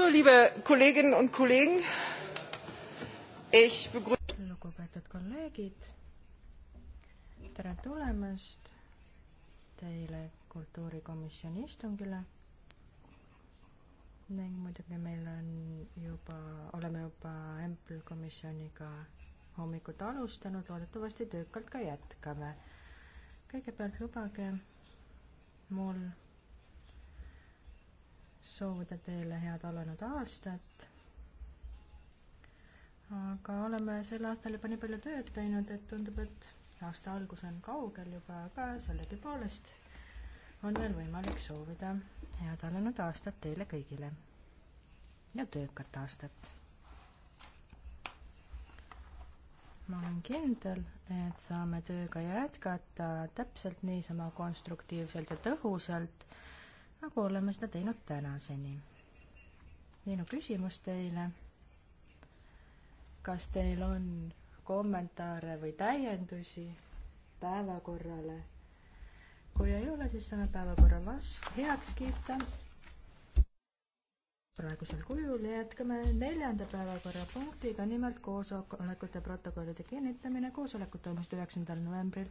Barroso, liebe Kolleginnen und Kollegen, ich begrüße. Lugupeetud kolleegid, tere tulemast teile kultuurikomisjoni istungile ning muidugi meil on juba, oleme juba Ample komisjoniga hommikut alustanud, loodetavasti töökalt ka jätkame. kõigepealt lubage mul soovida teile head alanud aastat. aga oleme sel aastal juba nii palju tööd teinud, et tundub, et aasta algus on kaugel juba, aga sellegipoolest on veel võimalik soovida head alanud aastat teile kõigile ja töökat aastat. ma olen kindel, et saame tööga jätkata täpselt niisama konstruktiivselt ja tõhusalt nagu oleme seda teinud tänaseni. minu küsimus teile, kas teil on kommentaare või täiendusi päevakorrale? kui ei ole, siis saame päevakorra vastu heaks kiita praegusel kujul jätkame neljanda päevakorrapunktiga, nimelt koosolekute protokollide kinnitamine. koosolekud toimusid üheksandal novembril,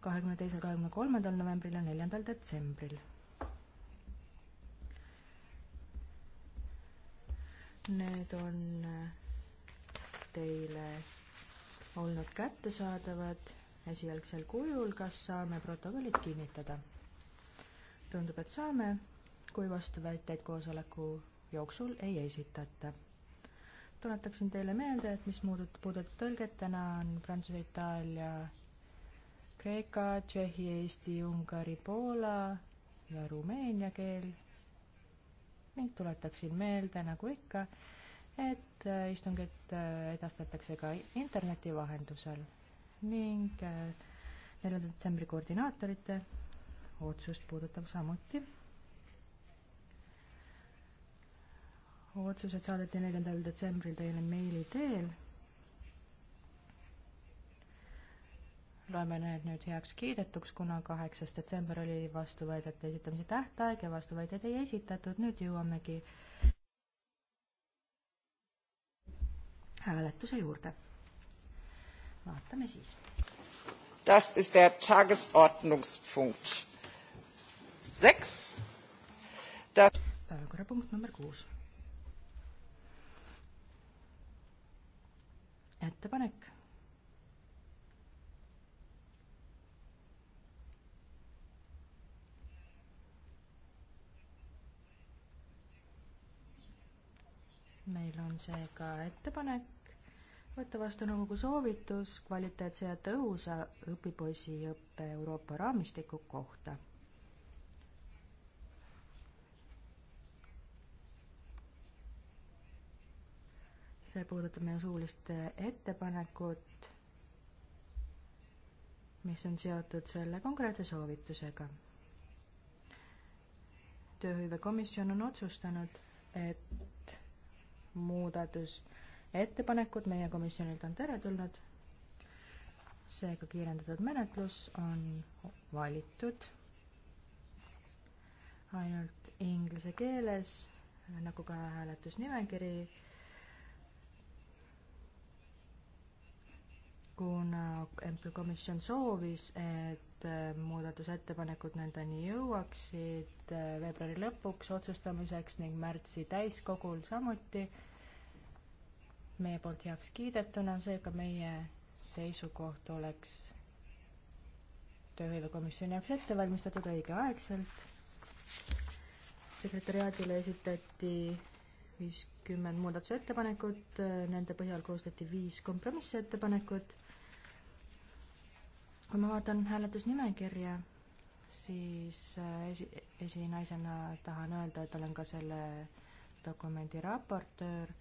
kahekümne teisel, kahekümne kolmandal novembril ja neljandal detsembril Need on äh, teile olnud kättesaadavad esialgsel kujul, kas saame protokollid kinnitada? tundub, et saame, kui vastuväiteid koosoleku jooksul ei esitata. tuletaksin teile meelde, et mis muudut-, puudutab tõlget, täna on Prantsuse, Itaalia, Kreeka, Tšehhi, Eesti, Ungari, Poola ja Rumeenia keel ning tuletaksin meelde, nagu ikka, et äh, istungit äh, edastatakse ka interneti vahendusel ning äh, neljanda detsembri koordinaatorite otsust puudutab samuti. otsused saadeti neljandal detsembril teile meili teel loeme need nüüd heaks kiidetuks, kuna kaheksas detsember oli vastuväidete esitamise tähtaeg ja vastuväited ei esitatud, nüüd jõuamegi hääletuse juurde. vaatame siis. Das ist der Tagesordnungspunkt sechs. päevakorrapunkt number kuus. ettepanek meil on seega ettepanek võtta vastu nõukogu soovitus kvaliteetse ja tõhusa õpipoisiõppe Euroopa raamistiku kohta. see puudutab meie suulist ettepanekut, mis on seotud selle konkreetse soovitusega. tööhõivekomisjon on otsustanud, et muudatusettepanekud meie komisjonilt on teretulnud. seega kiirendatud menetlus on valitud ainult inglise keeles, nagu ka hääletusnimekiri kuna komisjon soovis, et äh, muudatusettepanekud nendeni jõuaksid äh, veebruari lõpuks otsustamiseks ning märtsi täiskogul samuti meie poolt heaks kiidetuna, seega meie seisukoht oleks tööhõivekomisjoni jaoks ette valmistatud õigeaegselt. sekretäriaadile esitati viiskümmend muudatusettepanekut, äh, nende põhjal koostati viis kompromissettepanekut kui ma vaatan hääletusnimekirja, siis äh, esi, esinaisena tahan öelda, et olen ka selle dokumendi raportöör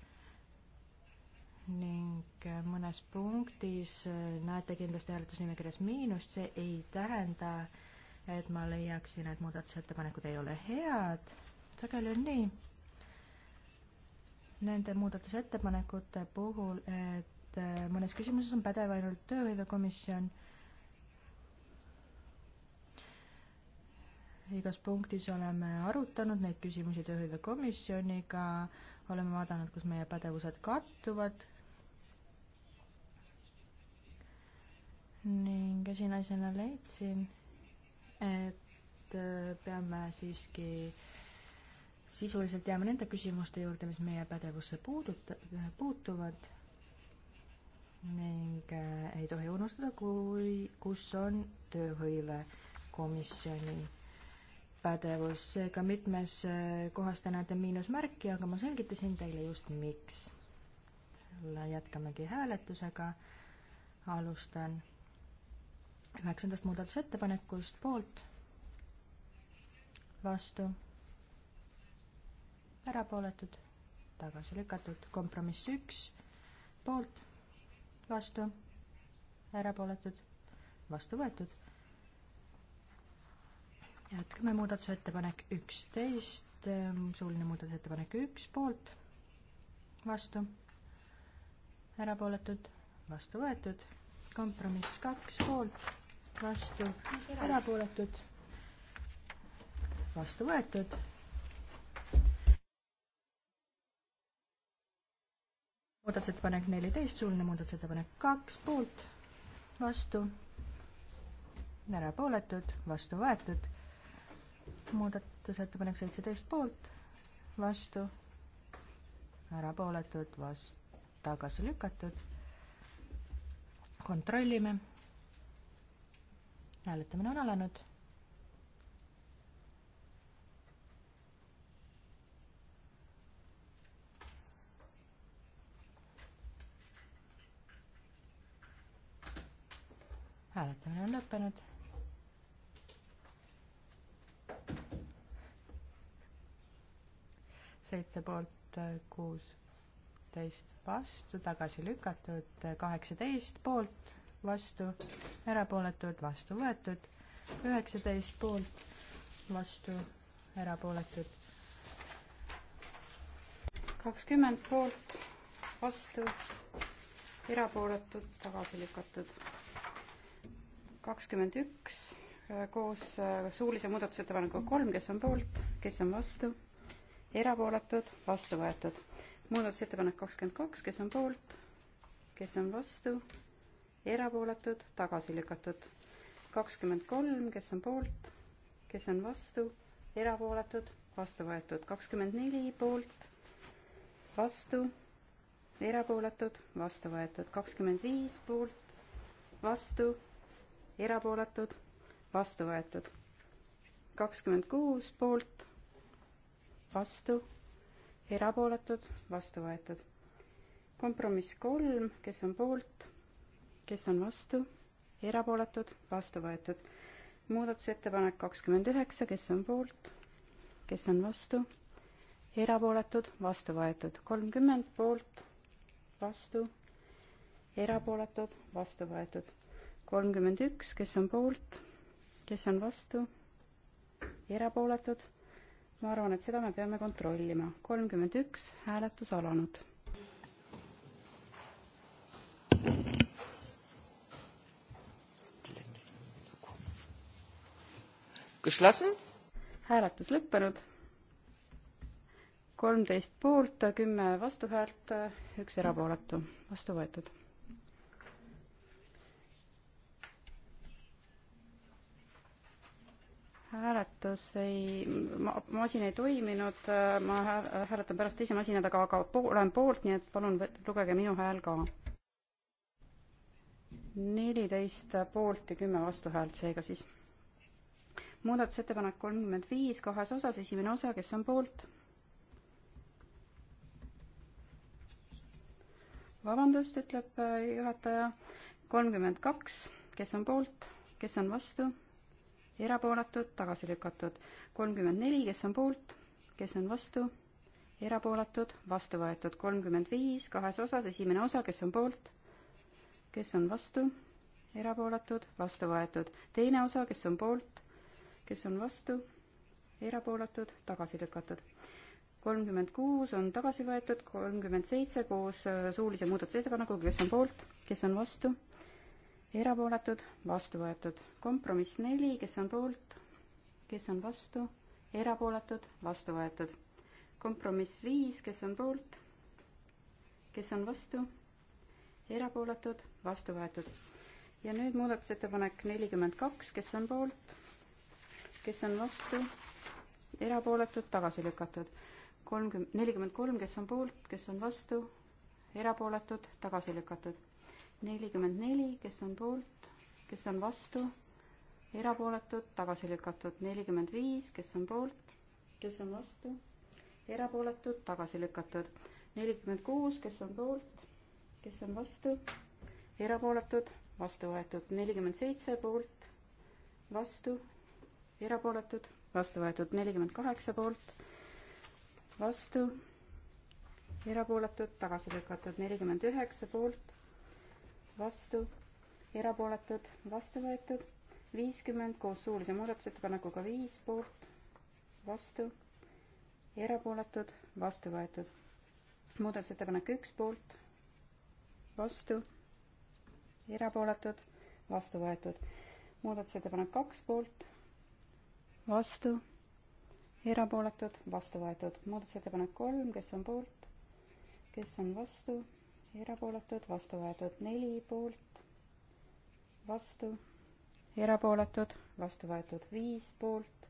ning äh, mõnes punktis äh, näete kindlasti hääletusnimekirjas miinust, see ei tähenda, et ma leiaksin, et muudatusettepanekud ei ole head, sageli on nii. Nende muudatusettepanekute puhul, et mõnes küsimuses on pädev ainult tööhõivekomisjon igas punktis oleme arutanud neid küsimusi tööhõive komisjoniga, oleme vaadanud, kus meie pädevused kattuvad. ning esinaisena leidsin, et äh, peame siiski sisuliselt jääma nende küsimuste juurde, mis meie pädevusse puuduta-, puutuvad ning äh, ei tohi unustada, kui, kus on tööhõive komisjoni pädevus, seega mitmes kohas te näete miinusmärki, aga ma selgitasin teile just miks. jätkamegi hääletusega, alustan üheksandast muudatusettepanekust, poolt, vastu, erapooletud, tagasi lükatud, kompromiss üks, poolt, vastu, erapooletud, vastu võetud jätkame muudatusettepanek üksteist, ähm, suuline muudatusettepanek üks poolt, vastu, erapooletud, vastu võetud, kompromiss kaks poolt, vastu, erapooletud, vastu võetud muudatusettepanek neliteist, suuline muudatusettepanek kaks, poolt, vastu, erapooletud, vastu võetud muudatusettepanek seitseteist poolt, vastu, erapooletud, vast-, tagasi lükatud. kontrollime. hääletamine on alanud. hääletamine on lõppenud seitse poolt, äh, kuusteist vastu, tagasi lükatud, äh, kaheksateist poolt, vastu, erapooletud, vastu võetud, üheksateist poolt, vastu, erapooletud, kakskümmend poolt, vastu, erapooletud, tagasi lükatud. kakskümmend üks äh, koos suulise muudatusettepanekuga kolm, kes on poolt, kes on vastu erapooletud, vastu võetud. muudatusettepanek kakskümmend kaks, kes on poolt, kes on vastu, erapooletud, tagasi lükatud. kakskümmend kolm, kes on poolt, kes on vastu, erapooletud, vastu võetud. kakskümmend neli poolt, vastu, erapooletud, vastu võetud. kakskümmend viis poolt, vastu, erapooletud, vastu võetud. kakskümmend kuus poolt vastu, erapooletud, vastu võetud. kompromiss kolm, kes on poolt, kes on vastu, erapooletud, vastu võetud. muudatusettepanek kakskümmend üheksa, kes on poolt, kes on vastu, erapooletud, vastu võetud. kolmkümmend poolt, vastu, erapooletud, vastu võetud. kolmkümmend üks, kes on poolt, kes on vastu, erapooletud ma arvan, et seda me peame kontrollima. kolmkümmend üks, hääletus alanud. hääletus lõppenud. kolmteist poolt, kümme vastuhäält, üks erapooletu, vastu võetud hääletus ei ma,, masin ei toiminud, ma hääletan pärast teise masina taga, aga po, olen poolt, nii et palun lugege minu hääl ka. neliteist poolt ja kümme vastuhäält seega siis. muudatusettepanek kolmkümmend viis kahes osas, esimene osa, kes on poolt? vabandust, ütleb äh, juhataja, kolmkümmend kaks, kes on poolt, kes on vastu erapooletud, tagasi lükatud. kolmkümmend neli, kes on poolt, kes on vastu, erapooletud, vastu võetud. kolmkümmend viis, kahes osas, esimene osa, kes on poolt, kes on vastu, erapooletud, vastu võetud. teine osa, kes on poolt, kes on vastu, erapooletud, tagasi lükatud kolmkümmend kuus on tagasi võetud, kolmkümmend seitse koos äh, suulise muudatusettepanekuga, kes on poolt, kes on vastu erapooletud, vastu võetud. kompromiss neli, kes on poolt, kes on vastu, erapooletud, vastu võetud. kompromiss viis, kes on poolt, kes on vastu, erapooletud, vastu võetud. ja nüüd muudatusettepanek nelikümmend kaks, kes on poolt, kes on vastu, erapooletud, tagasi lükatud. kolmkümmend, nelikümmend kolm, kes on poolt, kes on vastu, erapooletud, tagasi lükatud nelikümmend neli, kes on poolt, kes on vastu, erapooletud, tagasi lükatud. nelikümmend viis, kes on poolt, kes on vastu, erapooletud, tagasi lükatud. nelikümmend kuus, kes on poolt, kes on vastu, erapooletud, vastu võetud. nelikümmend seitse poolt, vastu, erapooletud, vastu võetud. nelikümmend kaheksa poolt, vastu, erapooletud, tagasi lükatud. nelikümmend üheksa poolt, vastu, erapooletud, vastu võetud, viiskümmend koos suulise muudatusettepanekuga viis poolt, vastu, erapooletud, vastu võetud. muudatusettepanek üks poolt, vastu, erapooletud, vastu võetud. muudatusettepanek kaks poolt, vastu erapooletud, vastu võetud. muudatusettepanek kolm, kes on poolt, kes on vastu, erapooletud, vastu võetud neli poolt, vastu, erapooletud, vastu võetud viis poolt,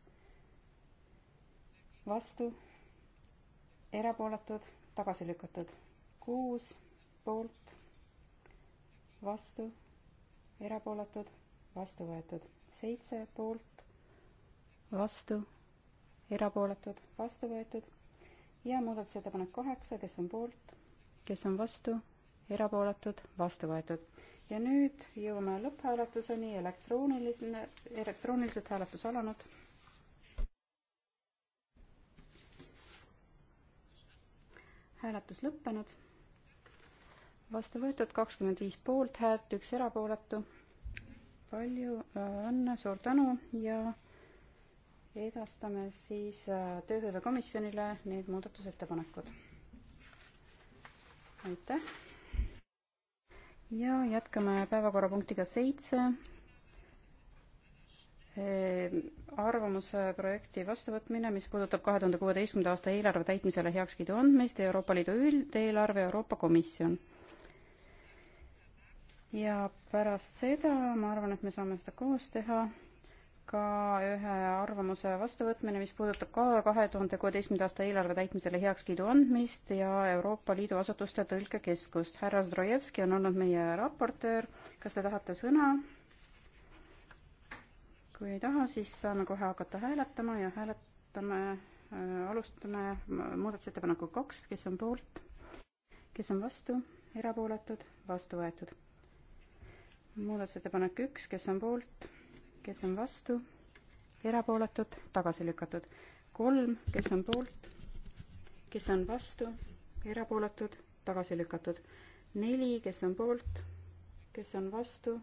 vastu, erapooletud, tagasi lükatud kuus poolt, vastu, erapooletud, vastu võetud seitse poolt, vastu, erapooletud, vastu võetud ja muudatusettepanek kaheksa, kes on poolt, kes on vastu erapooletud, vastu võetud. ja nüüd jõuame lõpphääletuseni, elektrooniline, elektrooniliselt hääletus alanud. hääletus lõppenud. vastu võetud kakskümmend viis poolthäält, üks erapooletu. palju äh, õnne, suur tänu ja edastame siis äh, tööhõivekomisjonile need muudatusettepanekud. aitäh! ja jätkame päevakorrapunktiga seitse. Ehm, arvamuse projekti vastuvõtmine, mis puudutab kahe tuhande kuueteistkümnenda aasta eelarve täitmisele heakskiidu andmist Euroopa Liidu üldeelarve Euroopa Komisjon. ja pärast seda ma arvan, et me saame seda koos teha ka ühe arvamuse vastuvõtmine, mis puudutab ka kahe tuhande kuueteistkümnenda aasta eelarve täitmisele heakskiidu andmist ja Euroopa Liidu asutuste tõlkekeskust. härra Zdrojevski on olnud meie raportöör. kas te tahate sõna? kui ei taha, siis saame kohe hakata hääletama ja hääletame, äh, alustame muudatusettepaneku kaks, kes on poolt, kes on vastu, erapooletud, vastu võetud. muudatusettepanek üks, kes on poolt kes on vastu, erapooletud, tagasi lükatud. kolm, kes on poolt, kes on vastu, erapooletud, tagasi lükatud. neli, kes on poolt, kes on vastu,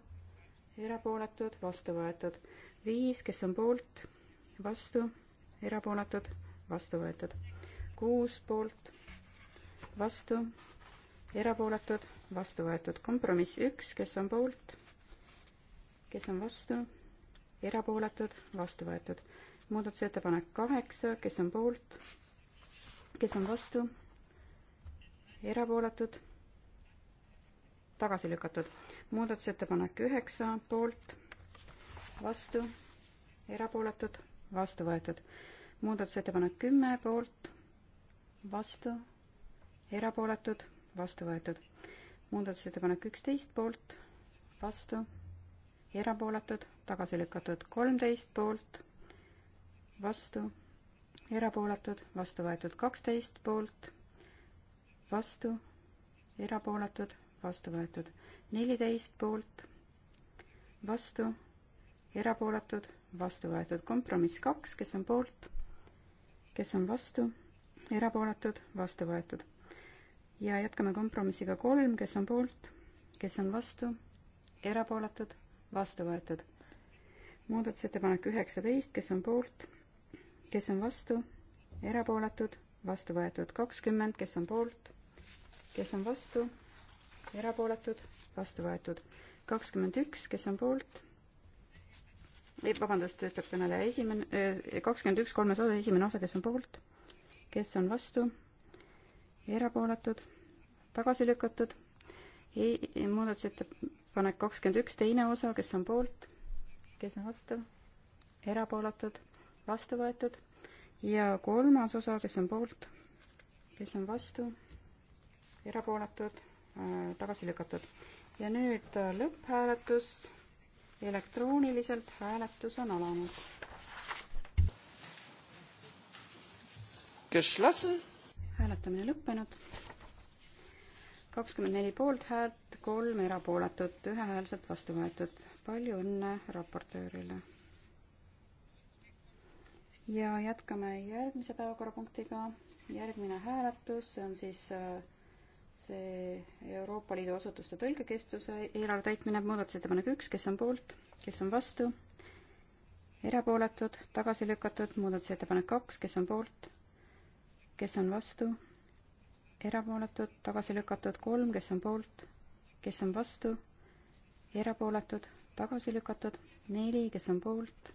erapooletud, vastu võetud. viis, kes on poolt, vastu, erapooletud, vastu võetud. kuus poolt, vastu, erapooletud, vastu võetud. kompromiss üks, kes on poolt, kes on vastu erapooletud, vastu võetud. muudatusettepanek kaheksa, kes on poolt, kes on vastu, erapooletud, tagasi lükatud. muudatusettepanek üheksa, poolt, vastu, erapooletud, vastu võetud. muudatusettepanek kümme, poolt, vastu, erapooletud, vastu võetud. muudatusettepanek üksteist, poolt, vastu erapooletud, tagasi lükatud kolmteist poolt, vastu, erapooletud, vastu võetud kaksteist poolt, vastu, erapooletud, vastu võetud neliteist poolt, vastu, erapooletud, vastu võetud kompromiss kaks, kes on poolt, kes on vastu, erapooletud, vastu võetud. ja jätkame kompromissiga kolm, kes on poolt, kes on vastu, erapooletud, vastu võetud. muudatusettepanek üheksateist, kes on poolt, kes on vastu, erapooletud, vastu võetud. kakskümmend, kes on poolt, kes on vastu, erapooletud, vastu võetud. kakskümmend üks, kes on poolt, ei, vabandust, ütleb kõneleja, esimene, äh, kakskümmend üks, kolmes osas, esimene osa, kes on poolt, kes on vastu, erapooletud, tagasi lükatud, ei, muudatusettepanek panek kakskümmend üks, teine osa, kes on poolt, kes on vastu, erapooletud, vastu võetud ja kolmas osa, kes on poolt, kes on vastu, erapooletud, äh, tagasi lükatud. ja nüüd äh, lõpphääletus elektrooniliselt, hääletus on alanud. Geschlossen. hääletamine lõppenud. kakskümmend neli poolthäält, kolm erapooletut, ühehäälselt vastu võetud. palju õnne raportöörile. ja jätkame järgmise päevakorrapunktiga. järgmine hääletus, see on siis äh, see Euroopa Liidu asutuste tõlgekestuse eelarve täitmine, muudatusettepanek üks, kes on poolt, kes on vastu, erapooletud, tagasi lükatud, muudatusettepanek kaks, kes on poolt, kes on vastu, erapooletud, tagasi lükatud, kolm, kes on poolt, kes on vastu, erapooletud, tagasi lükatud, neli, kes on poolt,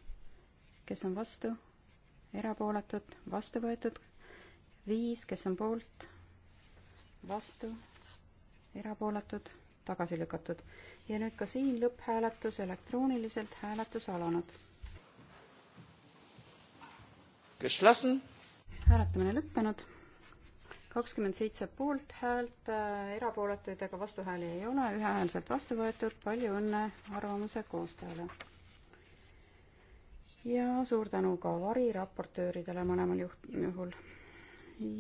kes on vastu, erapooletud, vastu võetud, viis, kes on poolt, vastu, erapooletud, tagasi lükatud. ja nüüd ka siin lõpphääletus elektrooniliselt, hääletus alanud. hääletamine lõppenud kakskümmend seitse poolthäält, äh, erapooletuid ega vastuhääli ei ole, ühehäälselt vastu võetud, palju õnne arvamuse koostajale. ja suur tänu ka variraportööridele mõlemal juht-, juhul.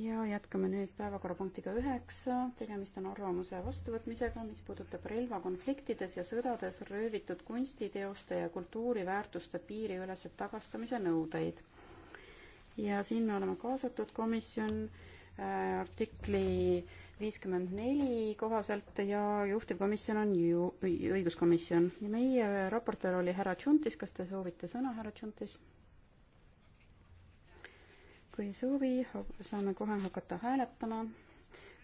ja jätkame nüüd päevakorrapunktiga üheksa, tegemist on arvamuse vastuvõtmisega, mis puudutab relvakonfliktides ja sõdades röövitud kunstiteoste ja kultuuriväärtuste piiriülese tagastamise nõudeid. ja siin me oleme kaasatud komisjon Äh, artikli viiskümmend neli kohaselt ja juhtivkomisjon on ju õiguskomisjon. ja meie raportöör oli härra Tšuntis, kas te soovite sõna, härra Tšuntis? kui ei soovi, saame kohe hakata hääletama.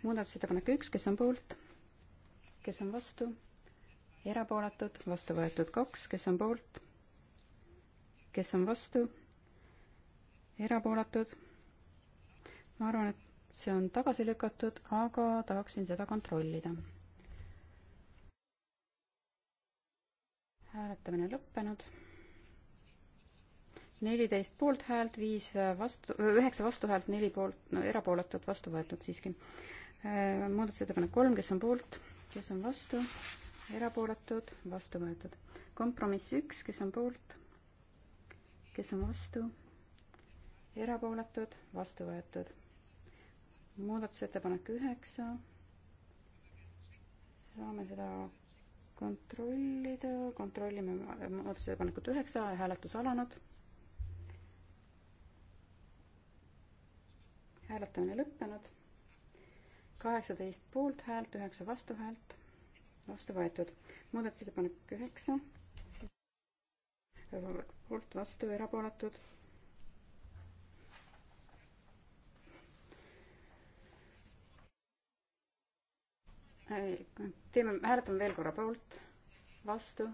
muudatusettepanek üks, kes on poolt? kes on vastu? erapooletud, vastu võetud kaks, kes on poolt? kes on vastu? erapooletud? ma arvan, et see on tagasi lükatud, aga tahaksin seda kontrollida. hääletamine lõppenud. neliteist poolthäält, viis vastu, üheksa vastuhäält, neli poolt no,, erapooletut vastu võetud siiski. Äh, muudatusettepanek kolm, kes on poolt, kes on vastu, erapooletud, vastu võetud. kompromiss üks, kes on poolt, kes on vastu, erapooletud, vastu võetud muudatusettepanek üheksa. saame seda kontrollida, kontrollime muudatusettepanekut üheksa, hääletus alanud. hääletamine lõppenud. kaheksateist poolthäält, üheksa vastuhäält, vastu võetud. muudatusettepanek üheksa. poolt, vastu, erapooletud teeme, hääletame veel korra poolt, vastu,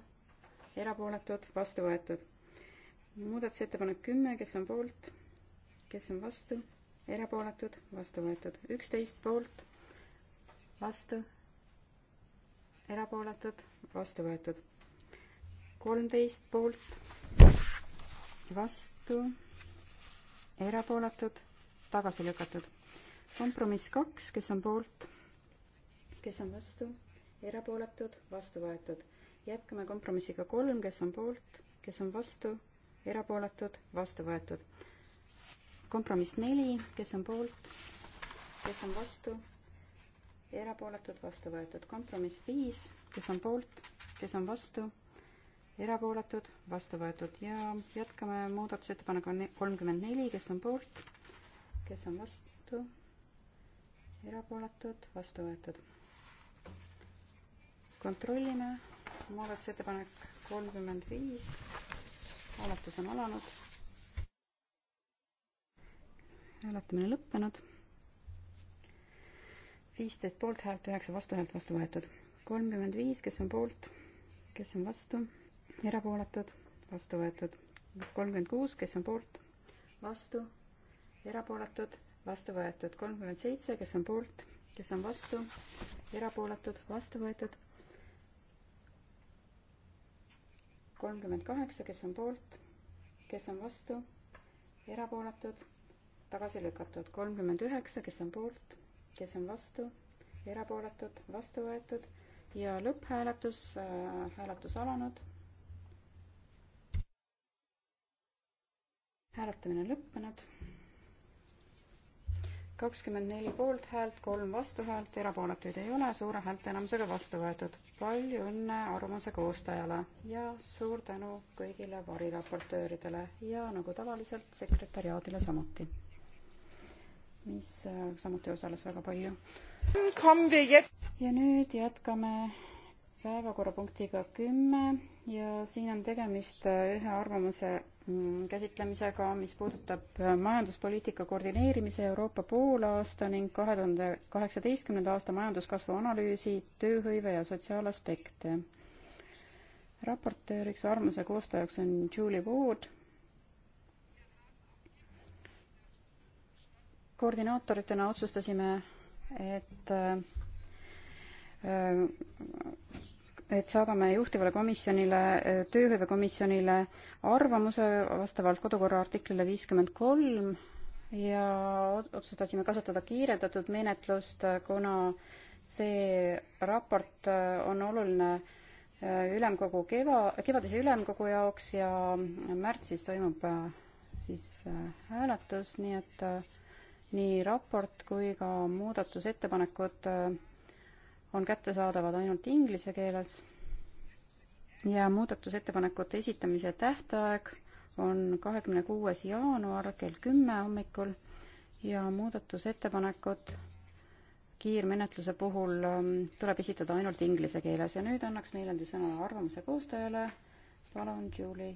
erapooletud, vastu võetud. muudatusettepanek kümme, kes on poolt, kes on vastu, erapooletud, vastu võetud. üksteist poolt, vastu, erapooletud, vastu võetud. kolmteist poolt, vastu, erapooletud, tagasi lükatud. kompromiss kaks, kes on poolt kes on vastu, erapooletud, vastu võetud. jätkame kompromissiga kolm, kes on poolt, kes on vastu, erapooletud, vastu võetud. kompromiss neli, kes on poolt, kes on vastu, erapooletud, vastu võetud. kompromiss viis, kes on poolt, kes on vastu, erapooletud, vastu võetud ja jätkame muudatusettepanekuga kolmkümmend neli, kes on poolt, kes on vastu, erapooletud, vastu võetud kontrollime, muudatusettepanek kolmkümmend viis, hääletus on alanud. hääletamine lõppenud. viisteist poolthäält, üheksa vastuhäält vastu võetud. kolmkümmend viis, kes on poolt, kes on vastu, erapooletud, vastu võetud. kolmkümmend kuus, kes on poolt, vastu, erapooletud, vastu võetud. kolmkümmend seitse, kes on poolt, kes on vastu, erapooletud, vastu võetud kolmkümmend kaheksa, kes on poolt, kes on vastu, erapooletud, tagasi lükatud. kolmkümmend üheksa, kes on poolt, kes on vastu, erapooletud, vastu võetud ja lõpphääletus äh,, hääletus alanud. hääletamine on lõppenud kakskümmend neli poolthäält, kolm vastuhäält, erapooletuid ei ole, suure häälteenamusega vastu võetud. palju õnne arvamuse koostajale ja suur tänu kõigile variraportööridele ja nagu tavaliselt sekretäriaadile samuti, mis äh, samuti osales väga palju. ja nüüd jätkame päevakorrapunktiga kümme ja siin on tegemist äh, ühe arvamuse mm, käsitlemisega, mis puudutab äh, majanduspoliitika koordineerimise Euroopa poolaasta ning kahe tuhande kaheksateistkümnenda aasta majanduskasvu analüüsi, tööhõive ja sotsiaalaspekte. raportööriks ja arvamuse koostajaks on Julie Wood. koordinaatoritena otsustasime, et äh, et saadame juhtivale komisjonile, äh, tööhõivekomisjonile arvamuse vastavalt kodukorra artiklile viiskümmend kolm ja otsustasime kasutada kiirendatud menetlust, äh, kuna see raport äh, on oluline ülemkogu keva, kevadise ülemkogu jaoks ja märtsis toimub siis hääletus, nii et nii raport kui ka muudatusettepanekud on kättesaadavad ainult inglise keeles ja muudatusettepanekute esitamise tähtaeg on kahekümne kuues jaanuar kell kümme hommikul ja muudatusettepanekud kiirmenetluse puhul ähm, tuleb esitada ainult inglise keeles ja nüüd annaks meelendi sõna arvamuse koostajale. palun, Julie,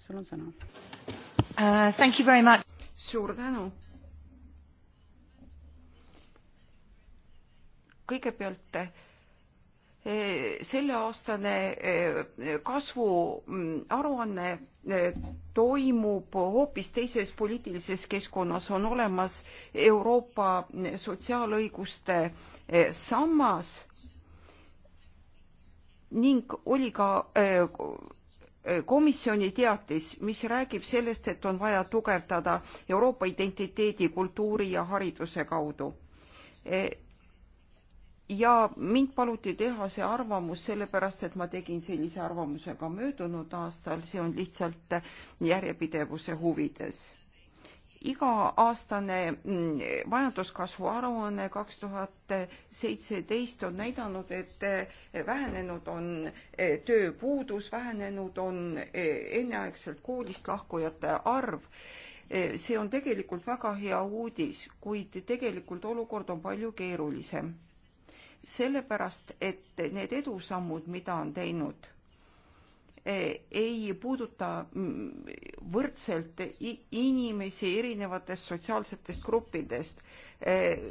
sul on sõna uh,. Thank you very much. suur tänu kõigepealt eh, selleaastane eh, kasvuaruanne mm, eh, toimub hoopis teises poliitilises keskkonnas, on olemas Euroopa mm, sotsiaalõiguste sammas ning oli ka komisjoni teatis, mis räägib sellest, et on vaja tugevdada Euroopa identiteedi, kultuuri ja hariduse kaudu ja mind paluti teha see arvamus sellepärast, et ma tegin sellise arvamuse ka möödunud aastal, see on lihtsalt järjepidevuse huvides. iga-aastane majanduskasvu mm, aruanne kaks tuhat seitseteist on näidanud, et eh, vähenenud on eh, tööpuudus, vähenenud on eh, enneaegselt koolist lahkujate arv see on tegelikult väga hea uudis, kuid tegelikult olukord on palju keerulisem sellepärast, et need edusammud, mida on teinud, eh, ei puuduta mm, võrdselt inimesi erinevatest sotsiaalsetest gruppidest. Eh,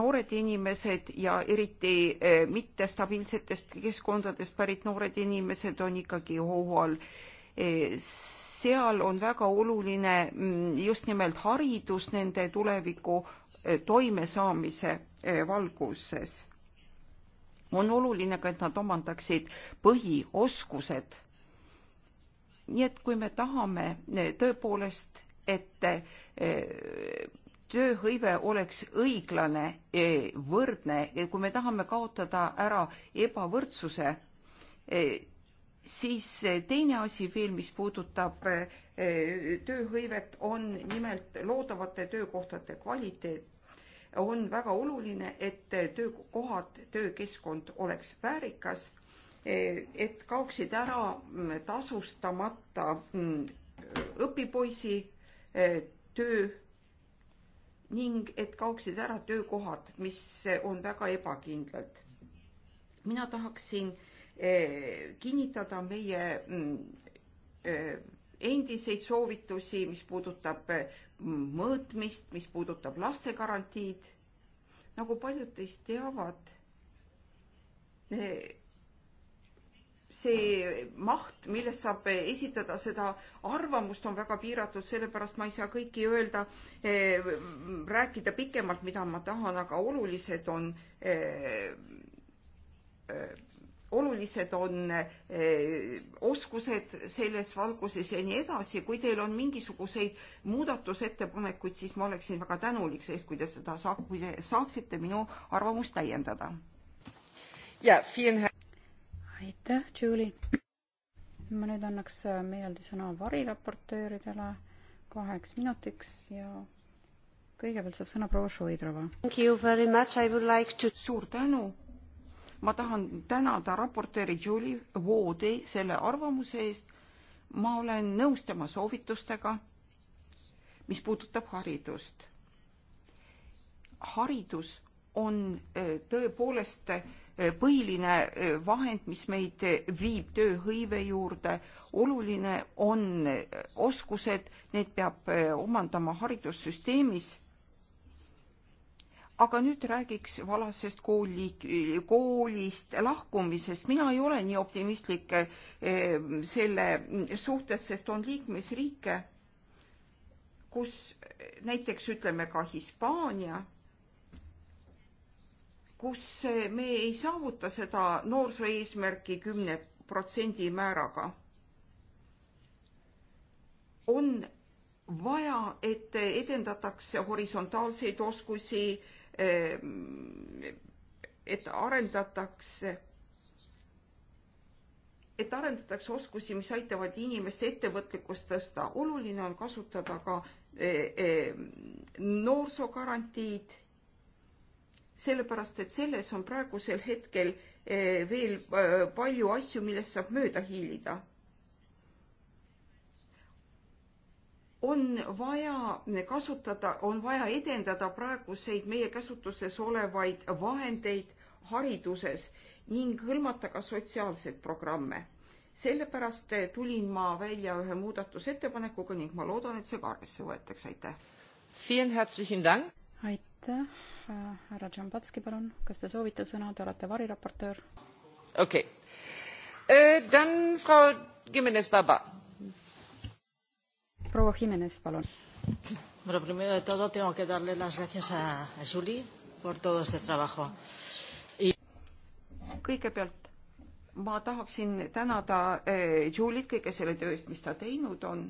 noored inimesed ja eriti eh, mittestabiilsetest keskkondadest pärit noored inimesed on ikkagi hoohu all. seal on väga oluline mm, just nimelt haridus nende tuleviku toimesaamise valguses on oluline ka, et nad omandaksid põhioskused. nii et kui me tahame eh, tõepoolest, et eh, tööhõive oleks õiglane, eh, võrdne ja kui me tahame kaotada ära ebavõrdsuse, siis teine asi veel, mis puudutab tööhõivet, on nimelt loodavate töökohtade kvaliteet on väga oluline, et töökohad, töökeskkond oleks väärikas, et kaoksid ära tasustamata mm, õpipoisi e, töö ning et kaoksid ära töökohad, mis on väga ebakindlad. mina tahaksin e, kinnitada meie mm, e, endiseid soovitusi, mis puudutab eh, mõõtmist, mis puudutab lastegarantiid. nagu paljud teist teavad, eh, see maht, millest saab eh, esitada seda arvamust, on väga piiratud, sellepärast ma ei saa kõiki öelda, rääkida pikemalt, mida ma tahan, aga olulised on olulised on eh, oskused selles valguses ja nii edasi. kui teil on mingisuguseid muudatusettepanekuid, siis ma oleksin väga tänulik sellest, kui te seda saab, kui te saaksite minu arvamust täiendada. aitäh, Julie. ma nüüd annaks äh, meeldi sõna variraportööridele kaheks minutiks ja kõigepealt saab sõna proua Šoidrova. Like to... suur tänu ma tahan tänada raportööri Julie Woodi selle arvamuse eest. ma olen nõus tema soovitustega, mis puudutab haridust. haridus on e, tõepoolest e, põhiline e, vahend, mis meid viib tööhõive juurde. oluline on oskused, need peab omandama haridussüsteemis aga nüüd räägiks valasest kooli, koolist lahkumisest. mina ei ole nii optimistlik eh, selle suhtes, sest on liikmesriike, kus näiteks ütleme ka Hispaania, kus me ei saavuta seda noorsoo eesmärki kümne protsendi määraga. on vaja, et edendatakse horisontaalseid oskusi Ehm, et arendatakse et arendatakse oskusi, mis aitavad inimeste ettevõtlikkust tõsta. oluline on kasutada ka eh, ehm, noorsoogarantiid, sellepärast et selles on praegusel hetkel eh, veel eh, palju asju, millest saab mööda hiilida on vaja kasutada, on vaja edendada praeguseid meie käsutuses olevaid vahendeid hariduses ning hõlmata ka sotsiaalseid programme. sellepärast tulin ma välja ühe muudatusettepanekuga ning ma loodan, et see ka arvesse võetakse, aitäh. aitäh, härra Džambatski, palun, kas te soovite sõna, te olete variraportöör? okei okay. Uh,, then Frau Jimenez-Baba proua Jimenez, palun. Bueno, primero de todo tengo que darle las gracias a, a Juli por todo este trabajo y.... kõigepealt ma tahaksin tänada eh, Julit kõige selle töö eest, mis ta teinud on.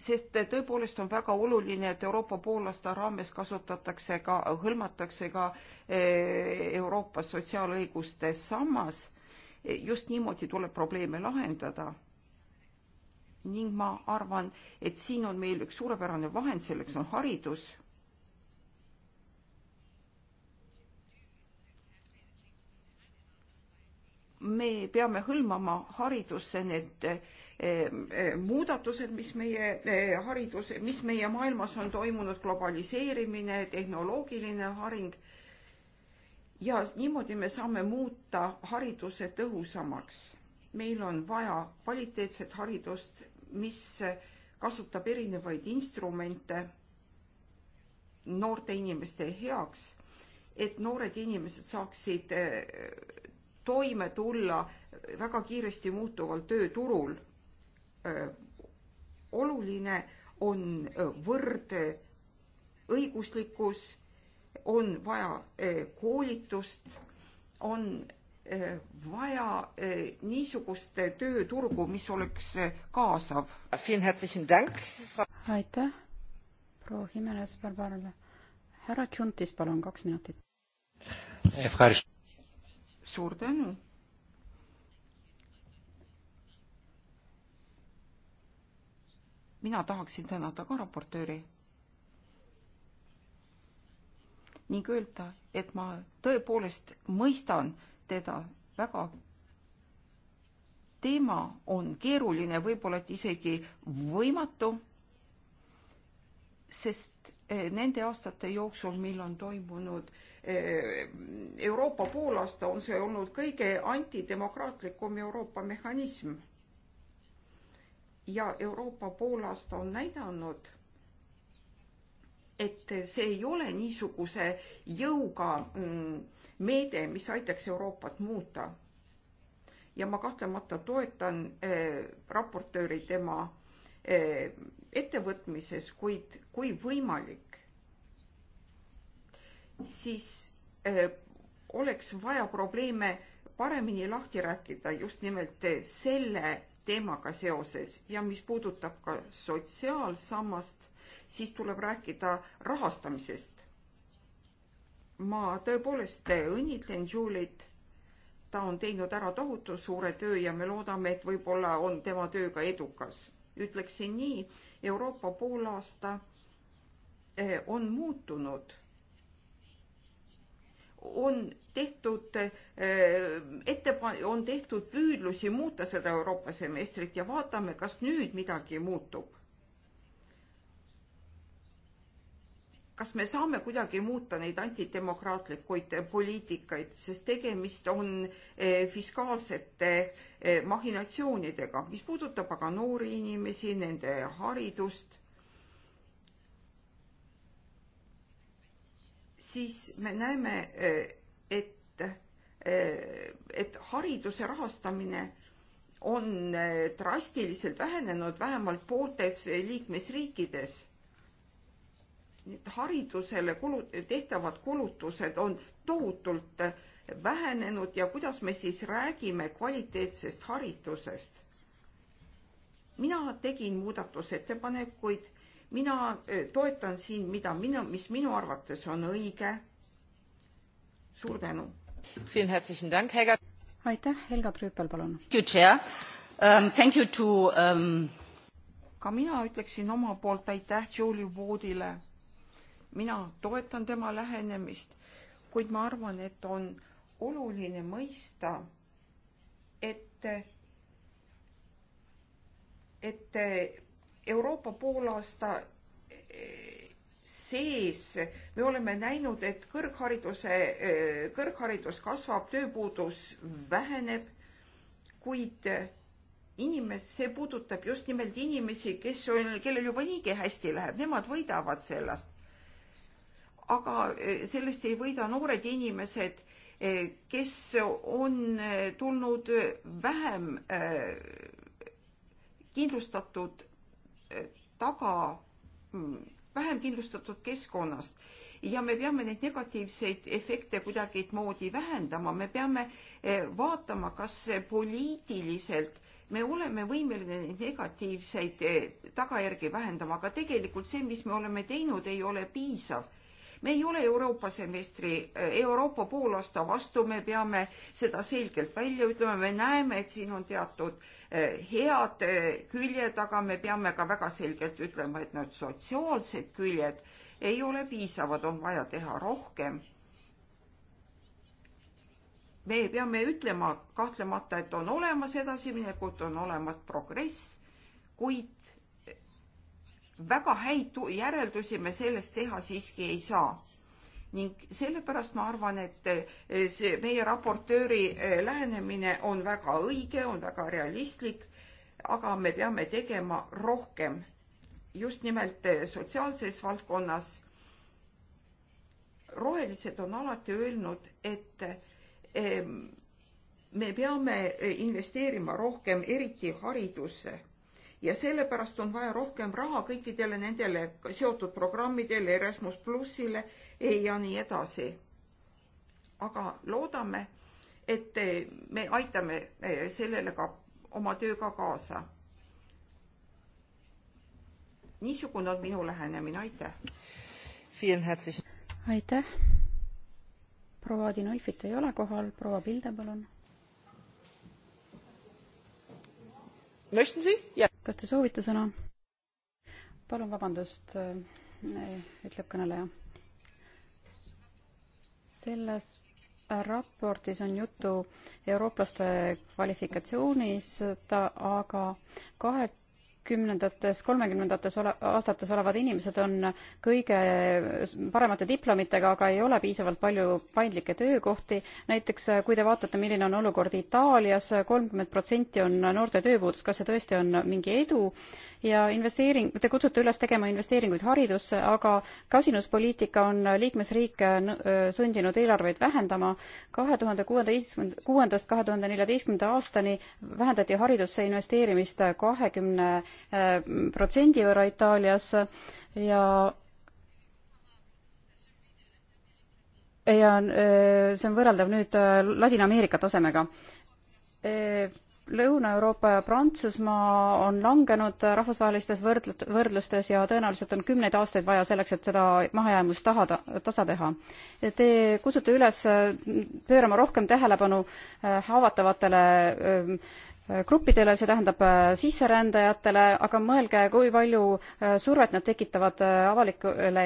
sest eh, tõepoolest on väga oluline, et Euroopa poolaasta raames kasutatakse ka, hõlmatakse ka eh, Euroopas sotsiaalõiguste sammas. just niimoodi tuleb probleeme lahendada ning ma arvan, et siin on meil üks suurepärane vahend, selleks on haridus. me peame hõlmama haridusse need eh, eh, muudatused, mis meie eh, haridus, mis meie maailmas on toimunud, globaliseerimine, tehnoloogiline haring. ja niimoodi me saame muuta hariduse tõhusamaks. meil on vaja kvaliteetset haridust mis kasutab erinevaid instrumente noorte inimeste heaks, et noored inimesed saaksid eh, toime tulla väga kiiresti muutuval tööturul. Eh, oluline on eh, võrdõiguslikkus, on vaja koolitust, on Eh, vaja eh, niisugust tööturgu, mis oleks eh, kaasav. aitäh, proua Jimenez Barbarale. härra Tšuntis, palun, kaks minutit. suur tänu. mina tahaksin tänada ka raportööri ning öelda, et ma tõepoolest mõistan teda väga. teema on keeruline, võib-olla et isegi võimatu, sest eh, nende aastate jooksul, mil on toimunud eh, Euroopa poolaasta, on see olnud kõige antidemokraatlikum Euroopa mehhanism. ja Euroopa poolaasta on näidanud et see ei ole niisuguse jõuga mm, meede, mis aitaks Euroopat muuta. ja ma kahtlemata toetan eh, raportööri tema eh, ettevõtmises, kuid kui võimalik, siis eh, oleks vaja probleeme paremini lahti rääkida just nimelt selle teemaga seoses ja mis puudutab ka sotsiaalsammast siis tuleb rääkida rahastamisest. ma tõepoolest õnnitlen Julie't. ta on teinud ära tohutu suure töö ja me loodame, et võib-olla on tema töö ka edukas. ütleksin nii, Euroopa poolaasta eh, on muutunud on tehtud eh, ettepa-, on tehtud püüdlusi muuta seda Euroopa semestrit ja vaatame, kas nüüd midagi muutub. kas me saame kuidagi muuta neid antidemokraatlikuid poliitikaid, sest tegemist on eh, fiskaalsete eh, mahhinatsioonidega, mis puudutab aga noori inimesi, nende haridust, siis me näeme, eh, et, et hariduse rahastamine on drastiliselt vähenenud vähemalt pooltes liikmesriikides haridusele kulu, tehtavad kulutused on tohutult vähenenud ja kuidas me siis räägime kvaliteetsest haridusest? mina tegin muudatusettepanekuid, mina eh, toetan siin, mida mina, mis minu arvates on õige. suur tänu. aitäh, Helga Trüüpel, palun. Um, thank you to um... ka mina ütleksin oma poolt aitäh Julie Woodile mina toetan tema lähenemist, kuid ma arvan, et on oluline mõista, et, et Euroopa poolaasta sees me oleme näinud, et kõrghariduse, kõrgharidus kasvab, tööpuudus väheneb, kuid inimes-, see puudutab just nimelt inimesi, kes on, kellel juba niigi hästi läheb, nemad võidavad sellest aga eh, sellest ei võida noored inimesed, eh, kes on eh, tulnud vähem kindlustatud taga, mm, vähem kindlustatud keskkonnast ja me peame neid negatiivseid efekte kuidagimoodi vähendama, me peame vaatama, kas poliitiliselt me oleme võimeline neid negatiivseid tagajärgi vähendama, aga tegelikult see, mis me oleme teinud, ei ole piisav me ei ole Euroopa semestri, eh, Euroopa poolaasta vastu, me peame seda selgelt välja ütlema, me näeme, et siin on teatud eh, head eh, küljed, aga me peame ka väga selgelt ütlema, et need sotsiaalsed küljed ei ole piisavad, on vaja teha rohkem me peame ütlema kahtlemata, et on olemas edasiminekut, on olemas progress, kuid väga häid järeldusi me sellest teha siiski ei saa. ning sellepärast ma arvan, et eh, see meie raportööri eh, lähenemine on väga õige, on väga realistlik, aga me peame tegema rohkem just nimelt eh, sotsiaalses valdkonnas. rohelised on alati öelnud, et me peame investeerima rohkem, eriti haridusse ja sellepärast on vaja rohkem raha kõikidele nendele seotud programmidele, Erasmus plussile ja nii edasi. aga loodame, et me aitame eh, sellele ka oma tööga kaasa. niisugune on minu lähenemine, aitäh. aitäh. proua Adinolfit ei ole kohal, proua Pilde, palun kas te soovite sõna? palun vabandust, äh, ütleb kõneleja. selles raportis on juttu eurooplaste kvalifikatsioonist, aga kahe kümnendates, kolmekümnendates ole, aastates olevad inimesed on kõige paremate diplomitega, aga ei ole piisavalt palju paindlikke töökohti. näiteks äh, kui te vaatate, milline on olukord Itaalias, kolmkümmend protsenti on noorte tööpuudus, kas see tõesti on mingi edu? ja investeering, te kutsute üles tegema investeeringuid haridusse, aga kasinuspoliitika on liikmesriike äh, äh, sundinud eelarveid vähendama. kahe tuhande kuueteistkümnenda, kuuendast kahe tuhande neljateistkümnenda aastani vähendati haridusse investeerimist kahekümne äh, protsendi võrra Itaalias ja ja see on võrreldav nüüd Ladina-Ameerika tasemega Lõuna-Euroopa ja Prantsusmaa on langenud rahvusvahelistes võrdl-, võrdlustes ja tõenäoliselt on kümneid aastaid vaja selleks, et seda mahajäämust taha, tasa teha. Te kutsute üles äh, pöörama rohkem tähelepanu äh, haavatavatele äh, gruppidele, see tähendab sisserändajatele, aga mõelge, kui palju survet nad tekitavad avalikule,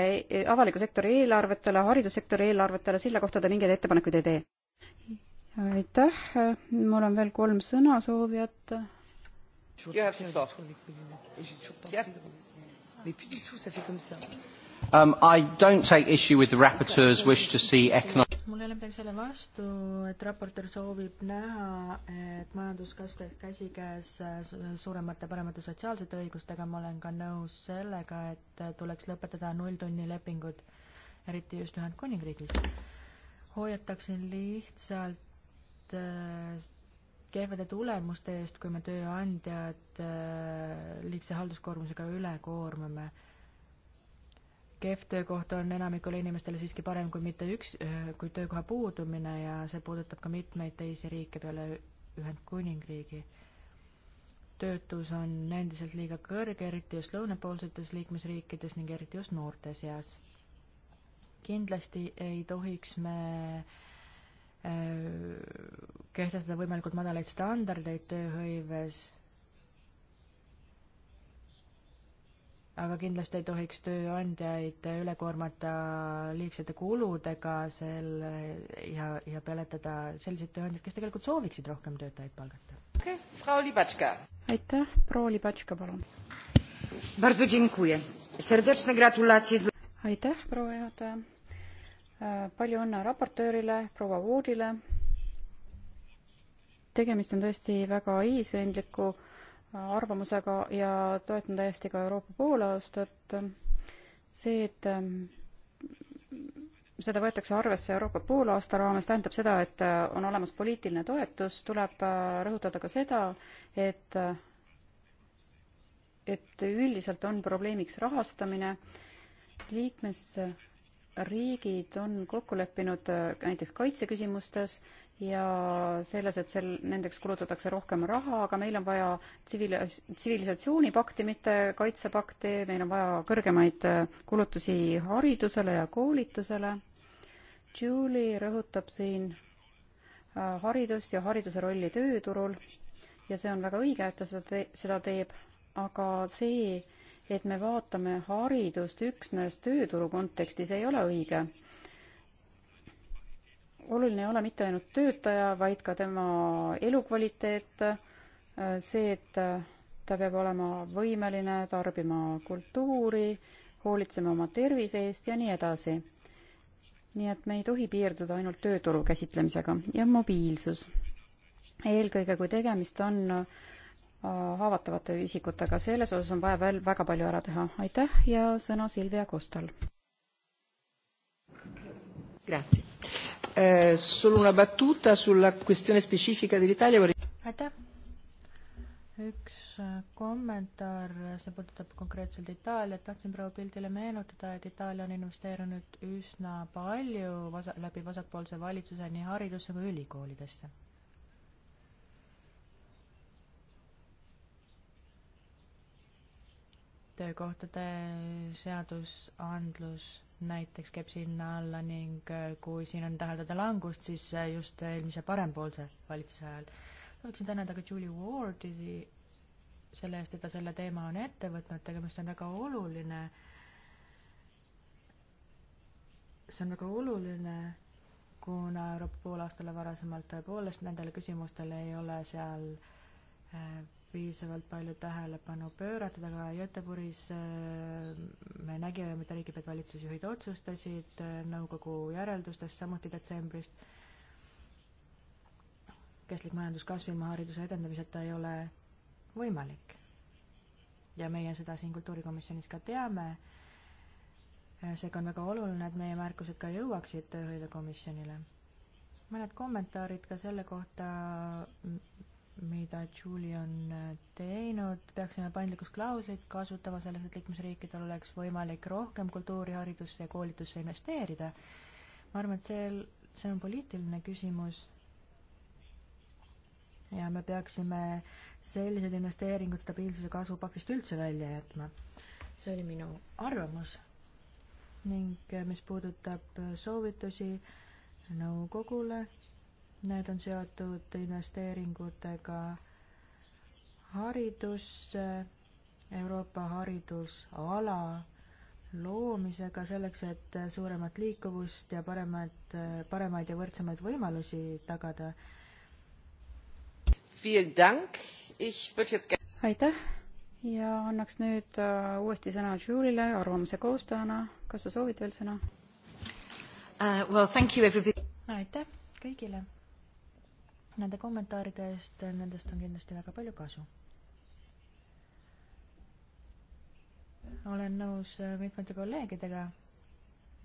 avaliku sektori eelarvetele, haridussektori eelarvetele, selle kohta te mingeid ettepanekuid ei tee? aitäh, mul on veel kolm sõnasoovijat. Um, I don't take issue with the rapporteur's wish to see economic mul ei ole midagi selle vastu, et raportöör soovib näha, et majanduskasv käib käsikäes suuremate, paremate sotsiaalsete õigustega, ma olen ka nõus sellega, et tuleks lõpetada nulltunnilepingud, eriti just Ühendkuningriigis. hoiataksin lihtsalt Äh, kehvade tulemuste eest, kui me tööandjad äh, liigse halduskoormusega üle koormame. kehv töökoht on enamikule inimestele siiski parem kui mitte üks, äh, kui töökoha puudumine ja see puudutab ka mitmeid teisi riike peale Ühendkuningriigi. töötus on endiselt liiga kõrge, eriti just lõunapoolsetes liikmesriikides ning eriti just noorte seas. kindlasti ei tohiks me äh, kehtestada võimalikult madalaid standardeid tööhõives, aga kindlasti ei tohiks tööandjaid üle koormata liigsete kuludega selle ja, ja peletada selliseid tööandjaid, kes tegelikult sooviksid rohkem töötajaid palgata. aitäh, proua Libatška, palun. aitäh, proua juhataja Äh, palju õnne raportöörile, proua Woodile. tegemist on tõesti väga eesrindliku äh, arvamusega ja toetan täiesti ka Euroopa poolaastat. see, et äh, seda võetakse arvesse Euroopa poolaasta raames, tähendab seda, et on olemas poliitiline toetus, tuleb rõhutada ka seda, et et üldiselt on probleemiks rahastamine liikmes, liikmes riigid on kokku leppinud äh, näiteks kaitseküsimustes ja selles, et sel, nendeks kulutatakse rohkem raha, aga meil on vaja tsivil-, tsivilisatsioonipakti, mitte kaitsepakti, meil on vaja kõrgemaid äh, kulutusi haridusele ja koolitusele. Julie rõhutab siin äh, haridust ja hariduse rolli tööturul ja see on väga õige, et ta seda te-, seda teeb, aga see et me vaatame haridust üksnes tööturu kontekstis, ei ole õige. oluline ei ole mitte ainult töötaja, vaid ka tema elukvaliteet, see, et ta peab olema võimeline tarbima kultuuri, hoolitsema oma tervise eest ja nii edasi. nii et me ei tohi piirduda ainult tööturu käsitlemisega ja mobiilsus. eelkõige, kui tegemist on äh, Äh, haavatavate isikutega, selles osas on vaja veel väga palju ära teha. aitäh ja sõna Silvia Kostal. Eh, aitäh. üks äh, kommentaar, see puudutab konkreetselt Itaaliat, tahtsin proua Pildile meenutada, et Itaalia on investeerinud üsna palju vasa-, läbi vasakpoolse valitsuse nii haridusse kui ülikoolidesse töökohtade seadusandlus näiteks käib sinna alla ning äh, kui siin on täheldada langust, siis äh, just eelmise parempoolse valitsuse ajal. tahaksin tänada ka Julie Wardi selle eest, et ta selle teema on ette võtnud, tegemist on väga oluline, see on väga oluline, kuna Euroopa poolaastale varasemalt tõepoolest nendele küsimustele ei ole seal äh, piisavalt palju tähelepanu pööratud, aga Göteborgis äh, me nägime, mida riigipead valitsusjuhid otsustasid äh, nõukogu järeldustest, samuti detsembrist. kestlik majanduskasv ilma hariduse edendamiseta ei ole võimalik. ja meie seda siin kultuurikomisjonis ka teame, äh, seega on väga oluline, et meie märkused ka jõuaksid tööhõivekomisjonile mõned kommentaarid ka selle kohta, mida Julie on äh, teinud, peaksime paindlikkusklauslit kasutama selleks, et liikmesriikidel oleks võimalik rohkem kultuuri, haridusse ja koolitusse investeerida. ma arvan, et see, see on poliitiline küsimus ja me peaksime sellised investeeringud stabiilsuse kasvu paktist üldse välja jätma. see oli minu arvamus ning äh, mis puudutab soovitusi nõukogule, Need on seotud investeeringutega haridusse, Euroopa haridusala loomisega selleks, et suuremat liikuvust ja paremat, paremaid ja võrdsemaid võimalusi tagada. aitäh ja annaks nüüd äh, uuesti sõna Julile arvamuse koostajana. kas sa soovid veel sõna uh,? Well, aitäh kõigile nende kommentaaride eest, nendest on kindlasti väga palju kasu. olen nõus äh, mitmete kolleegidega.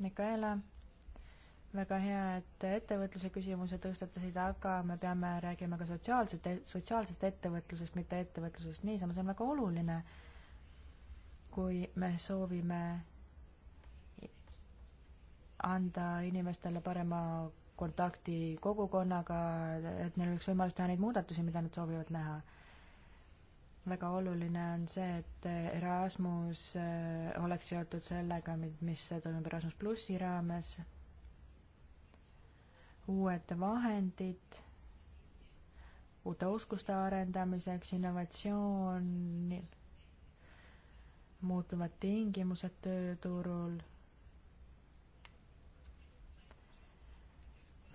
Mikaela, väga hea, et ettevõtluse küsimuse tõstatasid, aga me peame rääkima ka sotsiaalset, e-, sotsiaalsest ettevõtlusest, mitte ettevõtlusest niisama, see on väga oluline, kui me soovime anda inimestele parema kontakti kogukonnaga, et neil oleks võimalus teha neid muudatusi, mida nad soovivad näha. väga oluline on see, et Erasmus äh, oleks seotud sellega, mis toimub Erasmus plussi raames, uued vahendid, uute oskuste arendamiseks, innovatsioon, muutuvad tingimused tööturul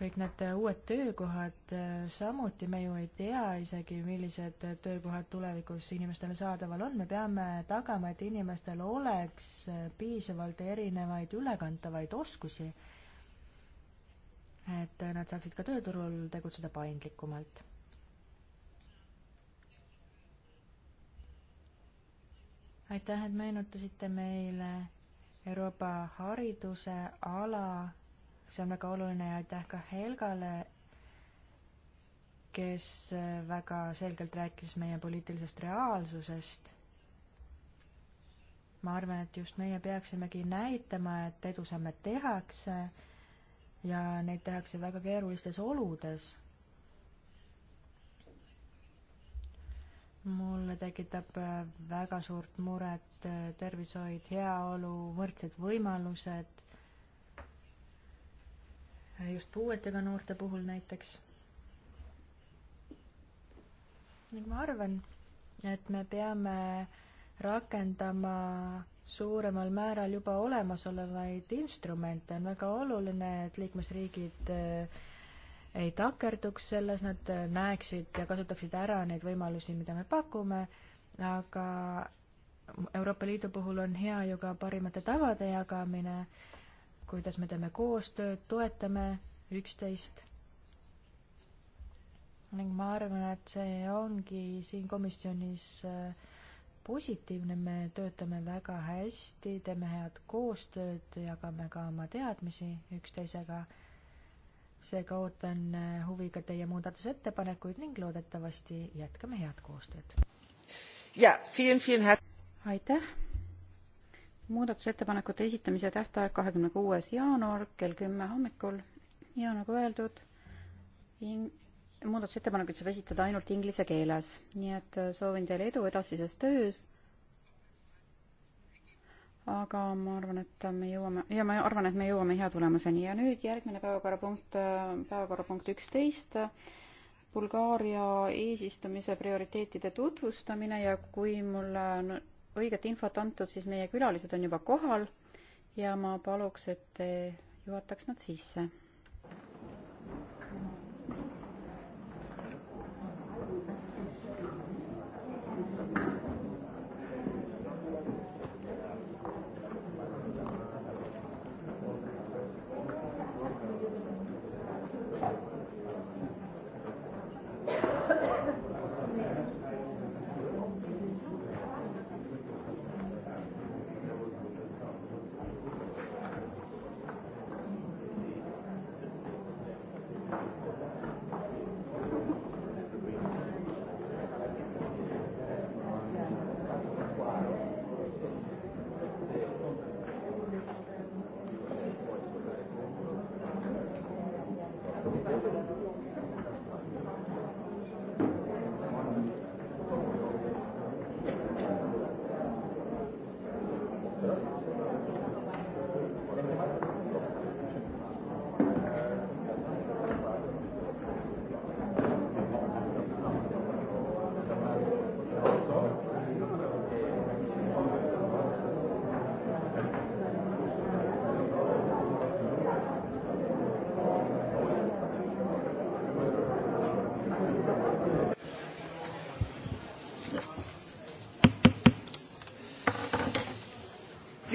kõik need uued töökohad, samuti me ju ei tea isegi, millised töökohad tulevikus inimestele saadaval on, me peame tagama, et inimestel oleks piisavalt erinevaid ülekantavaid oskusi, et nad saaksid ka tööturul tegutseda paindlikumalt aitäh, et meenutasite meile Euroopa hariduse ala see on väga oluline ja aitäh ka Helgale, kes väga selgelt rääkis meie poliitilisest reaalsusest. ma arvan, et just meie peaksimegi näitama, et edusamme tehakse ja neid tehakse väga keerulistes oludes mulle tekitab väga suurt muret tervishoid, heaolu, võrdsed võimalused, Äh, just puuetega noorte puhul näiteks. ning ma arvan, et me peame rakendama suuremal määral juba olemasolevaid instrumente, on väga oluline, et liikmesriigid äh, ei takerduks selles, nad äh, näeksid ja kasutaksid ära neid võimalusi, mida me pakume, aga Euroopa Liidu puhul on hea ju ka parimate tavade jagamine kuidas me teeme koostööd, toetame üksteist. ning ma arvan, et see ongi siin komisjonis äh, positiivne, me töötame väga hästi, teeme head koostööd, jagame ka oma teadmisi üksteisega. seega ootan äh, huviga teie muudatusettepanekuid ning loodetavasti jätkame head koostööd. ja, aitäh muudatusettepanekute esitamise tähtaeg kahekümne kuues jaanuar kell kümme hommikul ja nagu öeldud, in-, muudatusettepanekuid saab esitada ainult inglise keeles, nii et äh, soovin teile edu edasises töös, aga ma arvan, et me jõuame, ja ma arvan, et me jõuame hea tulemuseni ja nüüd järgmine päevakorrapunkt, äh, päevakorrapunkt üksteist, Bulgaaria eesistumise prioriteetide tutvustamine ja kui mul õiget infot antud, siis meie külalised on juba kohal ja ma paluks, et te juhataks nad sisse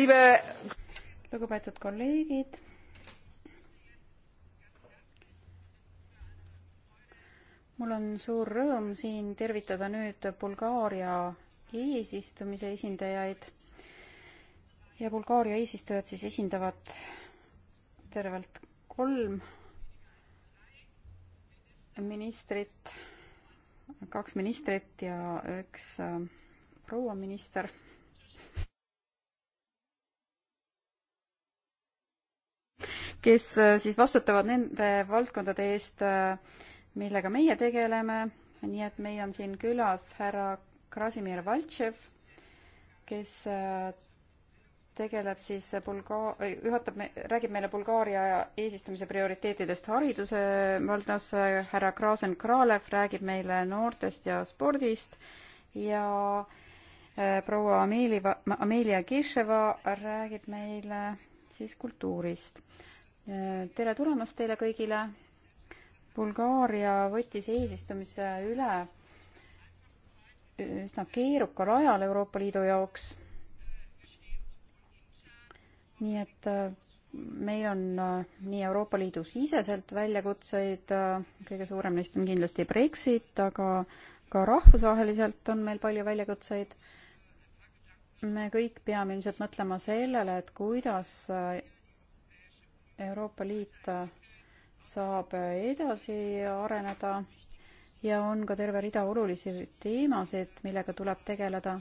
liebe lugupeetud kolleegid. mul on suur rõõm siin tervitada nüüd Bulgaaria eesistumise esindajaid ja Bulgaaria eesistujad siis esindavad tervelt kolm ministrit, kaks ministrit ja üks äh, proua minister kes äh, siis vastutavad nende valdkondade eest, äh, millega meie tegeleme, nii et meil on siin külas härra Krasimir Valtšev, kes äh, tegeleb siis Bulga-, juhatab me-, räägib meile Bulgaaria eesistumise prioriteetidest hariduse valdas, härra Krasen Kralev räägib meile noortest ja spordist ja proua Ameeli, Amelia Kirševa räägib meile siis kultuurist tere tulemast teile kõigile. Bulgaaria võttis eesistumise üle üsna keerukal ajal Euroopa Liidu jaoks. nii et äh, meil on äh, nii Euroopa Liidu siseselt väljakutseid, äh, kõige suurem neist on kindlasti Brexit, aga ka rahvusvaheliselt on meil palju väljakutseid. me kõik peame ilmselt mõtlema sellele, et kuidas Euroopa Liit äh, saab äh, edasi areneda ja on ka terve rida olulisi teemasid, millega tuleb tegeleda.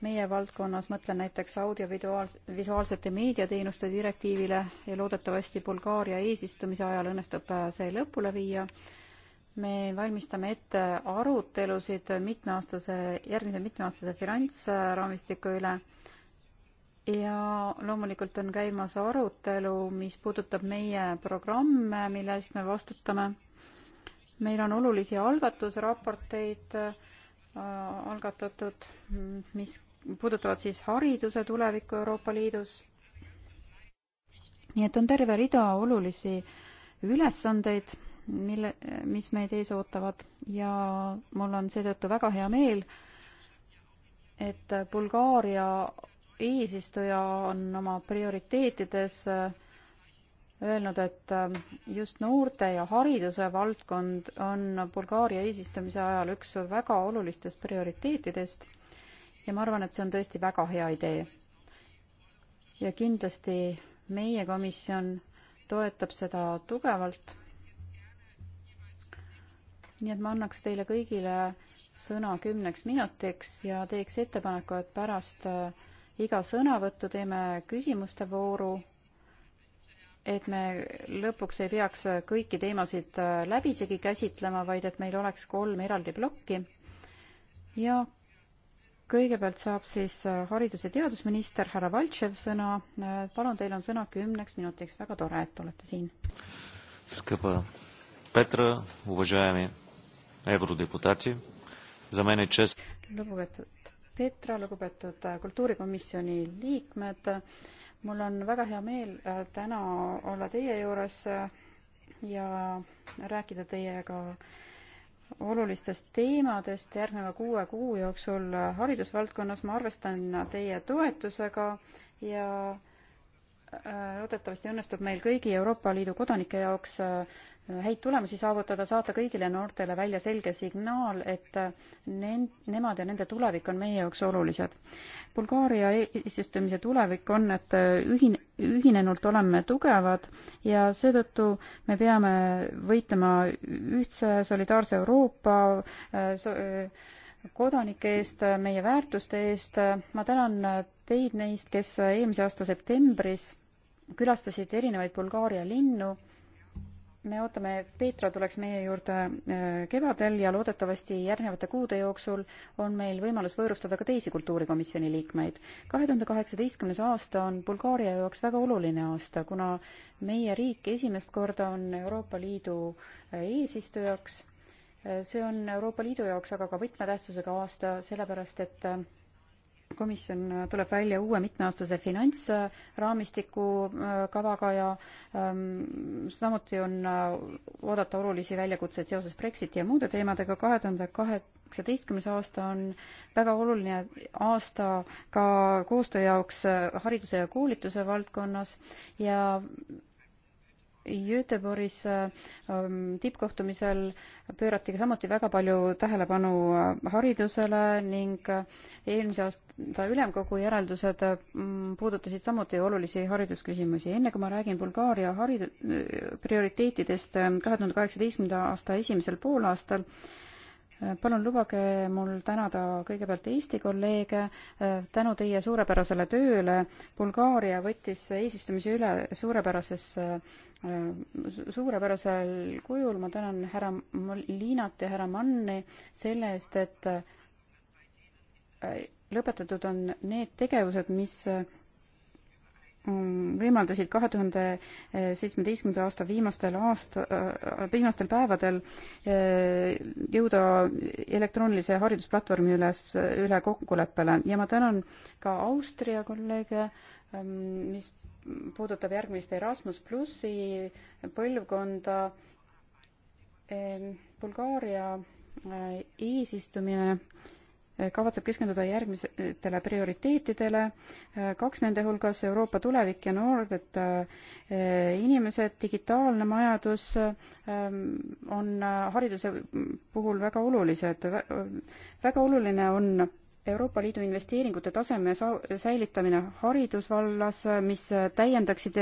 meie valdkonnas mõtlen näiteks audiovisuaalsete meediateenuste direktiivile ja loodetavasti Bulgaaria eesistumise ajal õnnestub äh, see lõpule viia. me valmistame ette arutelusid mitmeaastase, järgmise mitmeaastase finantsraamistiku üle ja loomulikult on käimas arutelu, mis puudutab meie programme, mille eest me vastutame. meil on olulisi algatusraporteid äh, algatatud, mm, mis puudutavad siis hariduse tulevikku Euroopa Liidus. nii et on terve rida olulisi ülesandeid, mille, mis meid ees ootavad ja mul on seetõttu väga hea meel, et Bulgaaria eesistuja on oma prioriteetides äh, öelnud, et äh, just noorte ja hariduse valdkond on Bulgaaria eesistumise ajal üks väga olulistest prioriteetidest ja ma arvan, et see on tõesti väga hea idee. ja kindlasti meie komisjon toetab seda tugevalt. nii et ma annaks teile kõigile sõna kümneks minutiks ja teeks ettepaneku, et pärast äh, iga sõnavõttu teeme küsimuste vooru, et me lõpuks ei peaks kõiki teemasid äh, läbisegi käsitlema, vaid et meil oleks kolm eraldi plokki. ja kõigepealt saab siis äh, haridus- ja teadusminister härra Valtšev sõna. Äh, palun, teil on sõna kümneks minutiks, väga tore, et olete siin. Petra, уважаеми евродепутати, за мен е чест. Lugupeetud Petra, lugupeetud äh, kultuurikomisjoni liikmed. mul on väga hea meel äh, täna olla teie juures äh, ja rääkida teiega olulistest teemadest järgneva kuue kuu jooksul haridusvaldkonnas. ma arvestan teie toetusega ja loodetavasti õnnestub meil kõigi Euroopa Liidu kodanike jaoks häid tulemusi saavutada, saata kõigile noortele välja selge signaal, et nend-, nemad ja nende tulevik on meie jaoks olulised. Bulgaaria e-, eesistumise tulevik on, et ühin-, ühinenult oleme tugevad ja seetõttu me peame võitlema ühtse solidaarse Euroopa so, kodanike eest, meie väärtuste eest. ma tänan teid neist, kes eelmise aasta septembris külastasid erinevaid Bulgaaria linnu me ootame, et Petra tuleks meie juurde äh, kevadel ja loodetavasti järgnevate kuude jooksul on meil võimalus võõrustada ka teisi kultuurikomisjoni liikmeid. kahe tuhande kaheksateistkümnes aasta on Bulgaaria jaoks väga oluline aasta, kuna meie riik esimest korda on Euroopa Liidu äh, eesistujaks. Äh, see on Euroopa Liidu jaoks aga ka võtmetähtsusega aasta, sellepärast et komisjon tuleb välja uue mitmeaastase finantsraamistiku äh, kavaga ja ähm, samuti on äh, oodata olulisi väljakutseid seoses Brexiti ja muude teemadega. kahe tuhande kaheksateistkümnes aasta on väga oluline aasta ka koostöö jaoks äh, hariduse ja koolituse valdkonnas ja Göteborgis äh, ähm, tippkohtumisel pöörati samuti väga palju tähelepanu äh, haridusele ning äh, eelmise aasta ülemkogu järeldused mm, puudutasid samuti olulisi haridusküsimusi. enne kui ma räägin Bulgaaria harid-, prioriteetidest kahe tuhande kaheksateistkümnenda aasta esimesel poolaastal, Äh, palun lubage mul tänada kõigepealt Eesti kolleege äh, tänu teie suurepärasele tööle. Bulgaaria võttis eesistumise üle suurepärases, äh, suurepärasel kujul. ma tänan härra Liinat ja härra Manni selle eest, et lõpetatud on need tegevused, mis Mm, võimaldasid kahe tuhande eh, seitsmeteistkümnenda aasta viimastel aasta, eh, viimastel päevadel eh, jõuda elektroonilise haridusplatvormi üles, üle kokkuleppele ja ma tänan ka Austria kolleege, ehm, mis puudutab järgmist Erasmus plussi põlvkonda. Ehm, Bulgaaria eesistumine kavatseb keskenduda järgmistele prioriteetidele, kaks nende hulgas Euroopa tulevik ja noored eh, inimesed, digitaalne majandus ehm, on eh, hariduse puhul väga olulised. väga oluline on Euroopa Liidu investeeringute taseme säilitamine haridusvallas, mis täiendaksid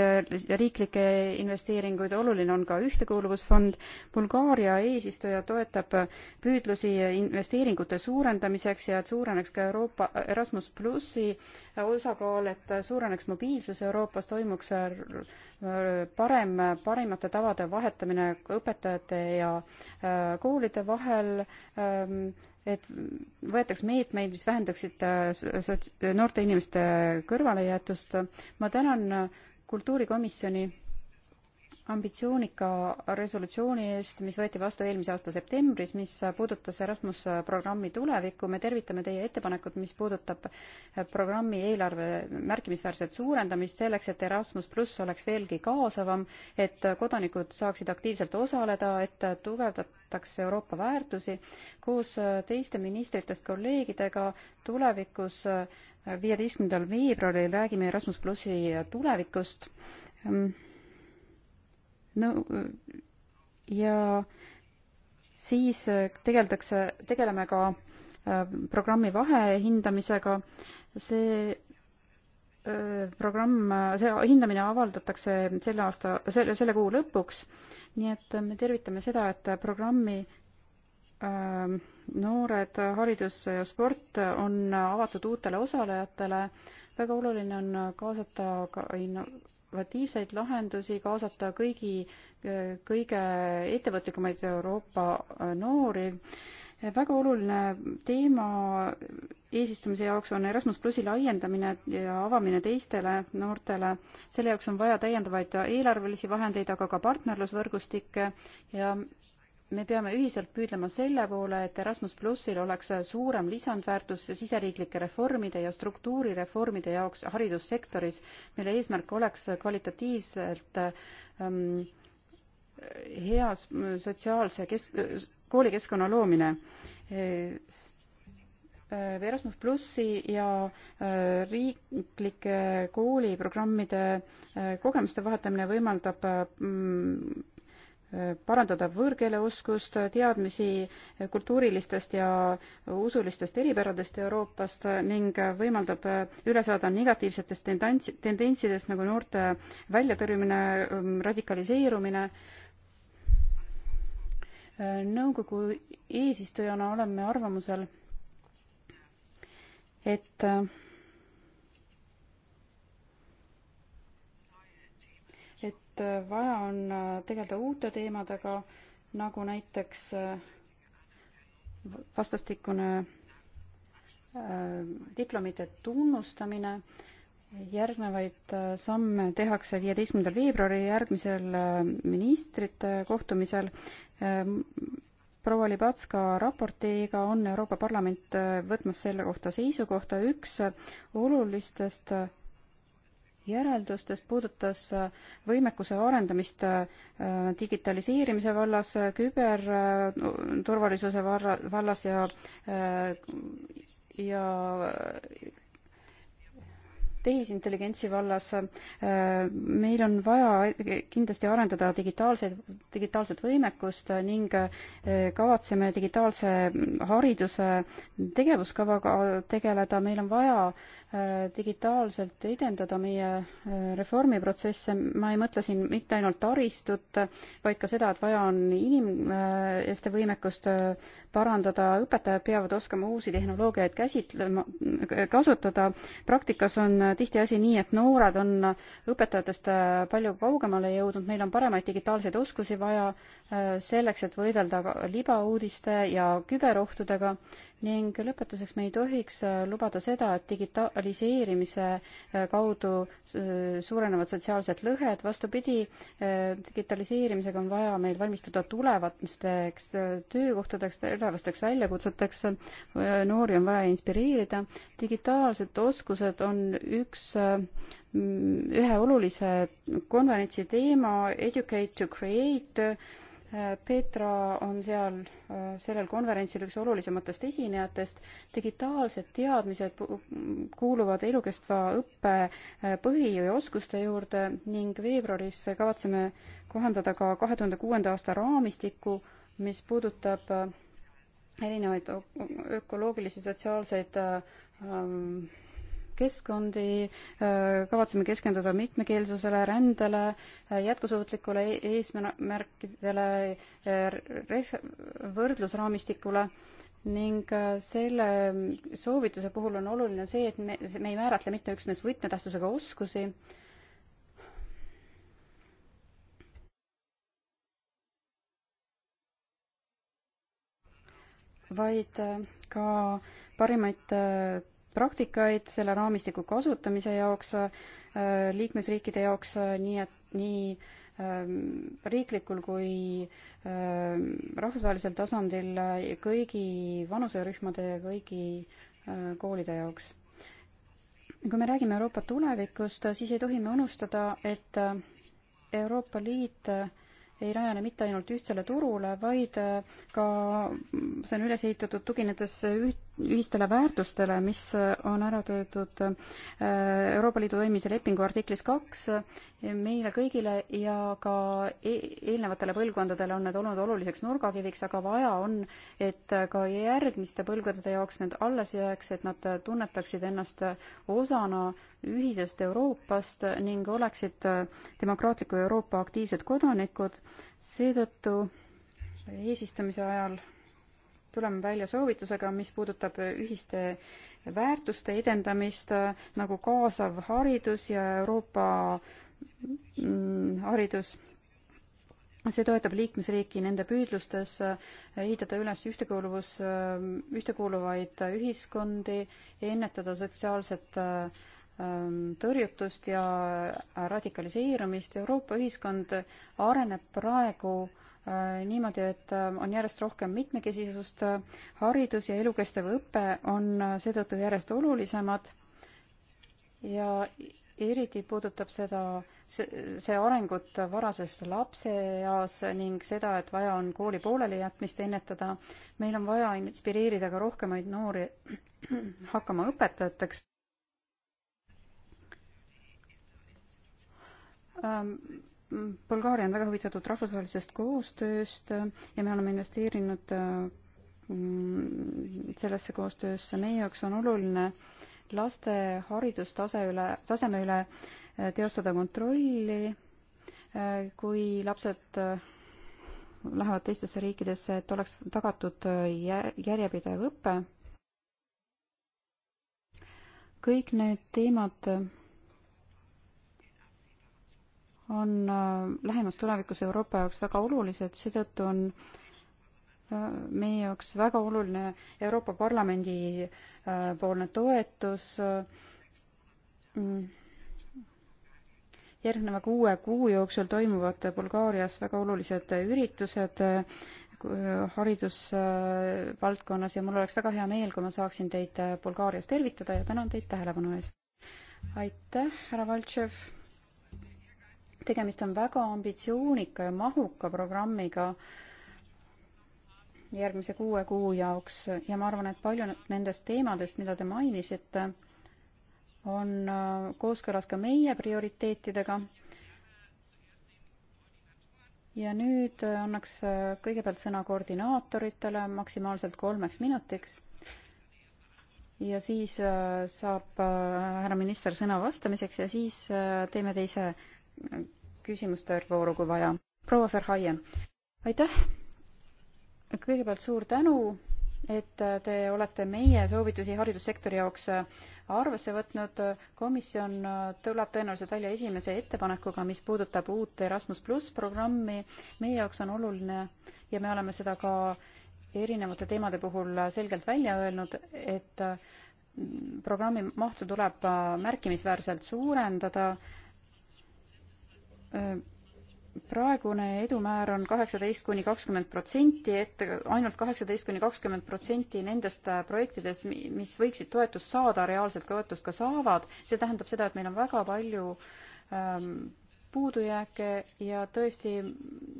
riiklikke investeeringuid, oluline on ka ühtekuuluvusfond. Bulgaaria eesistuja toetab püüdlusi investeeringute suurendamiseks ja et suureneks ka Euroopa Erasmus plussi osakaal, et suureneks mobiilsus Euroopas, toimuks parem, parimate tavade vahetamine õpetajate ja koolide vahel et võetaks meetmeid, mis vähendaksid äh, sots-, noorte inimeste kõrvalejäetust. ma tänan äh, kultuurikomisjoni ambitsioonika resolutsiooni eest, mis võeti vastu eelmise aasta septembris, mis puudutas Erasmus programmi tulevikku. me tervitame teie ettepanekut, mis puudutab programmi eelarve märkimisväärset suurendamist selleks, et Erasmus pluss oleks veelgi kaasavam, et kodanikud saaksid aktiivselt osaleda, et tugevdatakse Euroopa väärtusi. koos teiste ministritest kolleegidega tulevikus viieteistkümnendal veebruaril räägime Erasmus plussi tulevikust no ja siis äh, tegeldakse, tegeleme ka äh, programmi vahehindamisega. see äh, programm, see hindamine avaldatakse selle aasta, selle, selle kuu lõpuks. nii et me tervitame seda, et programmi äh, noored, haridus ja sport on avatud uutele osalejatele. väga oluline on kaasata ka inno-, innovatiivseid lahendusi, kaasata kõigi, kõige ettevõtlikumaid Euroopa äh, noori. väga oluline teema eesistumise jaoks on Erasmus plussi laiendamine ja avamine teistele noortele. selle jaoks on vaja täiendavaid eelarvelisi vahendeid, aga ka partnerlusvõrgustikke ja me peame ühiselt püüdlema selle poole, et Erasmus plussil oleks suurem lisandväärtus siseriiklike reformide ja struktuurireformide jaoks haridussektoris, mille eesmärk oleks kvalitatiivselt ähm, heas sotsiaalse kesk-, koolikeskkonna loomine e Erasmus plussi ja äh, riiklike kooliprogrammide äh, kogemuste vahetamine võimaldab mm, parandada võõrkeeleoskust, teadmisi kultuurilistest ja usulistest eripäradest Euroopast ning võimaldab üle saada negatiivsetest tendents, tendentsidest nagu noorte väljatõrjumine, mm, radikaliseerumine. nõukogu eesistujana oleme arvamusel, et et äh, vaja on äh, tegeleda uute teemadega, nagu näiteks äh, vastastikune diplomite tunnustamine, järgnevaid samme tehakse viieteistkümnendal veebruaril järgmisel ministrite kohtumisel. Ähm, proua Libatska raportiga on Euroopa Parlament võtmas selle kohta seisukohta. üks olulistest järeldustest puudutas äh, võimekuse arendamist äh, digitaliseerimise vallas, äh, küberturvalisuse varra, vallas ja, ja tehisintelligentsi vallas meil on vaja kindlasti arendada digitaalseid, digitaalset võimekust ning kavatseme digitaalse hariduse tegevuskavaga tegeleda, meil on vaja Äh, digitaalselt edendada meie äh, reformiprotsesse, ma ei mõtle siin mitte ainult taristut, vaid ka seda, et vaja on inimeste võimekust äh, parandada, õpetajad peavad oskama uusi tehnoloogiaid käsitlema, kasutada, praktikas on tihti asi nii, et noored on õpetajatest palju kaugemale jõudnud, meil on paremaid digitaalseid oskusi vaja selleks, et võidelda libauudiste ja küberohtudega ning lõpetuseks me ei tohiks äh, lubada seda, et digitaliseerimise äh, kaudu äh, suurenevad sotsiaalsed lõhed, vastupidi, digitaliseerimisega on vaja meil valmistuda tulevasteks töökohtadeks, tulevasteks väljakutseteks, noori on vaja inspireerida, digitaalsed oskused on üks ühe olulise konverentsi teema Educate to Create, Petra on seal äh, sellel konverentsil üks olulisematest esinejatest. digitaalsed teadmised kuuluvad elukestva õppe äh, põhi- ja oskuste juurde ning veebruaris kavatseme kohandada ka kahe tuhande kuuenda aasta raamistikku, mis puudutab äh, erinevaid ökoloogilisi, sotsiaalseid ähm, keskkondi, kavatseme keskenduda mitmekeelsusele, rändele, jätkusuutlikule e-, eesmärkidele, ref-, võrdlusraamistikule ning selle soovituse puhul on oluline see, et me, me ei määratle mitte üksnes võtmetähtsusega oskusi, vaid ka parimaid praktikaid selle raamistiku kasutamise jaoks äh, liikmesriikide jaoks, äh, nii et, nii ähm, riiklikul kui ähm, rahvusvahelisel tasandil äh, kõigi vanuserühmade ja kõigi koolide jaoks. kui me räägime Euroopa tulevikust, siis ei tohi me unustada, et Euroopa Liit ei rajane mitte ainult ühtsele turule, vaid ka see on üles ehitatud tuginedes üht-, ühistele väärtustele, mis on ära töötud äh, Euroopa Liidu toimimise lepingu artiklis kaks, äh, meile kõigile ja ka e-, eelnevatele põlvkondadele on need olnud oluliseks nurgakiviks, aga vaja on, et ka järgmiste põlvkondade jaoks need alles jääks, et nad tunnetaksid ennast osana ühisest Euroopast ning oleksid demokraatliku Euroopa aktiivsed kodanikud. seetõttu eesistumise ajal tuleme välja soovitusega, mis puudutab ühiste väärtuste edendamist nagu kaasav haridus ja Euroopa mm, haridus. see toetab liikmesriiki nende püüdlustes ehitada üles ühtekuuluvus, ühtekuuluvaid ühiskondi, ennetada sotsiaalset ähm, tõrjutust ja radikaliseerumist. Euroopa ühiskond areneb praegu äh, Äh, niimoodi, et äh, on järjest rohkem mitmekesisust, äh, haridus ja elukestev õpe on seetõttu järjest olulisemad ja eriti puudutab seda, see arengut varases lapseeas ning seda, et vaja on kooli poolelijätmist ennetada. meil on vaja inspireerida ka rohkemaid noori hakkama õpetajateks ähm, Bulgaaria on väga huvitatud rahvusvahelisest koostööst äh, ja me oleme investeerinud äh, mm, sellesse koostöösse. meie jaoks on oluline laste haridustase üle, taseme üle äh, teostada kontrolli, kui lapsed lähevad teistesse riikidesse, et oleks tagatud järjepidev õpe. kõik need teemad on äh, lähemas tulevikus Euroopa jaoks väga olulised, seetõttu on äh, meie jaoks väga oluline Euroopa Parlamendi äh, poolne toetus. Mm. järgneva kuue kuu jooksul toimuvad Bulgaarias väga olulised üritused haridusvaldkonnas ja mul oleks väga hea meel, kui ma saaksin teid Bulgaarias tervitada ja tänan teid tähelepanu eest. aitäh, härra Valtšev tegemist on väga ambitsioonika ja mahuka programmiga järgmise kuue kuu jaoks ja ma arvan, et palju nendest teemadest, mida te mainisite, on äh, kooskõlas ka meie prioriteetidega. ja nüüd äh, annaks äh, kõigepealt sõna koordinaatoritele maksimaalselt kolmeks minutiks ja siis saab härra minister sõna vastamiseks ja siis teeme teise küsimuste vooru, kui vaja. proua Verhaien, aitäh! kõigepealt suur tänu, et te olete meie soovitusi haridussektori jaoks arvesse võtnud. komisjon tuleb tõenäoliselt välja esimese ettepanekuga, mis puudutab uut Erasmus pluss programmi. meie jaoks on oluline ja me oleme seda ka erinevate teemade puhul selgelt välja öelnud, et programmi mahtu tuleb märkimisväärselt suurendada Äh, praegune edumäär on kaheksateist kuni kakskümmend protsenti, et ainult kaheksateist kuni kakskümmend protsenti nendest äh, projektidest, mis võiksid toetust saada, reaalselt toetust ka saavad. see tähendab seda, et meil on väga palju ähm, puudujääke ja tõesti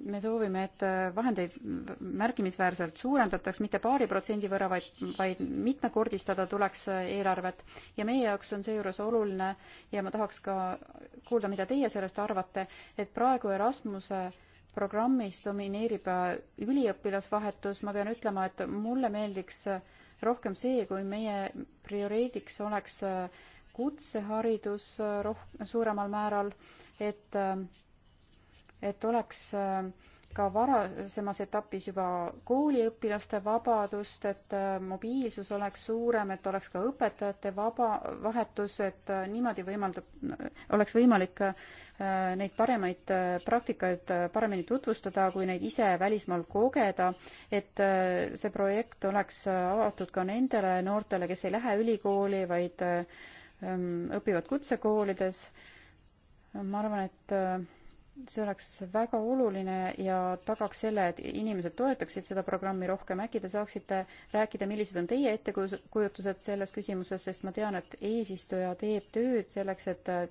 me soovime, et vahendeid märkimisväärselt suurendataks, mitte paari protsendi võrra, vaid, vaid mitmekordistada tuleks eelarvet. ja meie jaoks on seejuures oluline ja ma tahaks ka kuulda, mida teie sellest arvate, et praegu Erasmuse programmis domineerib üliõpilasvahetus, ma pean ütlema, et mulle meeldiks rohkem see, kui meie prioriteediks oleks kutseharidus roh-, suuremal määral äh, et, et oleks äh, ka varasemas etapis juba kooliõpilaste vabadust, et äh, mobiilsus oleks suurem, et oleks ka õpetajate vaba, vahetus, et äh, niimoodi võimaldab, oleks võimalik neid paremaid praktikaid paremini tutvustada, kui neid ise välismaal kogeda, et see projekt oleks avatud ka nendele noortele, kes ei lähe ülikooli, vaid ähm, õpivad kutsekoolides ma arvan, et äh, see oleks väga oluline ja tagaks selle, et inimesed toetaksid seda programmi rohkem. äkki te saaksite rääkida, millised on teie ettekujutused selles küsimuses, sest ma tean, et eesistuja teeb tööd selleks, et äh,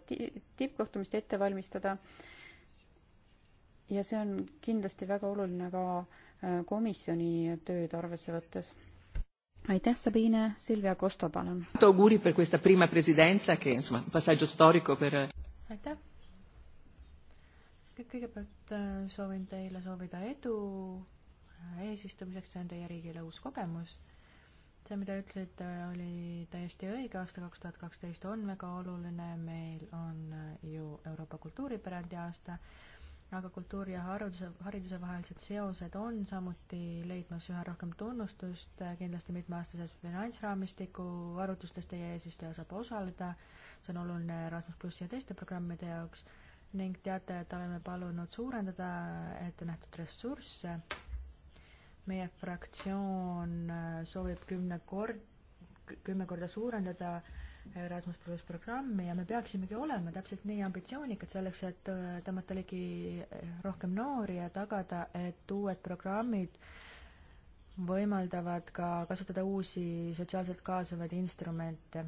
tippkohtumist ette valmistada. ja see on kindlasti väga oluline ka äh, komisjoni tööd arvesse võttes aitäh, Sabine, Silvia Kosto, palun. auguri per questa prima presidenza che insomma un passaggio storico per aitäh! kõigepealt äh, soovin teile soovida edu äh, eesistumiseks, see on teie riigile uus kogemus. see, mida ütlesite, äh, oli täiesti õige, aasta kaks tuhat kaksteist on väga oluline, meil on ju Euroopa kultuuripärandi aasta aga kultuuri ja hariduse, hariduse vahelised seosed on samuti leidmas üha rohkem tunnustust, kindlasti mitmeaastases finantsraamistiku arutlustes teie eesistuja saab osaleda, see on oluline Erasmus plussi ja teiste programmide jaoks, ning teate, et oleme palunud suurendada ettenähtud ressursse. meie fraktsioon soovib kümne kord, kümme korda suurendada äh, Erasmus pluss programmi ja me peaksimegi olema täpselt nii ambitsioonikad selleks, et äh, tõmmata ligi äh, rohkem noori ja tagada, et uued programmid võimaldavad ka kasutada uusi sotsiaalselt kaasavaid instrumente.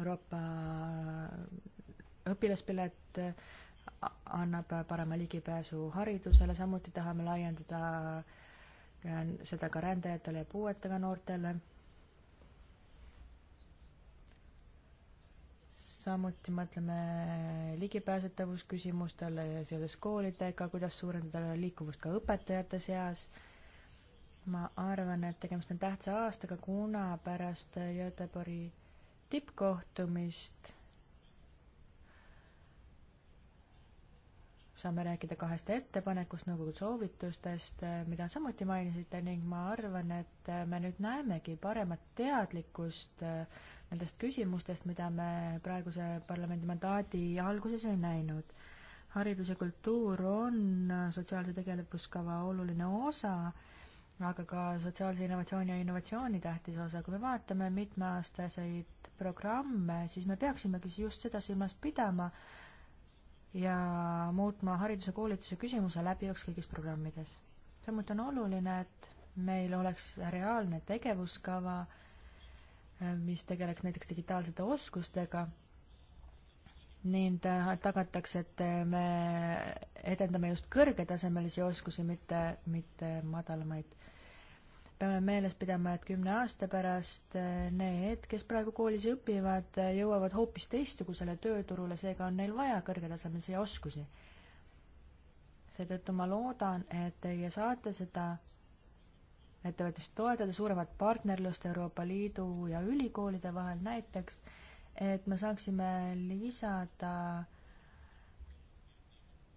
Euroopa äh, õpilaspilet annab parema ligipääsu haridusele, samuti tahame laiendada seda ka rändajatele ja puuetega noortele samuti mõtleme ligipääsetavusküsimustele seoses koolidega, kuidas suurendada liikuvust ka õpetajate seas. ma arvan, et tegemist on tähtsa aastaga, kuna pärast Göteborgi tippkohtumist saame rääkida kahest ettepanekust, nõukogu soovitustest, mida samuti mainisite ning ma arvan, et me nüüd näemegi paremat teadlikkust äh, nendest küsimustest, mida me praeguse parlamendi mandaadi alguses ei näinud. haridus ja kultuur on sotsiaalse tegevuskava oluline osa, aga ka sotsiaalse innovatsiooni ja innovatsiooni tähtis osa. kui me vaatame mitmeaastaseid programme, siis me peaksimegi just seda silmas pidama ja muutma hariduse koolituse küsimuse läbivaks kõigis programmides. samuti on oluline, et meil oleks reaalne tegevuskava, mis tegeleks näiteks digitaalsete oskustega ning äh, tagatakse, et me edendame just kõrgetasemelisi oskusi, mitte, mitte madalamaid. peame meeles pidama, et kümne aasta pärast äh, need, kes praegu koolis õpivad, äh, jõuavad hoopis teistsugusele tööturule, seega on neil vaja kõrgetasemelisi oskusi. seetõttu ma loodan, et teie saate seda ettevõtlust toetada, suuremat partnerlust Euroopa Liidu ja ülikoolide vahel näiteks, et me saaksime lisada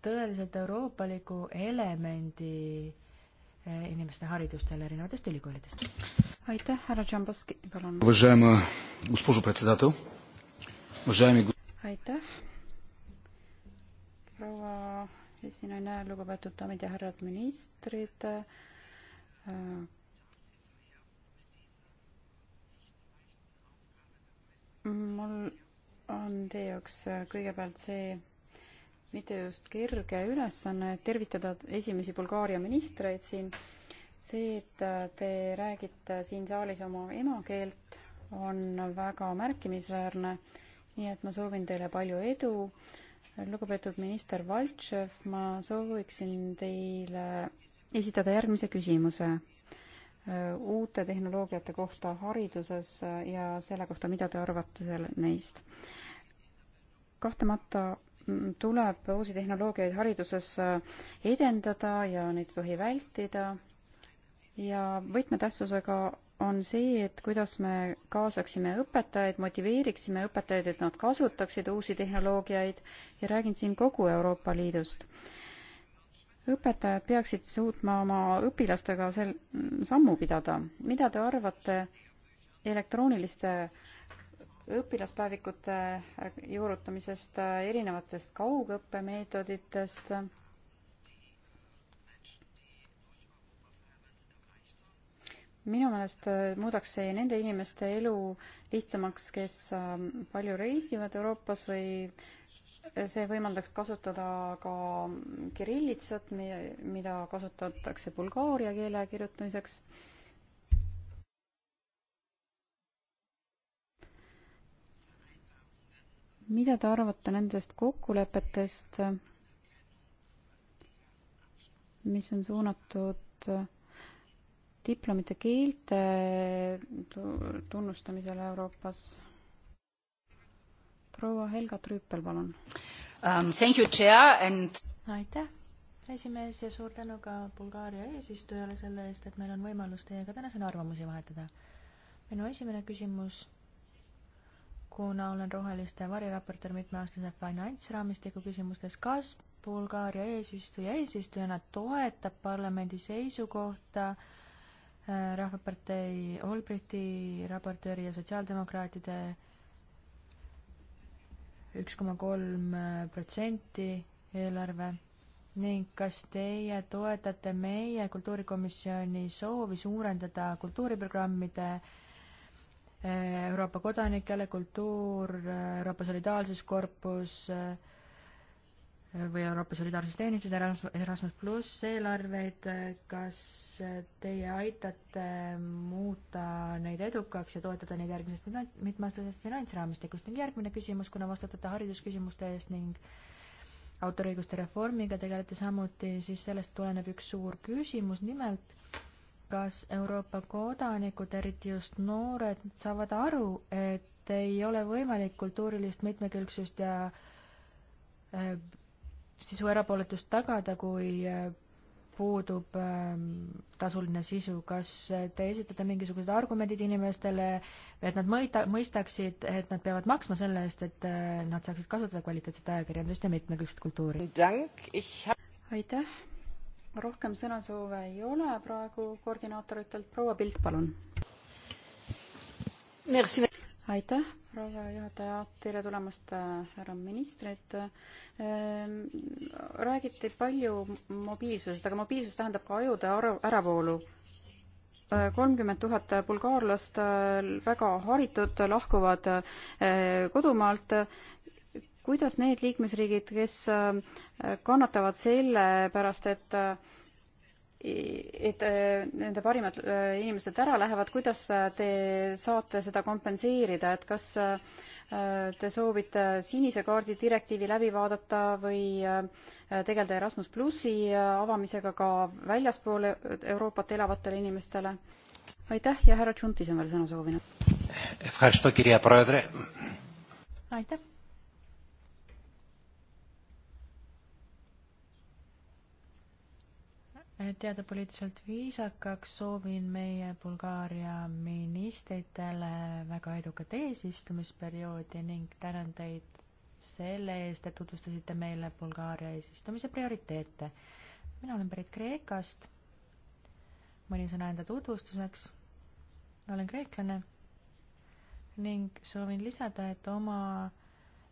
tõeliselt euroopaliku elemendi eh, inimeste haridustele erinevatest ülikoolidest. aitäh, härra Džambaski, palun. aitäh, proua esinaine, lugupeetud daamid ja härrad ministrid, mul on teie jaoks äh, kõigepealt see mitte just kerge ülesanne tervitada esimesi Bulgaaria ministreid siin. see, et äh, te räägite siin saalis oma emakeelt, on väga märkimisväärne. nii et ma soovin teile palju edu. lugupeetud minister Valtšev, ma sooviksin teile esitada järgmise küsimuse Äh, uute tehnoloogiate kohta hariduses äh, ja selle kohta, mida te arvate selle, neist. kahtlemata mm, tuleb uusi tehnoloogiaid hariduses äh, edendada ja neid ei tohi vältida ja võtmetähtsusega on see, et kuidas me kaasaksime õpetajaid, motiveeriksime õpetajaid, et nad kasutaksid uusi tehnoloogiaid ja räägin siin kogu Euroopa Liidust õpetajad peaksid suutma oma õpilastega sel-, sammu pidada. mida te arvate elektrooniliste õpilaspäevikute juurutamisest, erinevatest kaugõppemeetoditest? minu meelest muudaks see nende inimeste elu lihtsamaks, kes ähm, palju reisivad Euroopas või see võimaldaks kasutada ka kirillitsat, mida kasutatakse bulgaaria keele kirjutamiseks. mida te arvate nendest kokkulepetest, mis on suunatud diplomite keelte tunnustamisele Euroopas? proua Helga Trüüpel, palun um,. Thank you, chair and no, aitäh, esimees ja suur tänu ka Bulgaaria eesistujale selle eest, et meil on võimalus teiega tänasena arvamusi vahetada. minu esimene küsimus, kuna olen roheliste variraportöör mitmeaastase finantsraamistiku küsimustes, kas Bulgaaria eesistuja eesistujana toetab parlamendi seisukohta äh, Rahvapartei Olbriti raportööri ja sotsiaaldemokraatide üks koma kolm protsenti eelarve ning kas teie toetate meie kultuurikomisjoni soovi suurendada kultuuriprogrammide eh, Euroopa kodanikele, kultuur, eh, Euroopa solidaarsuskorpus äh,, või Euroopa Solidaarsusteenistused, Erasmus pluss eelarveid, kas teie aitate muuta neid edukaks ja toetada neid järgmisest mitmeaastasest finantsraamistikust ning järgmine küsimus, kuna vastutate haridusküsimuste eest ning autoriõiguste reformiga tegelete samuti, siis sellest tuleneb üks suur küsimus, nimelt kas Euroopa kodanikud, eriti just noored, saavad aru, et ei ole võimalik kultuurilist mitmekülgsust ja äh, sisu erapooletust tagada, kui äh, puudub ähm, tasuline sisu, kas te esitate mingisugused argumendid inimestele, et nad mõista, mõistaksid, et nad peavad maksma selle eest, et äh, nad saaksid kasutada kvaliteetset ajakirjandust ja mitmekülgset kultuuri? aitäh, rohkem sõnasoove ei ole praegu koordinaatoritelt, proua Pilt, palun aitäh, proua juhataja, tere tulemast, äh, härra ministrid. Ähm, räägiti palju mobiilsusest, aga mobiilsus tähendab ka ajude äravoolu äh, kolmkümmend tuhat bulgaarlast äh, väga haritud lahkuvad kodumaalt. kuidas need liikmesriigid, kes kannatavad selle pärast, et et äh, nende parimad äh, inimesed ära lähevad, kuidas äh, te saate seda kompenseerida, et kas te soovite sinise kaardi direktiivi läbi vaadata või tegeleda Erasmus plussi avamisega ka väljaspool Euroopat elavatele inimestele? aitäh ja härra Tšuntis on veel sõna soovinud. aitäh teada poliitiliselt viisakaks, soovin meie Bulgaaria ministritele väga edukat eesistumisperioodi ning tänan teid selle eest, et tutvustasite meile Bulgaaria eesistumise prioriteete. mina olen pärit Kreekast. mõni sõna enda tutvustuseks. olen kreeklane ning soovin lisada, et oma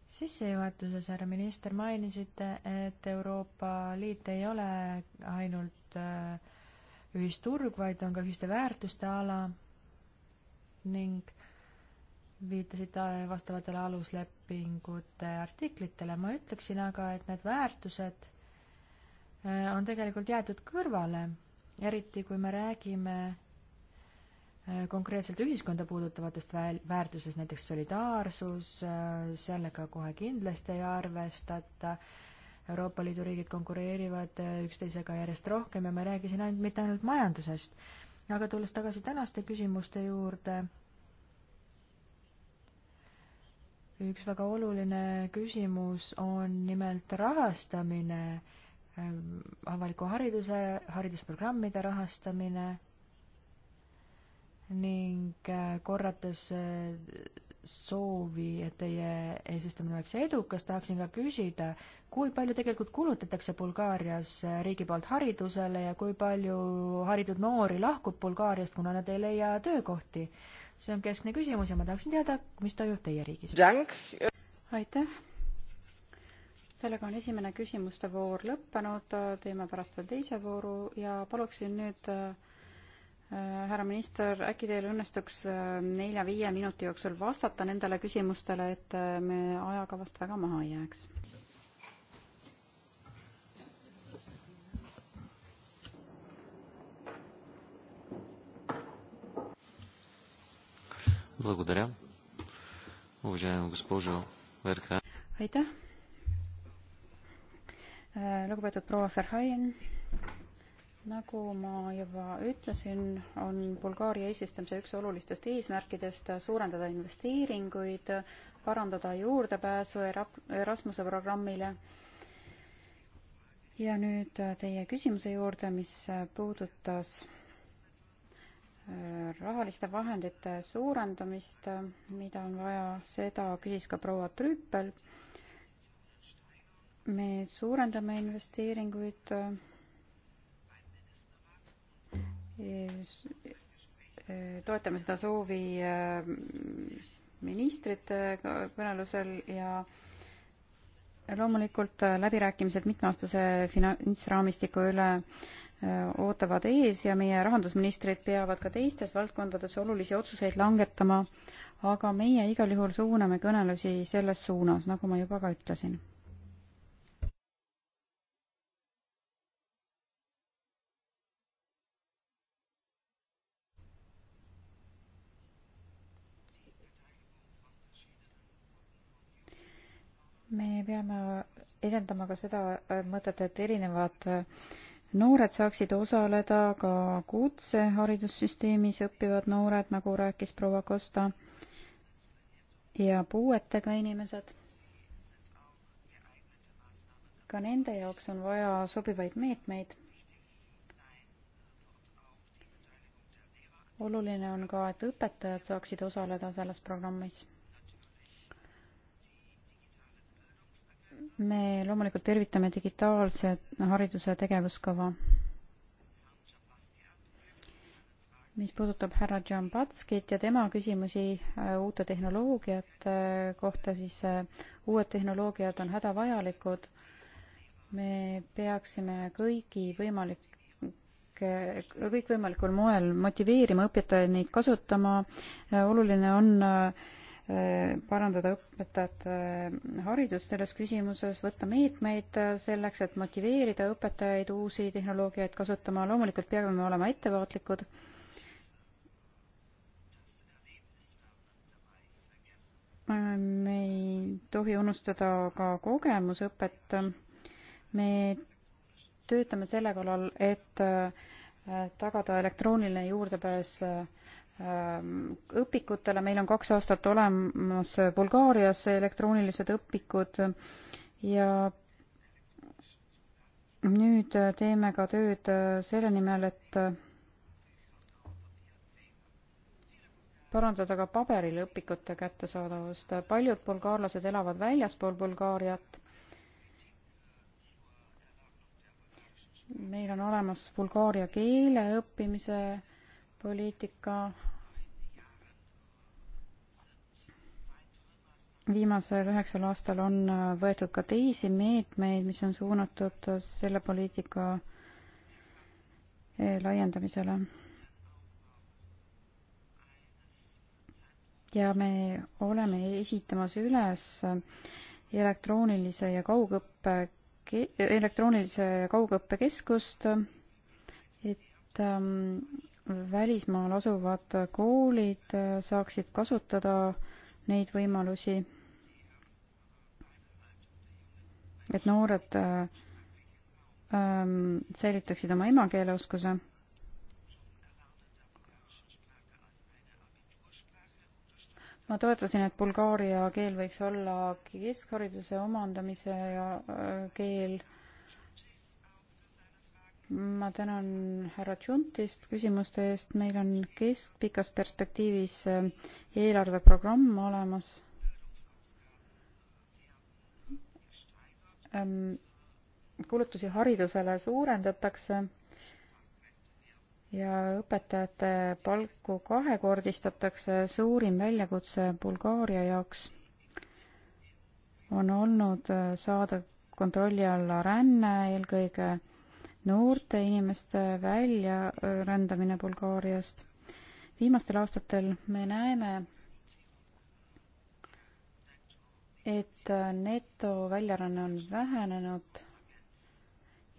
sissejuhatuses, härra minister, mainisite, et Euroopa Liit ei ole ainult ainult äh, ühisturg, vaid on ka ühiste väärtuste ala ning viitasite äh, vastavatele aluslepingute artiklitele, ma ütleksin aga, et need väärtused äh, on tegelikult jäetud kõrvale, eriti kui me räägime konkreetselt ühiskonda puudutavatest väärtusest, näiteks solidaarsus, sellega kohe kindlasti ei arvestata, Euroopa Liidu riigid konkureerivad äh, üksteisega järjest rohkem ja ma rääkisin ainult, mitte ainult majandusest. aga tulles tagasi tänaste küsimuste juurde, üks väga oluline küsimus on nimelt rahastamine, ähm, avaliku hariduse, haridusprogrammide rahastamine ning äh, korrates äh, soovi, et teie eesistumine oleks edukas, tahaksin ka küsida, kui palju tegelikult kulutatakse Bulgaarias riigi poolt haridusele ja kui palju haritud noori lahkub Bulgaariast, kuna nad ei leia töökohti? see on keskne küsimus ja ma tahaksin teada, mis toimub teie riigis. aitäh! sellega on esimene küsimuste voor lõppenud, teeme pärast veel teise vooru ja paluksin nüüd äh, Äh, härra minister, äkki teil õnnestuks äh, nelja-viie minuti jooksul vastata nendele küsimustele, et äh, me ajakavast väga maha ei jääks? aitäh, lugupeetud proua Verhaien nagu ma juba ütlesin, on Bulgaaria eesistumise üks olulistest eesmärkidest suurendada investeeringuid, parandada juurdepääsu Erasmuse programmile. ja nüüd teie küsimuse juurde, mis puudutas äh, rahaliste vahendite suurendamist, mida on vaja, seda küsis ka proua Trüüpel. me suurendame investeeringuid äh, toetame seda soovi äh, ministrite äh, kõnelusel ja loomulikult äh, läbirääkimised mitmeaastase finantsraamistiku üle ootavad ees ja meie rahandusministrid peavad ka teistes valdkondades olulisi otsuseid langetama, aga meie igal juhul suuname kõnelusi selles suunas, nagu ma juba ka ütlesin peame edendama ka seda äh, mõtet, et erinevad äh, noored saaksid osaleda ka kutseharidussüsteemis õppivad noored, nagu rääkis proua Kosta, ja puuetega inimesed. ka nende jaoks on vaja sobivaid meetmeid oluline on ka, et õpetajad saaksid osaleda selles programmis. me loomulikult tervitame digitaalse hariduse tegevuskava. mis puudutab härra Džambatskit ja tema küsimusi äh, uute tehnoloogiate äh, kohta, siis äh, uued tehnoloogiad on hädavajalikud. me peaksime kõigi võimalik, kõikvõimalikul moel motiveerima õpetajaid neid kasutama. oluline on parandada õpetajate äh, haridust selles küsimuses, võtta meetmeid äh, selleks, et motiveerida õpetajaid uusi tehnoloogiaid kasutama, loomulikult peame me olema ettevaatlikud. me ei tohi unustada ka kogemusõpet. me töötame selle kallal, et äh, tagada elektrooniline juurdepääs äh, Ehm, õpikutele, meil on kaks aastat olemas Bulgaarias elektroonilised õpikud ja nüüd teeme ka tööd selle nimel, et parandada ka paberil õpikute kättesaadavust. paljud bulgaarlased elavad väljaspool Bulgaariat. meil on olemas bulgaaria keele õppimise poliitika viimasel üheksal aastal on võetud ka teisi meetmeid, mis on suunatud selle poliitika laiendamisele. ja me oleme esitamas üles elektroonilise ja kaugõppe, elektroonilise kaugõppekeskust, et ähm, välismaal asuvad koolid äh, saaksid kasutada neid võimalusi, et noored äh, ähm, säilitaksid oma emakeeleoskuse. ma toetasin, et bulgaaria keel võiks olla keskhariduse omandamise ja, äh, keel ma tänan härra Tšuntist küsimuste eest, meil on keskpikas perspektiivis äh, eelarveprogramm olemas. Ähm, kulutusi haridusele suurendatakse ja õpetajate palku kahekordistatakse, suurim väljakutse Bulgaaria jaoks on olnud äh, saada kontrolli alla ränne, eelkõige noorte inimeste väljarändamine Bulgaariast. viimastel aastatel me näeme, et neto väljaränne on vähenenud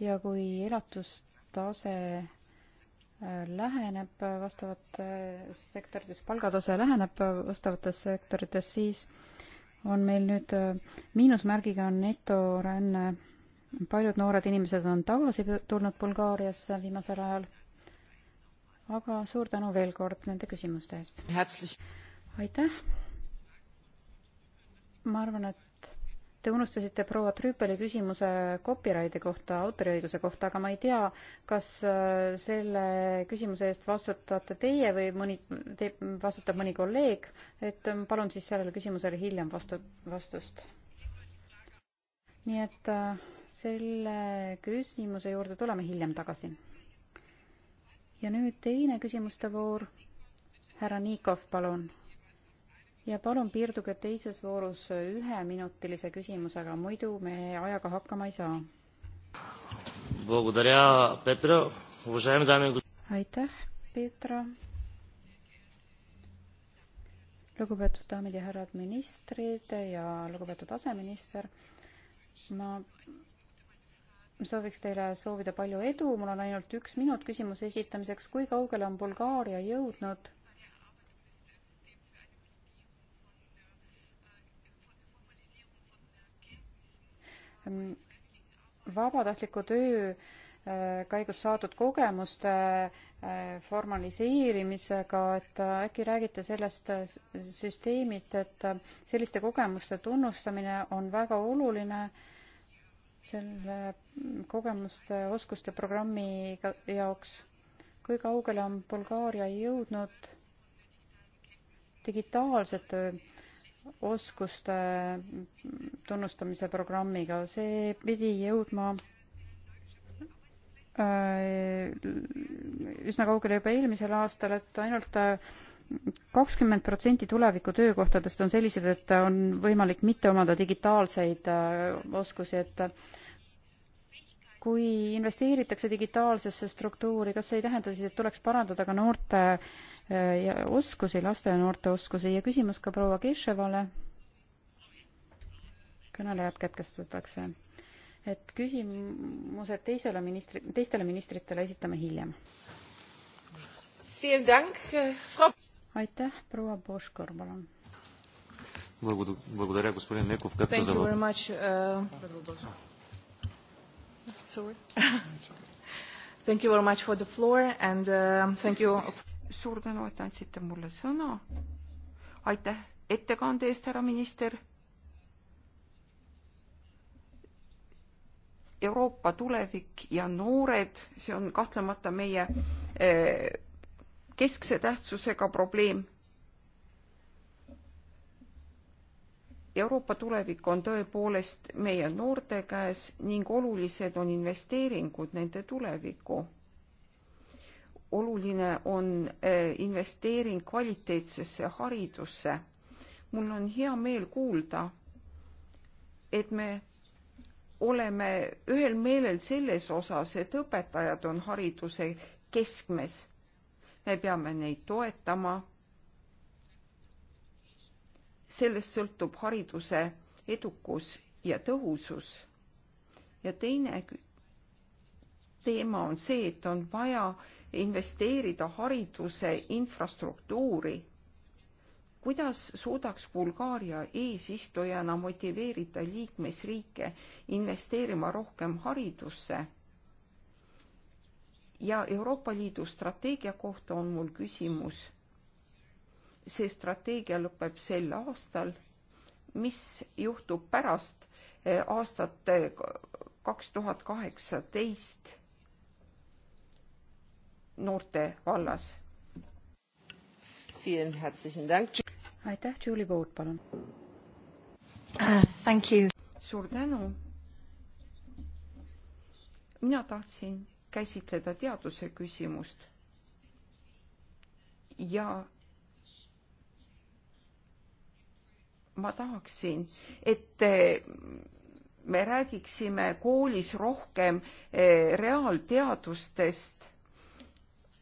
ja kui elatustase äh, läheneb vastavates sektorites, palgatase läheneb vastavates sektorites, siis on meil nüüd äh, miinusmärgiga on netoränne paljud noored inimesed on tagasi tulnud Bulgaariasse viimasel ajal. aga suur tänu veel kord nende küsimuste eest. aitäh. ma arvan, et Te unustasite proua Trüüpeli küsimuse copyrighti kohta, autoriõiguse kohta, aga ma ei tea, kas äh, selle küsimuse eest vastutate teie või mõni, te, vastutab mõni kolleeg, et ähm, palun siis sellele küsimusele hiljem vastu, vastust. nii et äh, selle küsimuse juurde tuleme hiljem tagasi. ja nüüd teine küsimuste voor. härra Niikov, palun. ja palun piirduge teises voorus üheminutilise küsimusega, muidu me ajaga hakkama ei saa. aitäh, Petra. lugupeetud daamid ja härrad ministrid ja lugupeetud aseminister ma sooviks teile soovida palju edu, mul on ainult üks minut küsimuse esitamiseks, kui kaugele on Bulgaaria jõudnud ehm, vabatahtliku töö äh, käigus saadud kogemuste äh, formaliseerimisega, et äh, äkki räägite sellest süsteemist, et selliste kogemuste tunnustamine on väga oluline selle kogemuste, oskuste programmi jaoks. kui kaugele on Bulgaaria jõudnud digitaalsete oskuste tunnustamise programmiga, see pidi jõudma äh, üsna kaugele juba eelmisel aastal, et ainult äh, kakskümmend protsenti tuleviku töökohtadest on sellised, et on võimalik mitte omada digitaalseid äh, oskusi, et kui investeeritakse digitaalsesse struktuuri, kas see ei tähenda siis, et tuleks parandada ka noorte äh, oskusi, laste ja noorte oskusi ja küsimus ka proua Keševale. kõnelejad katkestatakse. et küsimused teisele ministri, teistele ministritele esitame hiljem. Vielen Dank, äh, Frau aitäh, proua Poškor, palun. Благодаря, господин Неков. Как Thank you very much. Uh, sorry. Thank you very much for the floor and uh, thank you. suur tänu, et andsite mulle sõna. aitäh ettekande eest, härra minister. Euroopa tulevik ja noored, see on kahtlemata meie eh, keskse tähtsusega probleem. Euroopa tulevik on tõepoolest meie noorte käes ning olulised on investeeringud nende tulevikku. oluline on eh, investeering kvaliteetsesse haridusse. mul on hea meel kuulda, et me oleme ühel meelel selles osas, et õpetajad on hariduse keskmes me peame neid toetama. sellest sõltub hariduse edukus ja tõhusus. ja teine teema on see, et on vaja investeerida hariduse infrastruktuuri kuidas suudaks Bulgaaria eesistujana motiveerida liikmesriike investeerima rohkem haridusse? ja Euroopa Liidu strateegia kohta on mul küsimus. see strateegia lõpeb sel aastal. mis juhtub pärast eh, aastat eh, kaks tuhat kaheksateist noorte vallas? aitäh, Julie Wood, palun uh,. suur tänu. mina tahtsin käsitleda teaduse küsimust ja ma tahaksin, et eh, me räägiksime koolis rohkem eh, reaalteadustest.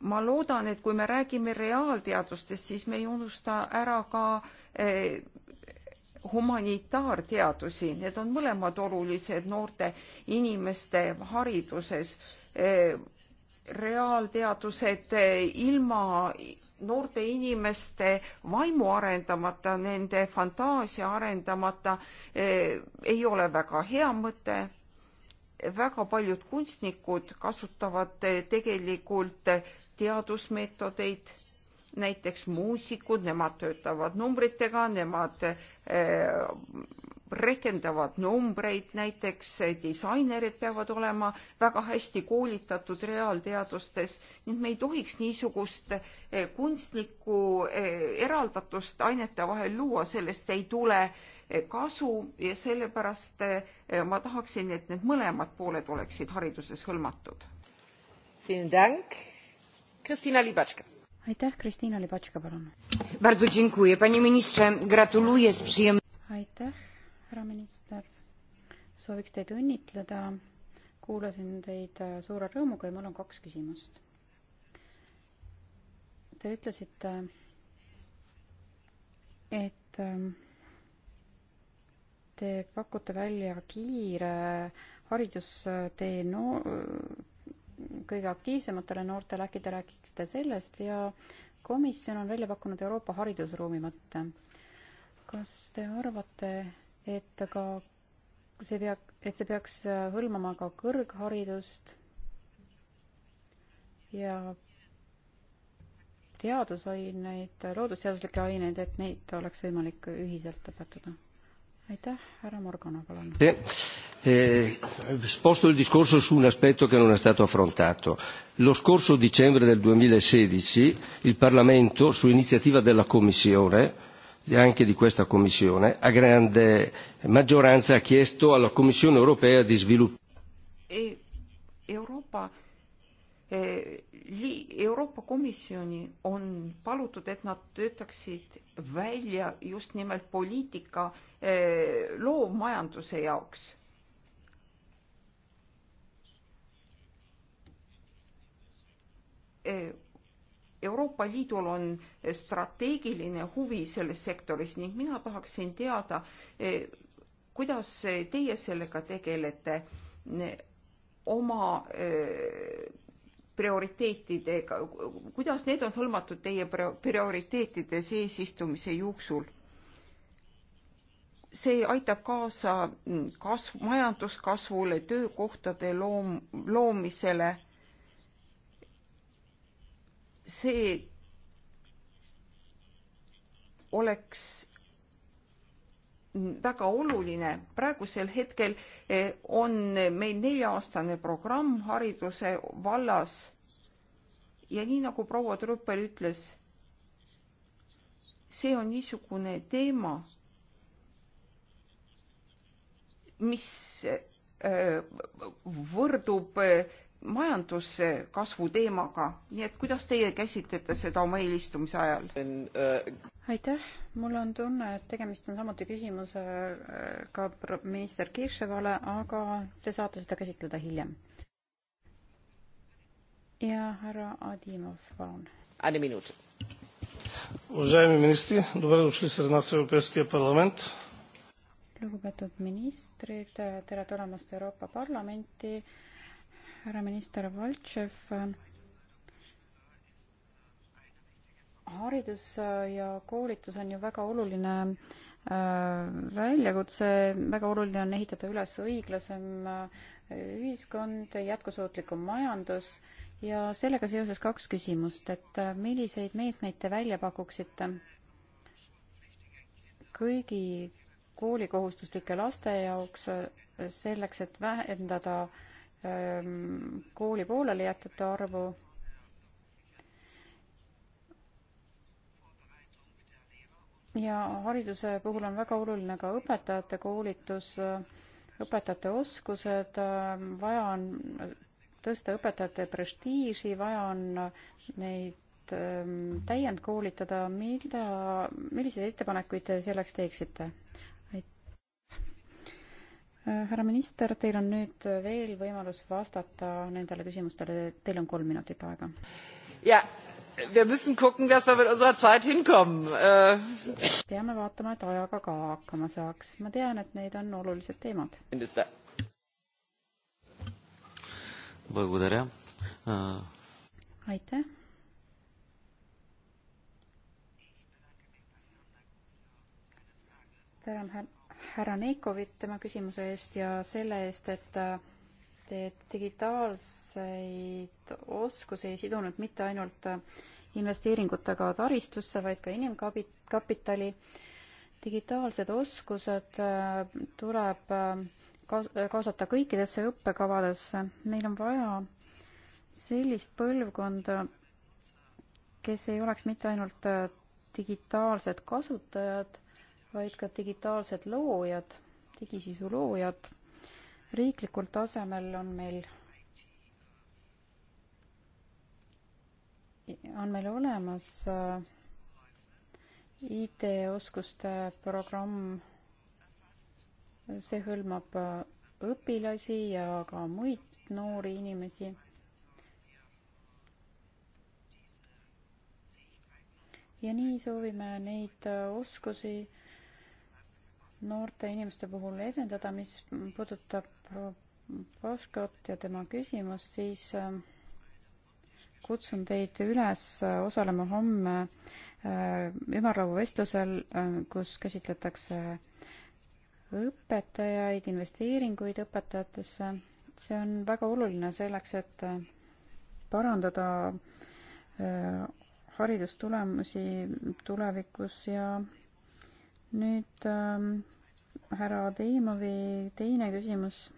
ma loodan, et kui me räägime reaalteadustest, siis me ei unusta ära ka eh, humanitaarteadusi, need on mõlemad olulised noorte inimeste hariduses Eh, reaalteadused eh, ilma noorte inimeste vaimu arendamata, nende fantaasia arendamata eh, ei ole väga hea mõte. väga paljud kunstnikud kasutavad tegelikult teadusmeetodeid näiteks muusikud, nemad töötavad numbritega, nemad eh, rehkendavad numbreid, näiteks disainerid peavad olema väga hästi koolitatud reaalteadustes, nii et me ei tohiks niisugust eh, kunstlikku eh, eraldatust ainete vahel luua, sellest ei tule kasu ja sellepärast ma tahaksin, et need mõlemad pooled oleksid hariduses hõlmatud. Kristina Libatška aitäh, Kristiina Libatška, palun. aitäh, härra minister. sooviks teid õnnitleda. kuulasin teid äh, suure rõõmuga ja mul on kaks küsimust. Te ütlesite, et ähm, te pakute välja kiire haridustee no-, kõige aktiivsematele noortele, äkki te räägiksite sellest ja komisjon on välja pakkunud Euroopa haridusruumi mõtte. kas te arvate, et ka see pea, et see peaks hõlmama ka kõrgharidust ja teadusaineid, loodusteaduslikke aineid, et neid oleks võimalik ühiselt õpetada? aitäh, härra Morgana, palun. Eh, sposto il discorso su un aspetto che non è stato affrontato. Lo scorso dicembre del 2016 il Parlamento, su iniziativa della Commissione, e anche di questa Commissione, a grande maggioranza ha chiesto alla Commissione europea di sviluppare. E Euroopa eh, li, Euroopa Komisjoni on palutud, et nad töötaksid välja just nimelt poliitika eh, loovmajanduse jaoks Eh, Euroopa Liidul on strateegiline huvi selles sektoris ning mina tahaksin teada, eh, kuidas teie sellega tegelete eh, oma prioriteetidega, kuidas need on hõlmatud teie prioriteetide seesistumise jooksul? see aitab kaasa mm, kasv, majanduskasvule, töökohtade loom-, loomisele see oleks väga oluline. praegusel hetkel eh, on meil nelja-aastane programm hariduse vallas ja nii nagu proua Trüppel ütles, see on niisugune teema, mis eh, võrdub eh, majanduskasvu teemaga, nii et kuidas teie käsitlete seda oma eelistumise ajal? Uh, aitäh, mul on tunne, et tegemist on samuti küsimusega minister Kirševale, aga te saate seda käsitleda hiljem. ja härra Adimov, palun. Ani minut. Уважаеми министри, добре дошли сред нас в Европейския парламент. Lugupeetud ministrid, tere tulemast Euroopa Parlamenti härra minister Valtšev. haridus ja koolitus on ju väga oluline äh, väljakutse, väga oluline on ehitada üles õiglasem äh, ühiskond, jätkusuutlikum majandus ja sellega seoses kaks küsimust, et äh, milliseid meetmeid te välja pakuksite kõigi koolikohustuslike laste jaoks selleks, et vähendada äh, kooli pooleli jätjate arvu. ja hariduse puhul on väga oluline ka õpetajate koolitus, õpetajate oskused, vaja on tõsta õpetajate prestiiži, vaja on neid täiendkoolitada, mida, milliseid ettepanekuid te selleks teeksite? Äh, härra minister, teil on nüüd veel võimalus vastata nendele küsimustele, teil on kolm minutit aega. jah, wir müssen gucken, dass wir mit unserer Zeit hinkommen. Äh. peame vaatama, et ajaga ka hakkama saaks. ma tean, et need on olulised teemad. Äh, aitäh. tänan, härra härra Neikovit tema küsimuse eest ja selle eest, et äh, te digitaalseid oskusi ei sidunud mitte ainult äh, investeeringutega taristusse, vaid ka inimkapitali. digitaalsed oskused äh, tuleb kaasata kõikidesse õppekavadesse. meil on vaja sellist põlvkonda, kes ei oleks mitte ainult digitaalsed kasutajad, vaid ka digitaalsed loojad, digisisu loojad. riiklikul tasemel on meil, on meil olemas äh, IT-oskuste programm. see hõlmab äh, õpilasi ja ka muid noori inimesi ja nii soovime neid äh, oskusi noorte inimeste puhul edendada, mis puudutab äh, Poskot ja tema küsimust, siis äh, kutsun teid üles äh, osalema homme ümarlauavestlusel, kus käsitletakse õpetajaid, investeeringuid õpetajatesse. see on väga oluline selleks, et parandada haridustulemusi tulevikus ja nüüd ähm, härra Teimovi teine küsimus.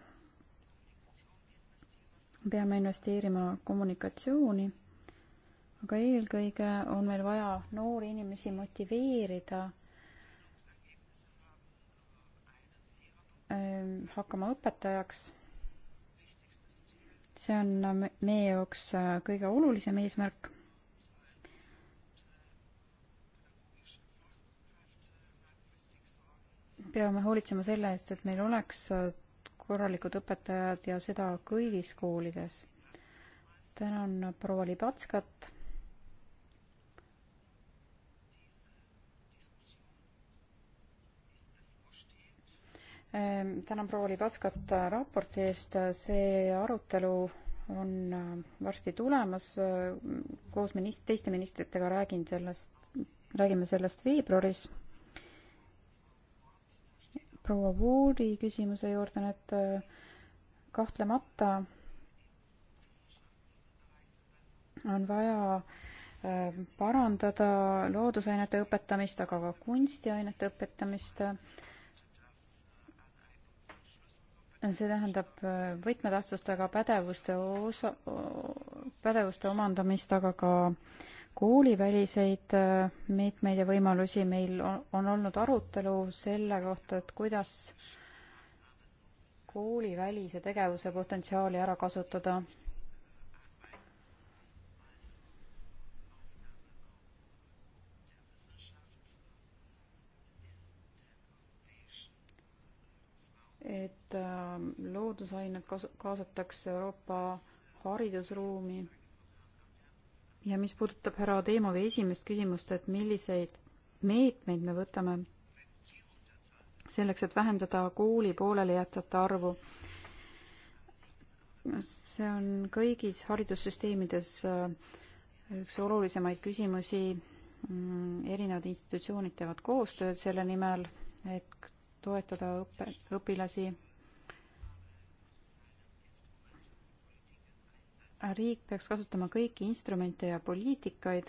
peame investeerima kommunikatsiooni, aga eelkõige on meil vaja noori inimesi motiveerida ähm, hakkama õpetajaks. see on meie jaoks äh, kõige olulisem eesmärk peame hoolitsema selle eest, et meil oleks korralikud õpetajad ja seda kõigis koolides. tänan proua Libatskat. Ehm, tänan proua Libatskat raporti eest, see arutelu on äh, varsti tulemas, äh, koos minist-, teiste ministritega räägin sellest, räägime sellest veebruaris proua Woodi küsimuse juurde nüüd äh, kahtlemata on vaja äh, parandada loodusainete õpetamist, aga ka kunstiainete õpetamist. see tähendab äh, võtmetähtsustega pädevuste osa, pädevuste omandamist, aga ka äh, kooliväliseid äh, meetmeid ja võimalusi, meil on, on olnud arutelu selle kohta, et kuidas koolivälise tegevuse potentsiaali ära kasutada. et äh, loodusained kas-, kaasatakse Euroopa haridusruumi ja mis puudutab härra Ademovi esimest küsimust, et milliseid meetmeid me võtame selleks, et vähendada kooli poolelijätjate arvu, see on kõigis haridussüsteemides äh, üks olulisemaid küsimusi. Mm, erinevad institutsioonid teevad koostööd selle nimel, et toetada õpe, õpilasi riik peaks kasutama kõiki instrumente ja poliitikaid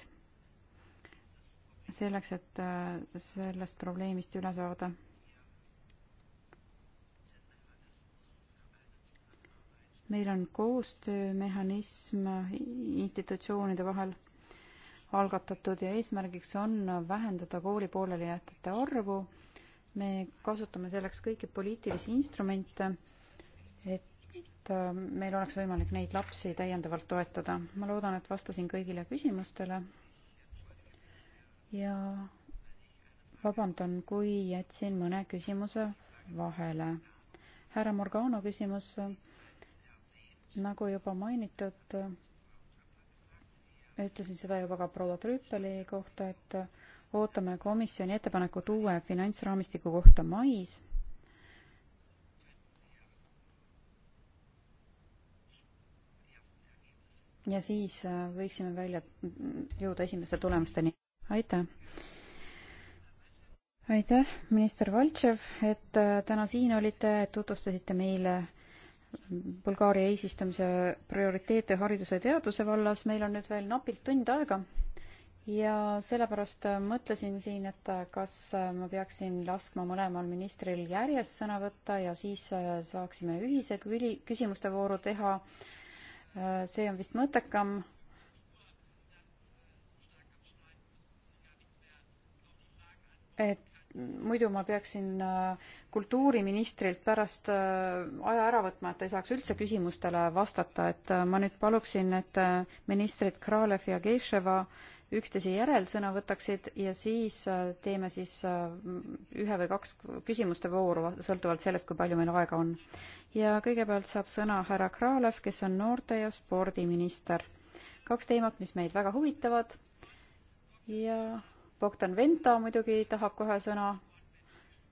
selleks, et äh, sellest probleemist üle saada. meil on koostöömehhanism institutsioonide vahel algatatud ja eesmärgiks on vähendada kooli pooleli jäetute arvu. me kasutame selleks kõiki poliitilisi instrumente, et et äh, meil oleks võimalik neid lapsi täiendavalt toetada. ma loodan, et vastasin kõigile küsimustele ja vabandan, kui jätsin mõne küsimuse vahele. härra Morgano küsimus, nagu juba mainitud, ütlesin seda juba ka proua Trüppeli kohta, et ootame komisjoni ettepanekut uue finantsraamistiku kohta mais ja siis äh, võiksime välja jõuda esimeste tulemusteni. aitäh! aitäh, minister Valtšev, et äh, täna siin olite, et tutvustasite meile Bulgaaria eesistumise prioriteete hariduse ja teaduse vallas. meil on nüüd veel napilt tund aega ja sellepärast äh, mõtlesin siin, et kas ma peaksin laskma mõlemal ministril järjest sõna võtta ja siis saaksime ühise küsimuste vooru teha see on vist mõttekam. et muidu ma peaksin äh, kultuuriministrilt pärast äh, aja ära võtma, et ta ei saaks üldse küsimustele vastata, et äh, ma nüüd paluksin, et ministrid Kralev ja Geiševa äh, üksteise järel sõna võtaksid ja siis äh, teeme siis äh, ühe või kaks küsimuste vooru, sõltuvalt sellest, kui palju meil aega on. ja kõigepealt saab sõna härra Kralev, kes on noorte- ja spordiminister. kaks teemat, mis meid väga huvitavad ja Bogdan Venta muidugi tahab kohe sõna,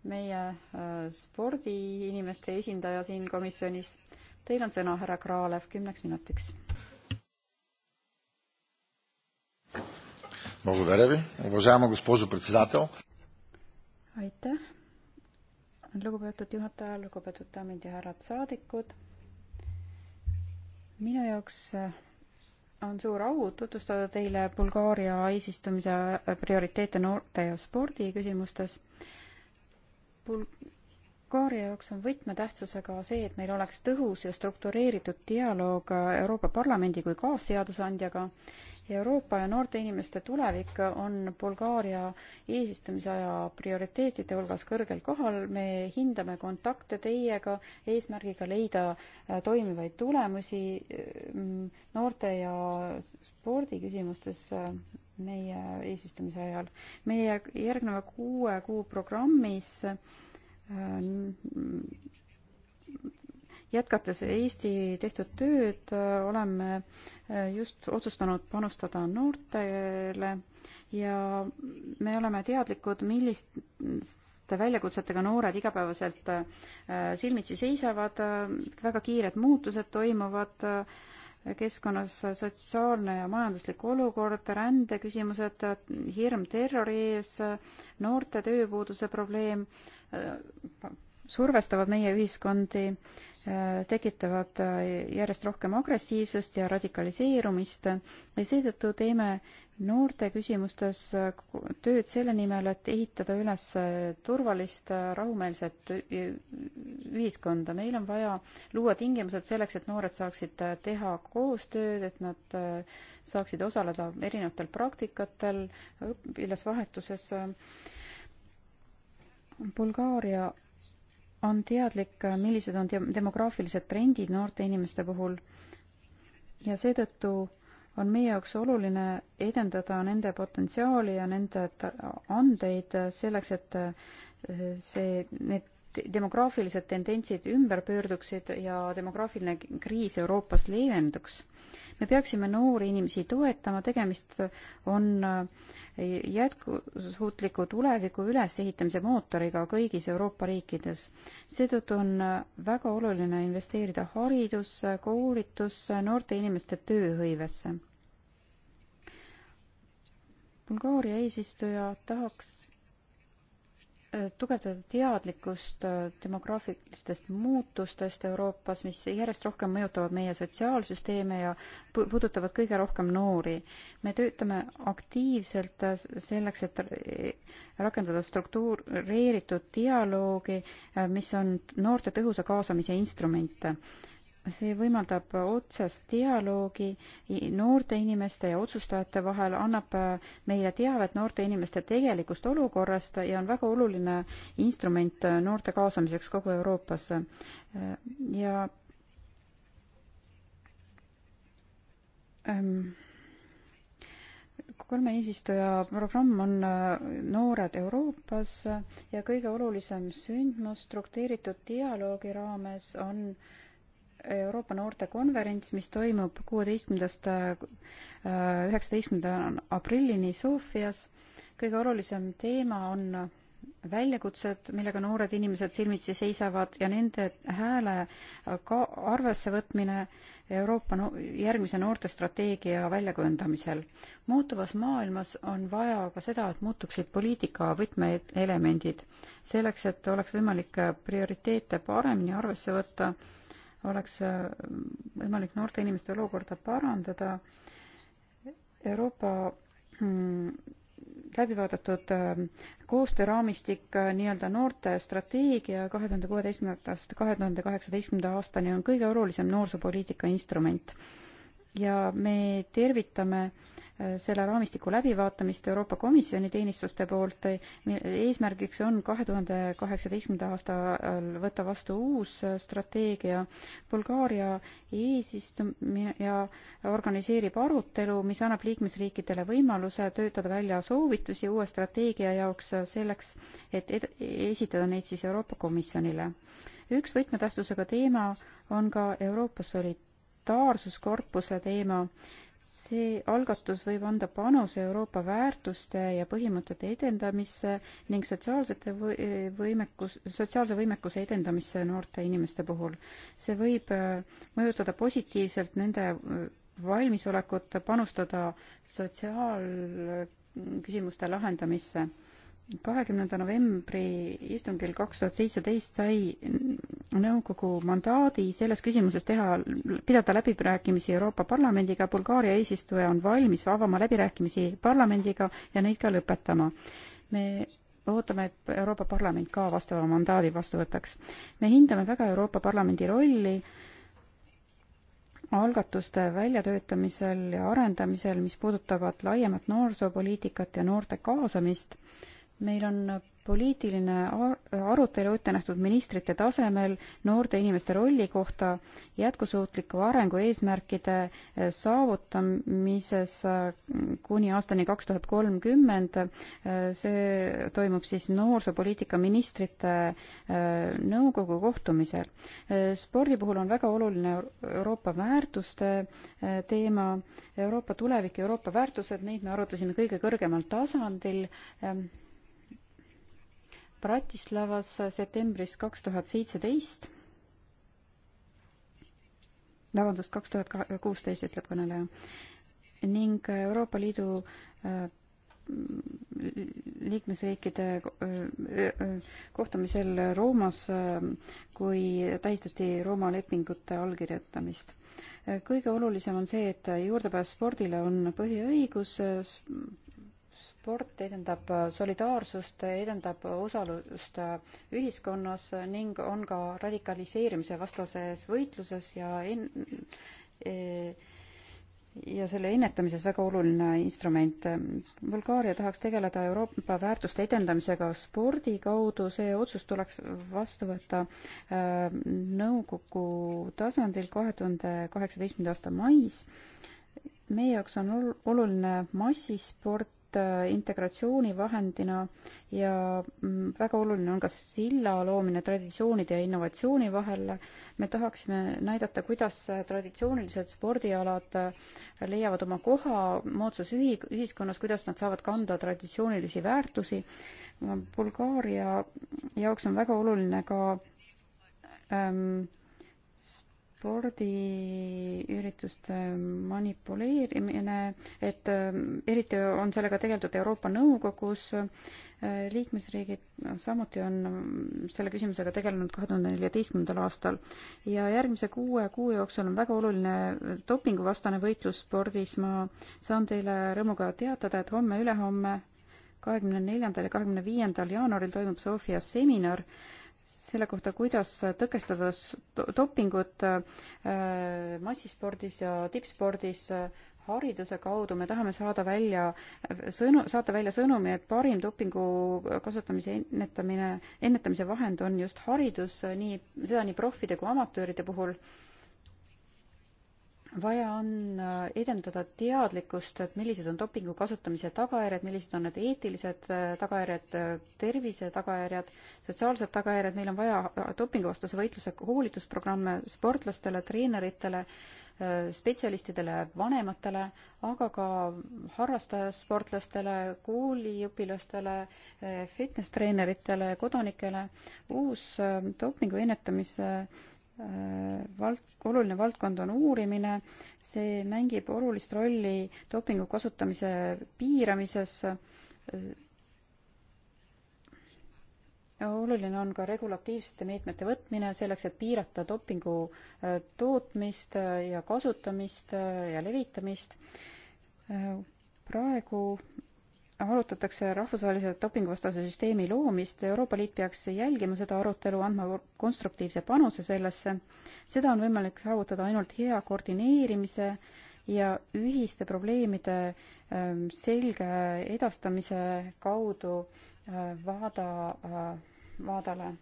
meie äh, spordiinimeste esindaja siin komisjonis. Teil on sõna, härra Kralev, kümneks minutiks Благодаря ви, уважаема госпожо председател. aitäh, lugupeetud juhataja, lugupeetud daamid ja härrad saadikud. minu jaoks on suur au tutvustada teile Bulgaaria eesistumise prioriteete noorte ja spordi küsimustes Bul. Bulgaaria jaoks on võtmetähtsusega see, et meil oleks tõhus ja struktureeritud dialoog Euroopa Parlamendi kui kaasseadusandjaga. Euroopa ja noorte inimeste tulevik on Bulgaaria eesistumise aja prioriteetide hulgas kõrgel kohal. me hindame kontakte teiega eesmärgiga leida äh, toimivaid tulemusi äh, noorte ja spordiküsimustes äh, meie eesistumise ajal. meie järgneva kuue kuu programmis Äh, jätkates Eesti tehtud tööd, äh, oleme äh, just otsustanud panustada noortele ja me oleme teadlikud, milliste väljakutsetega noored igapäevaselt silmitsi seisavad, väga kiired muutused toimuvad keskkonnas sotsiaalne ja majanduslik olukord, rändeküsimused, hirm terrori ees, noorte tööpuuduse probleem survestavad meie ühiskondi Äh, tekitavad äh, järjest rohkem agressiivsust ja radikaliseerumist ja seetõttu teeme noorte küsimustes äh, tööd selle nimel, et ehitada üles turvalist, rahumeelset ühiskonda. meil on vaja luua tingimused selleks, et noored saaksid teha koostööd, et nad saaksid osaleda erinevatel praktikatel, õpilasvahetuses. Bulgaaria on teadlik, millised on demograafilised trendid noorte inimeste puhul ja seetõttu on meie jaoks oluline edendada nende potentsiaali ja nende andeid selleks, et eh, see, need demograafilised tendentsid ümber pöörduksid ja demograafiline kriis Euroopas leevenduks me peaksime noori inimesi toetama, tegemist on äh, jätkusuutliku tuleviku ülesehitamise mootoriga kõigis Euroopa riikides. seetõttu on äh, väga oluline investeerida haridusse, koolitusse, noorte inimeste tööhõivesse. Bulgaaria eesistuja tahaks tugevdada teadlikkust äh, demograafilistest muutustest Euroopas, mis järjest rohkem mõjutavad meie sotsiaalsüsteeme ja puudutavad kõige rohkem noori. me töötame aktiivselt äh, selleks, et rakendada struktureeritud dialoogi, äh, mis on noorte tõhusa kaasamise instrument see võimaldab otsest dialoogi noorte inimeste ja otsustajate vahel, annab äh, meile teavet noorte inimeste tegelikust olukorrast ja on väga oluline instrument äh, noorte kaasamiseks kogu Euroopas. Äh, ja ähm, kolme eesistuja programm on Noored Euroopas ja kõige olulisem sündmus struktureeritud dialoogi raames on äh, Euroopa noortekonverents, mis toimub kuueteistkümnendast äh, üheksateistkümnenda aprillini Sofias. kõige olulisem teema on väljakutsed, millega noored inimesed silmitsi seisavad ja nende hääle ka arvesse võtmine Euroopa no järgmise noortestrateegia väljakujundamisel. muutuvas maailmas on vaja ka seda, et muutuksid poliitika võtmeelemendid selleks, et oleks võimalik prioriteete paremini arvesse võtta oleks äh, võimalik noorte inimeste olukorda parandada. Euroopa mm, läbi vaadatud äh, koostööraamistik, äh, nii-öelda noorte strateegia kahe tuhande kuueteistkümnendast kahe tuhande kaheksateistkümnenda aastani on kõige olulisem noorsoopoliitika instrument. ja me tervitame äh, selle raamistiku läbivaatamist Euroopa Komisjoni teenistuste poolt. eesmärgiks on kahe tuhande kaheksateistkümnenda aastal võtta vastu uus strateegia. Bulgaaria eesistumine organiseerib arutelu, mis annab liikmesriikidele võimaluse töötada välja soovitusi uue strateegia jaoks selleks, et esitada neid siis Euroopa Komisjonile. üks võtmetähtsusega teema on ka Euroopa solidaarsuskorpuse teema see algatus võib anda panuse Euroopa väärtuste ja põhimõtete edendamisse ning sotsiaalsete võimekus, sotsiaalse võimekuse edendamisse noorte inimeste puhul. see võib äh, mõjutada positiivselt nende äh, valmisolekut panustada sotsiaalküsimuste lahendamisse kahekümnenda novembri istungil kaks tuhat seitseteist sai nõukogu mandaadi selles küsimuses teha, pidada läbirääkimisi Euroopa Parlamendiga. Bulgaaria eesistuja on valmis avama läbirääkimisi parlamendiga ja neid ka lõpetama. me ootame, et Euroopa Parlament ka vastava mandaadi vastu võtaks. me hindame väga Euroopa Parlamendi rolli algatuste väljatöötamisel ja arendamisel, mis puudutavad laiemat noorsoopoliitikat ja noorte kaasamist meil on poliitiline arutelu ette nähtud ministrite tasemel noorte inimeste rolli kohta jätkusuutliku arengu eesmärkide eh, saavutamises eh, kuni aastani kaks tuhat kolmkümmend. Eh, see toimub siis noorsoopoliitika ministrite nõukogu kohtumisel. spordi puhul on väga oluline Euroopa väärtuste teema, Euroopa tulevik ja Euroopa väärtused, neid me arutlesime kõige kõrgemal tasandil Bratislavas septembris kaks tuhat seitseteist. vabandust, kaks tuhat kuusteist, ütleb kõneleja. ning Euroopa Liidu äh, liikmesriikide äh, äh, kohtumisel Roomas, kui tähistati Rooma lepingute allkirjutamist. kõige olulisem on see, et juurdepääs spordile on põhiõigus, sport edendab äh, solidaarsust, edendab osalust äh, ühiskonnas ning on ka radikaliseerimise vastases võitluses ja en-, e-, ja selle ennetamises väga oluline instrument. Bulgaaria tahaks tegeleda Euroopa väärtuste edendamisega spordi kaudu, see otsus tuleks vastu võtta äh, nõukogu tasandil kahe tuhande kaheksateistkümnenda aasta mais meie jaoks on oluline massisport, Äh, integratsioonivahendina ja mm, väga oluline on ka silla loomine traditsioonide ja innovatsiooni vahel. me tahaksime näidata, kuidas äh, traditsioonilised spordialad äh, leiavad oma koha moodsas ühi-, ühiskonnas, kuidas nad saavad kanda traditsioonilisi väärtusi. Bulgaaria jaoks on väga oluline ka ähm, spordiürituste manipuleerimine, et ähm, eriti on sellega tegeldud Euroopa Nõukogus, äh, liikmesriigid samuti on ähm, selle küsimusega tegelenud kahe tuhande neljateistkümnendal aastal ja järgmise kuue kuu jooksul on väga oluline äh, dopinguvastane võitlus spordis. ma saan teile rõõmuga teatada, et homme-ülehomme, kahekümne neljandal ja kahekümne viiendal jaanuaril toimub Sofias seminar, selle kohta, kuidas tõkestada dopingut äh, massispordis ja tippspordis äh, hariduse kaudu me tahame saada välja äh, sõnu, saata välja sõnumi, et parim dopingu kasutamise ennetamine, ennetamise vahend on just haridus, nii, seda nii proffide kui amatööride puhul vaja on äh, edendada teadlikkust, et millised on dopingu kasutamise tagajärjed, millised on need eetilised äh, tagajärjed, äh, tervise tagajärjed, sotsiaalsed tagajärjed, meil on vaja dopinguvastase võitluse koolitusprogramme sportlastele, treeneritele, spetsialistidele, vanematele, aga ka harrastajassportlastele, kooliõpilastele, fitness-treeneritele, kodanikele. uus dopingu ennetamise Äh, vald, oluline valdkond on uurimine, see mängib olulist rolli dopingu kasutamise piiramises. Äh, oluline on ka regulatiivsete meetmete võtmine selleks, et piirata dopingu äh, tootmist ja kasutamist ja levitamist. praegu arutatakse rahvusvahelise dopinguvastase süsteemi loomist, Euroopa Liit peaks jälgima seda arutelu, andma konstruktiivse panuse sellesse. seda on võimalik saavutada ainult hea koordineerimise ja ühiste probleemide ähm, selge edastamise kaudu äh, vaada, äh, vaadale.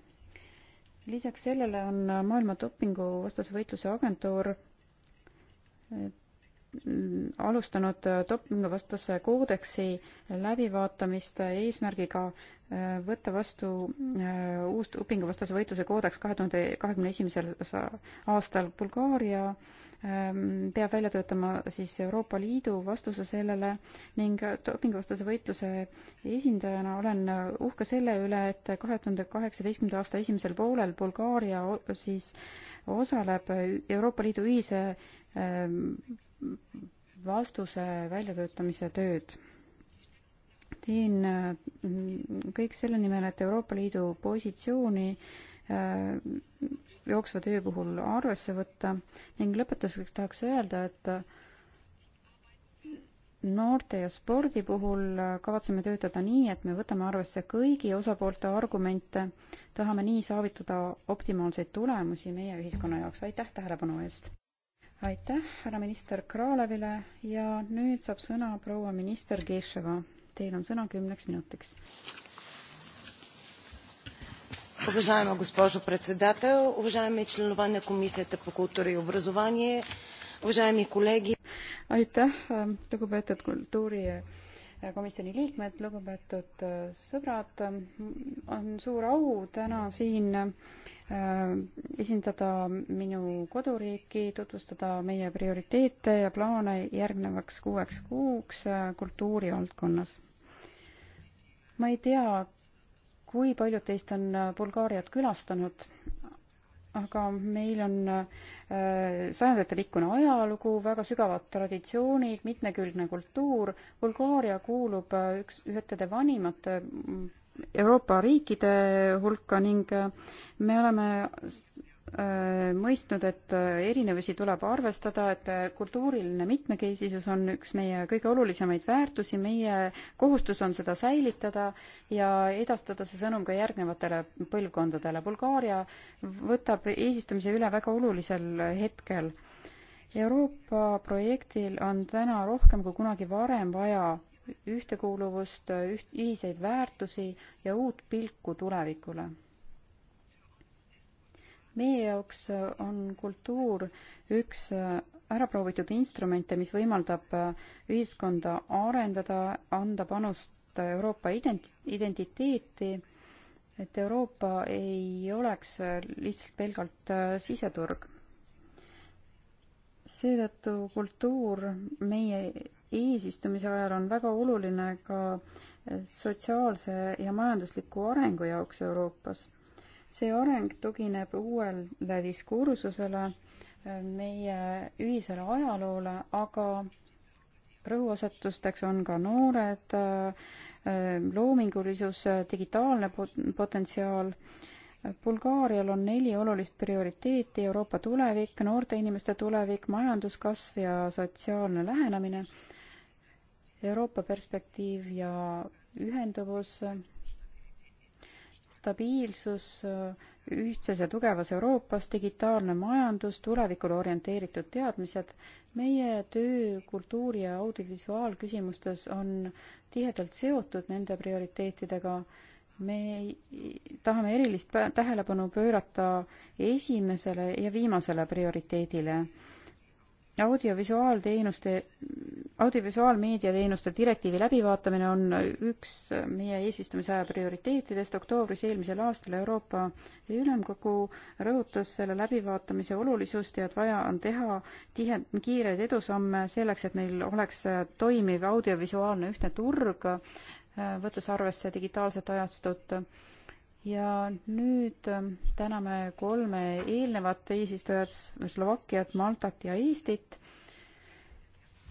lisaks sellele on Maailma Dopinguvastase Võitluse Agentuur alustanud dopinguvastase koodeksi läbivaatamist eesmärgiga äh, võtta vastu äh, uus dopinguvastase võitluse koodeks kahe tuhande kahekümne esimesel aastal Bulgaaria ähm, peab välja töötama siis Euroopa Liidu vastuse sellele ning dopinguvastase võitluse esindajana olen uhke selle üle, et kahe tuhande kaheksateistkümnenda aasta esimesel poolel Bulgaaria siis äh, osaleb Euroopa Liidu ühise ähm, vastuse väljatöötamise tööd. teen äh, kõik selle nimel, et Euroopa Liidu positsiooni äh, jooksva töö puhul arvesse võtta ning lõpetuseks tahaks öelda, et noorte ja spordi puhul äh, kavatseme töötada nii, et me võtame arvesse kõigi osapoolte argumente, tahame nii saavutada optimaalseid tulemusi meie ühiskonna jaoks, aitäh tähelepanu eest! aitäh härra minister Kraalevile ja nüüd saab sõna proua minister Keševa. Teil on sõna kümneks minutiks. Уважаема госпожо председател, уважаеми членове на Комисията по култура и образование, уважаеми колеги aitäh, lugupeetud kultuuri komisjoni liikmed, lugupeetud äh, sõbrad, on suur au täna siin äh, esindada minu koduriiki, tutvustada meie prioriteete ja plaane järgnevaks kuueks kuuks äh, kultuuri valdkonnas. ma ei tea, kui paljud teist on Bulgaariat külastanud aga meil on äh, sajanditepikkune ajalugu, väga sügavad traditsioonid, mitmekülgne kultuur. Bulgaaria kuulub äh, üks, ühtede vanimate mm, Euroopa riikide hulka ning äh, me oleme Äh, mõistnud, et äh, erinevusi tuleb arvestada, et äh, kultuuriline mitmekesisus on üks meie kõige olulisemaid väärtusi, meie kohustus on seda säilitada ja edastada see sõnum ka järgnevatele põlvkondadele. Bulgaaria võtab eesistumise üle väga olulisel hetkel. Euroopa projektil on täna rohkem kui kunagi varem vaja ühtekuuluvust, üht, ühiseid väärtusi ja uut pilku tulevikule meie jaoks äh, on kultuur üks äh, äraproovitud instrumente, mis võimaldab äh, ühiskonda arendada, anda panust Euroopa ident-, identiteeti, et Euroopa ei oleks lihtsalt pelgalt siseturg. seetõttu kultuur meie eesistumise ajal on väga oluline ka sotsiaalse ja majandusliku arengu jaoks Euroopas see areng tugineb uuele diskursusele, meie ühisele ajaloole, aga rõhuasetusteks on ka noored, loomingulisus, digitaalne potentsiaal. Bulgaarial on neli olulist prioriteeti, Euroopa tulevik, noorte inimeste tulevik, majanduskasv ja sotsiaalne lähenemine, Euroopa perspektiiv ja ühenduvus stabiilsus ühtses ja tugevas Euroopas, digitaalne majandus, tulevikule orienteeritud teadmised. meie töö kultuuri- ja audiovisuaalküsimustes on tihedalt seotud nende prioriteetidega. me tahame erilist tähelepanu pöörata esimesele ja viimasele prioriteedile audiovisuaalteenuste, audiovisuaalmeedia teenuste direktiivi läbivaatamine on üks meie eesistumise aja prioriteetidest. oktoobris eelmisel aastal Euroopa Ülemkogu rõhutas selle läbivaatamise olulisust ja et vaja on teha tihe, kiireid edusamme selleks, et meil oleks toimiv audiovisuaalne ühtne turg, võttes arvesse digitaalset ajastut ja nüüd ähm, täname kolme eelnevat eesistujat, Slovakkiat, Maltat ja Eestit,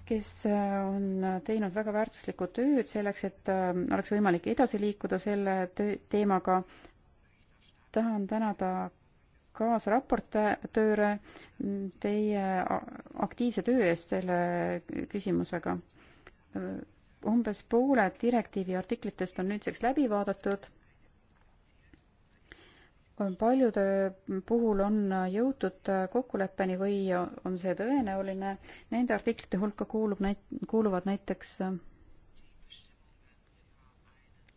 kes äh, on teinud väga väärtuslikku tööd selleks, et ähm, oleks võimalik edasi liikuda selle teemaga. tahan tänada kaasraportööre teie aktiivse töö eest selle küsimusega. Äh, umbes pooled direktiivi artiklitest on nüüdseks läbi vaadatud paljude puhul on jõutud kokkuleppeni või on see tõenäoline. Nende artiklite hulka kuulub näit-, kuuluvad näiteks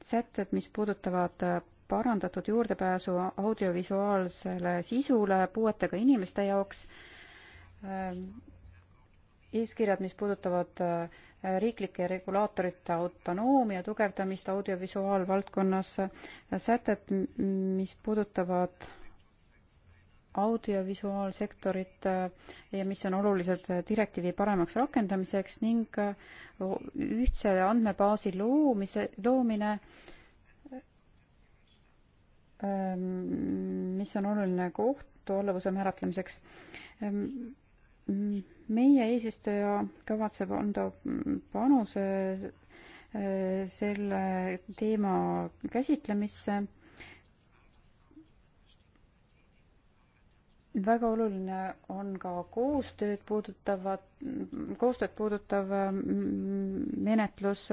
sätted, mis puudutavad parandatud juurdepääsu audiovisuaalsele sisule puuetega inimeste jaoks, eeskirjad, mis puudutavad äh, riiklike regulaatorite autonoomia tugevdamist audiovisuaalvaldkonnas, sätet, mis puudutavad audiovisuaalsektorit ja mis on olulised direktiivi paremaks rakendamiseks ning ühtse andmebaasi loomise, loomine, mis on oluline kohtualluvuse määratlemiseks meie eesistuja kavatseb anda panuse eh, selle teema käsitlemisse. väga oluline on ka koostööd puudutavad, koostööd puudutav mm, menetlus,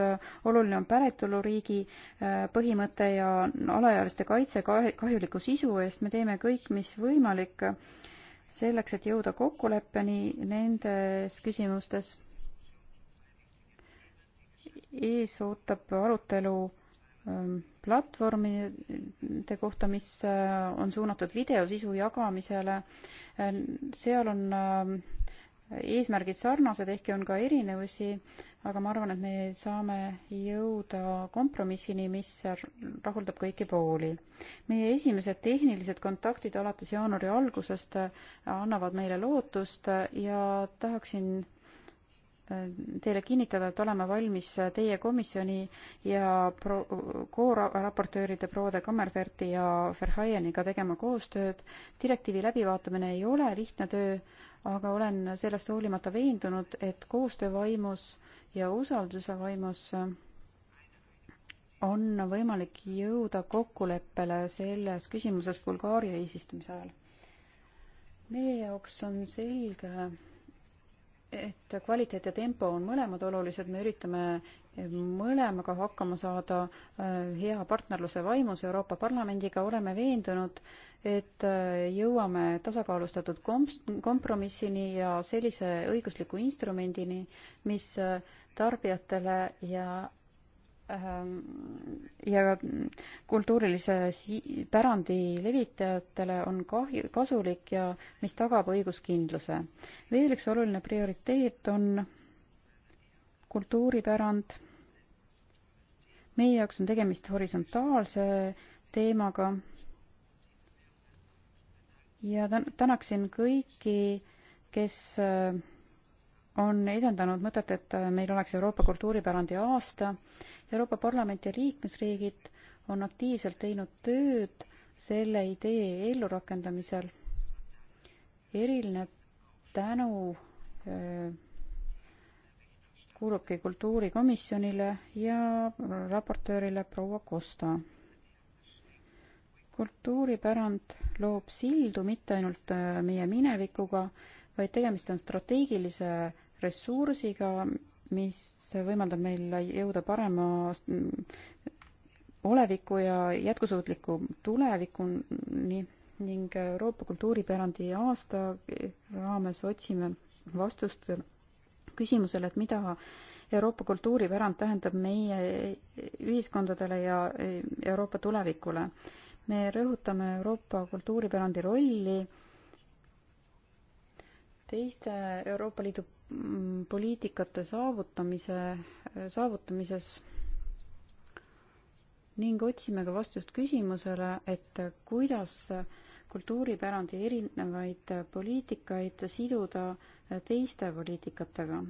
oluline on päritoluriigi eh, põhimõte ja alaealiste kaitse kahjuliku sisu eest, me teeme kõik, mis võimalik selleks, et jõuda kokkuleppeni nendes küsimustes. ees ootab arutelu ähm, platvormide kohta, mis äh, on suunatud videosisu jagamisele. Äh, seal on ähm, eesmärgid sarnased, ehkki on ka erinevusi, aga ma arvan, et me saame jõuda kompromissini, mis rahuldab kõiki pooli. meie esimesed tehnilised kontaktid alates jaanuari algusest äh, annavad meile lootust ja tahaksin äh, teile kinnitada, et oleme valmis äh, teie komisjoni ja pro-, kooraportööride prouade Kammerverti ja Verhaieniga tegema koostööd. direktiivi läbivaatamine ei ole lihtne töö, aga olen sellest hoolimata veendunud, et koostöö vaimus ja usalduse vaimus on võimalik jõuda kokkuleppele selles küsimuses Bulgaaria eesistumise ajal. meie jaoks on selge, et kvaliteet ja tempo on mõlemad olulised, me üritame mõlemaga hakkama saada äh, hea partnerluse vaimus Euroopa Parlamendiga, oleme veendunud, et äh, jõuame tasakaalustatud kompromissini ja sellise õigusliku instrumendini, mis äh, tarbijatele ja ähm, ja kultuurilise si-, pärandi levitajatele on kahju, kasulik ja mis tagab õiguskindluse. veel üks oluline prioriteet on kultuuripärand. meie jaoks on tegemist horisontaalse teemaga ja tänaksin kõiki, kes äh, on edendanud mõtet, et äh, meil oleks Euroopa kultuuripärandi aasta. Euroopa Parlament ja liikmesriigid on aktiivselt teinud tööd selle idee ellurakendamisel. eriline tänu äh, kuulubki kultuurikomisjonile ja raportöörile proua Kosta kultuuripärand loob sildu mitte ainult äh, meie minevikuga, vaid tegemist on strateegilise ressursiga, mis võimaldab meil jõuda parema mm, oleviku ja jätkusuutliku tulevikuni ning Euroopa kultuuripärandi aasta raames otsime vastust küsimusele, et mida Euroopa kultuuripärand tähendab meie ühiskondadele ja Euroopa tulevikule me rõhutame Euroopa kultuuripärandi rolli teiste Euroopa Liidu mm, poliitikate saavutamise, saavutamises ning otsime ka vastust küsimusele, et kuidas kultuuripärandi erinevaid poliitikaid siduda teiste poliitikatega.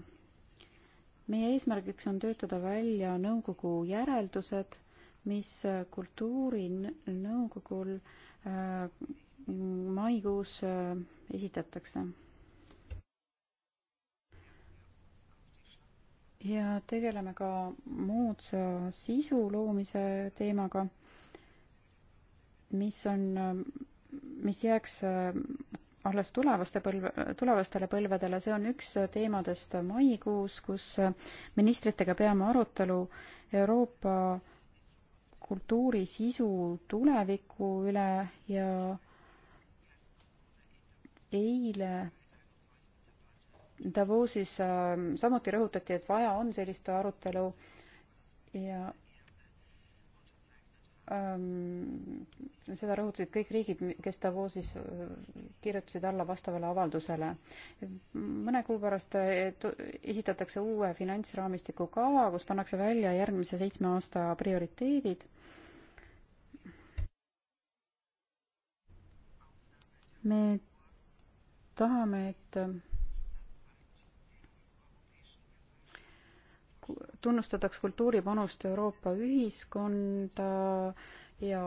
meie eesmärgiks on töötada välja nõukogu järeldused mis äh, kultuurinõukogul äh, maikuus äh, esitatakse. ja tegeleme ka moodsa sisu loomise teemaga, mis on, mis jääks alles tulevaste põlve, tulevastele põlvedele, see on üks teemadest maikuus, kus ministritega peame arutelu Euroopa kultuuri sisu tuleviku üle ja eile Davosis ähm, samuti rõhutati, et vaja on sellist arutelu ja ähm, seda rõhutasid kõik riigid, kes Davosis äh, kirjutasid alla vastavale avaldusele. mõne kuu pärast äh, esitatakse uue finantsraamistiku kava, kus pannakse välja järgmise seitsme aasta prioriteedid me tahame, et tunnustataks kultuuri panust Euroopa ühiskonda ja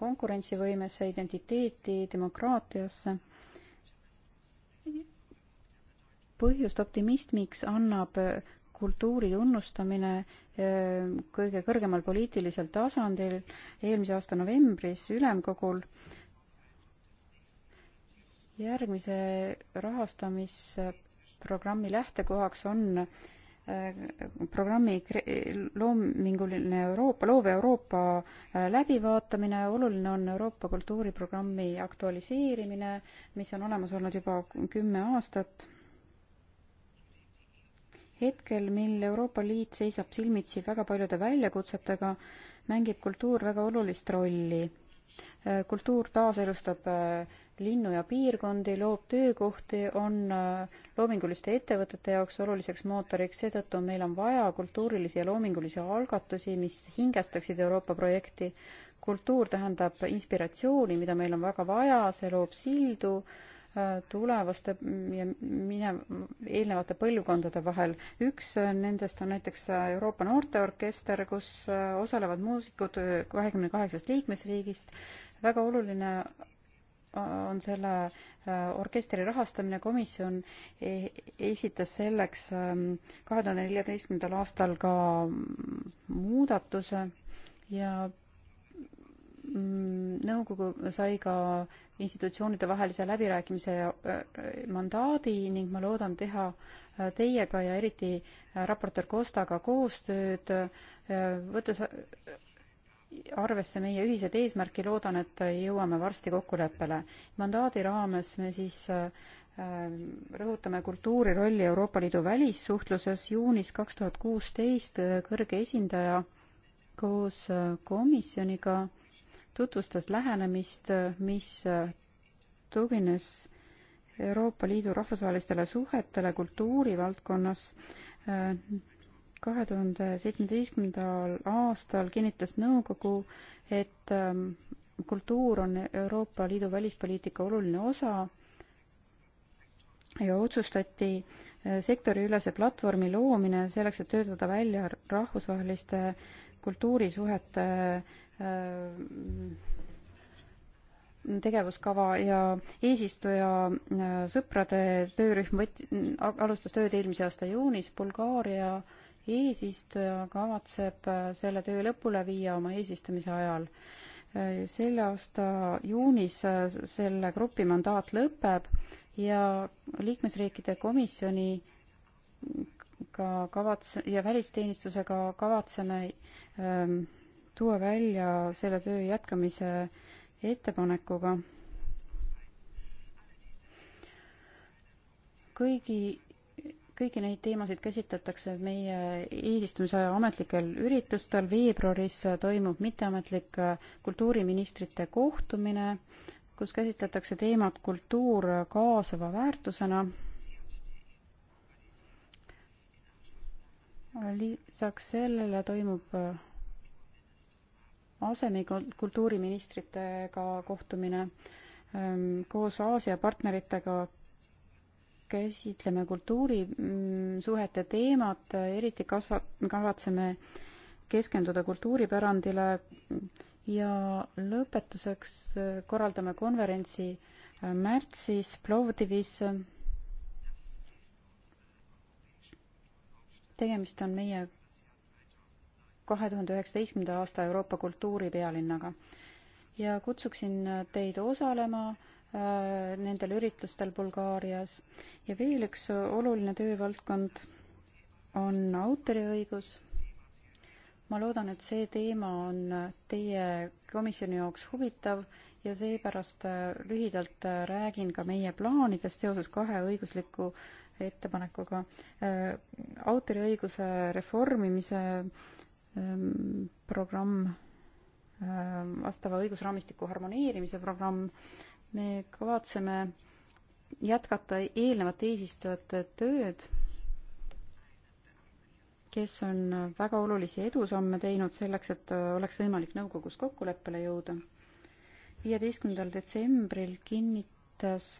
konkurentsivõimesse, identiteeti, demokraatiasse. põhjust optimismiks annab kultuuri tunnustamine eh, kõige kõrgemal poliitilisel tasandil eelmise aasta novembris ülemkogul järgmise rahastamisprogrammi lähtekohaks on äh, programmi loominguline Euroopa, loov Euroopa äh, läbivaatamine, oluline on Euroopa kultuuriprogrammi aktualiseerimine, mis on olemas olnud juba kümme aastat. hetkel, mil Euroopa Liit seisab silmitsi väga paljude väljakutsetega, mängib kultuur väga olulist rolli. Äh, kultuur taaselustab linnu ja piirkondi, loob töökohti, on äh, loominguliste ettevõtete jaoks oluliseks mootoriks, seetõttu meil on vaja kultuurilisi ja loomingulisi algatusi, mis hingestaksid Euroopa projekti. kultuur tähendab inspiratsiooni, mida meil on väga vaja, see loob sildu äh, tulevaste ja mine-, eelnevate põlvkondade vahel. üks äh, nendest on näiteks Euroopa Noorteorkester, kus osalevad muusikud kahekümne kaheksast liikmesriigist. väga oluline on selle äh, orkestri rahastamine, komisjon e-, esitas selleks ähm, kahe tuhande neljateistkümnendal aastal ka mm, muudatuse ja mm, nõukogu sai ka institutsioonide vahelise läbirääkimise äh, mandaadi ning ma loodan teha äh, teiega ja eriti raportöör Kostaga koostööd, võttes arvesse meie ühiseid eesmärki, loodan, et jõuame varsti kokkuleppele. mandaadi raames me siis äh, rõhutame kultuuri rolli Euroopa Liidu välissuhtluses. juunis kaks tuhat kuusteist äh, kõrge esindaja koos äh, komisjoniga tutvustas lähenemist, mis tugines Euroopa Liidu rahvusvahelistele suhetele kultuurivaldkonnas kahe tuhande seitsmeteistkümnendal aastal kinnitas nõukogu, et ähm, kultuur on Euroopa Liidu välispoliitika oluline osa ja otsustati äh, sektoriülese platvormi loomine selleks, et töötada välja rahvusvaheliste kultuurisuhete äh, tegevuskava ja eesistuja äh, sõprade töörühm võt-, alustas tööd eelmise aasta juunis, Bulgaaria äh, eesistuja kavatseb äh, selle töö lõpule viia oma eesistumise ajal. Äh, selle aasta juunis äh, selle grupi mandaat lõpeb ja liikmesriikide komisjoni ka kavats- ja välisteenistusega kavatseme ähm, tuua välja selle töö jätkamise ettepanekuga kõigi kõiki neid teemasid käsitletakse meie eesistumisaja ametlikel üritustel. veebruaris toimub mitteametlik kultuuriministrite kohtumine, kus käsitletakse teemat kultuur kaasava väärtusena. lisaks sellele toimub asemikultuuriministritega kohtumine ähm, koos Aasia partneritega käsitleme kultuurisuhete mm, teemat, eriti kasva-, kavatseme keskenduda kultuuripärandile ja lõpetuseks äh, korraldame konverentsi äh, märtsis Plovdivis. tegemist on meie kahe tuhande üheksateistkümnenda aasta Euroopa kultuuripealinnaga ja kutsuksin teid osalema äh, Äh, nendel üritustel Bulgaarias. ja veel üks oluline töövaldkond on autoriõigus. ma loodan, et see teema on teie komisjoni jaoks huvitav ja seepärast äh, lühidalt äh, räägin ka meie plaanidest seoses kahe õigusliku ettepanekuga autoriõiguse reformimise ähm, programm, vastava õigusraamistiku harmoneerimise programm me kavatseme jätkata eelnevate eesistujate tööd, kes on väga olulisi edusamme teinud selleks, et oleks võimalik nõukogus kokkuleppele jõuda. viieteistkümnendal detsembril kinnitas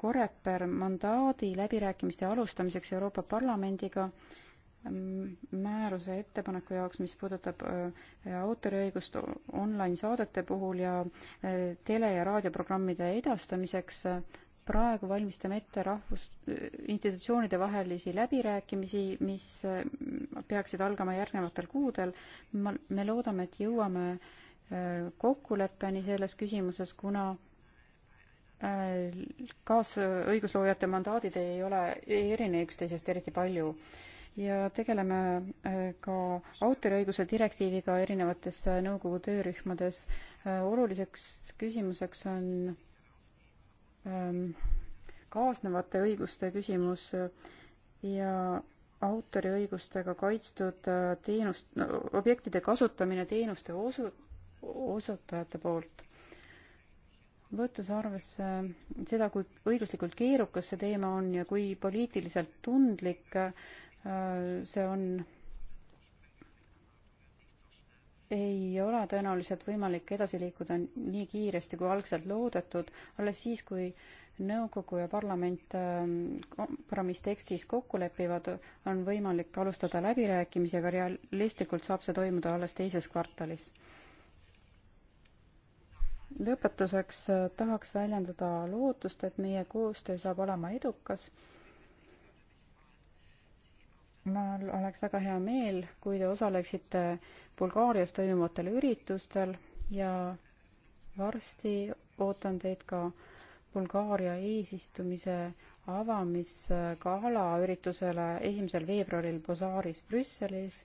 Koreper mandaadi läbirääkimiste alustamiseks Euroopa Parlamendiga äh, Mm, määruse ettepaneku jaoks, mis puudutab äh, autoriõigust online saadete puhul ja äh, tele- ja raadioprogrammide edastamiseks. Äh, praegu valmistame ette rahvus, institutsioonide vahelisi läbirääkimisi, mis peaksid algama järgnevatel kuudel. ma, me loodame, et jõuame kokkuleppeni selles küsimuses, kuna kaasõigusloojate mandaadid ei ole, ei erine üksteisest eriti palju ja tegeleme äh, ka autoriõiguse direktiiviga erinevates äh, nõukogu töörühmades. Äh, oluliseks küsimuseks on ähm, kaasnevate õiguste küsimus ja autoriõigustega kaitstud teenust, objektide kasutamine teenuste osu-, osutajate poolt. võttes arvesse seda, kui õiguslikult keerukas see teema on ja kui poliitiliselt tundlik, Äh, see on, ei ole tõenäoliselt võimalik edasi liikuda nii kiiresti, kui algselt loodetud, alles siis, kui nõukogu ja parlament äh, kompromisstekstis kokku lepivad, on võimalik alustada läbirääkimisi, aga realistlikult saab see toimuda alles teises kvartalis. lõpetuseks äh, tahaks väljendada lootust, et meie koostöö saab olema edukas mul oleks väga hea meel, kui te osaleksite Bulgaarias toimuvatel üritustel ja varsti ootan teid ka Bulgaaria eesistumise avamisgala üritusele esimesel veebruaril Bazaaris Brüsselis.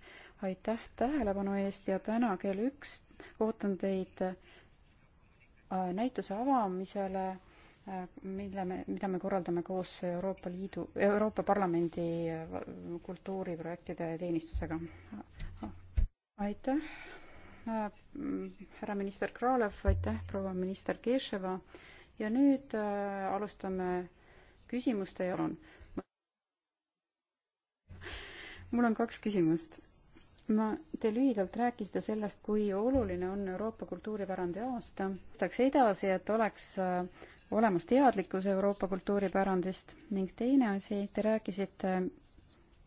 aitäh tähelepanu eest ja täna kell üks ootan teid äh, näituse avamisele mille me, mida me korraldame koos Euroopa Liidu, Euroopa Parlamendi kultuuriprojektide teenistusega. aitäh, härra minister Kralev, aitäh, proua minister Keševa ja nüüd äh, alustame küsimuste ja on. mul on kaks küsimust. ma, te lühidalt rääkisite sellest, kui oluline on Euroopa kultuuripärandi aasta. tahaks edasi, et oleks äh, olemas teadlikkus Euroopa kultuuripärandist ning teine asi, te rääkisite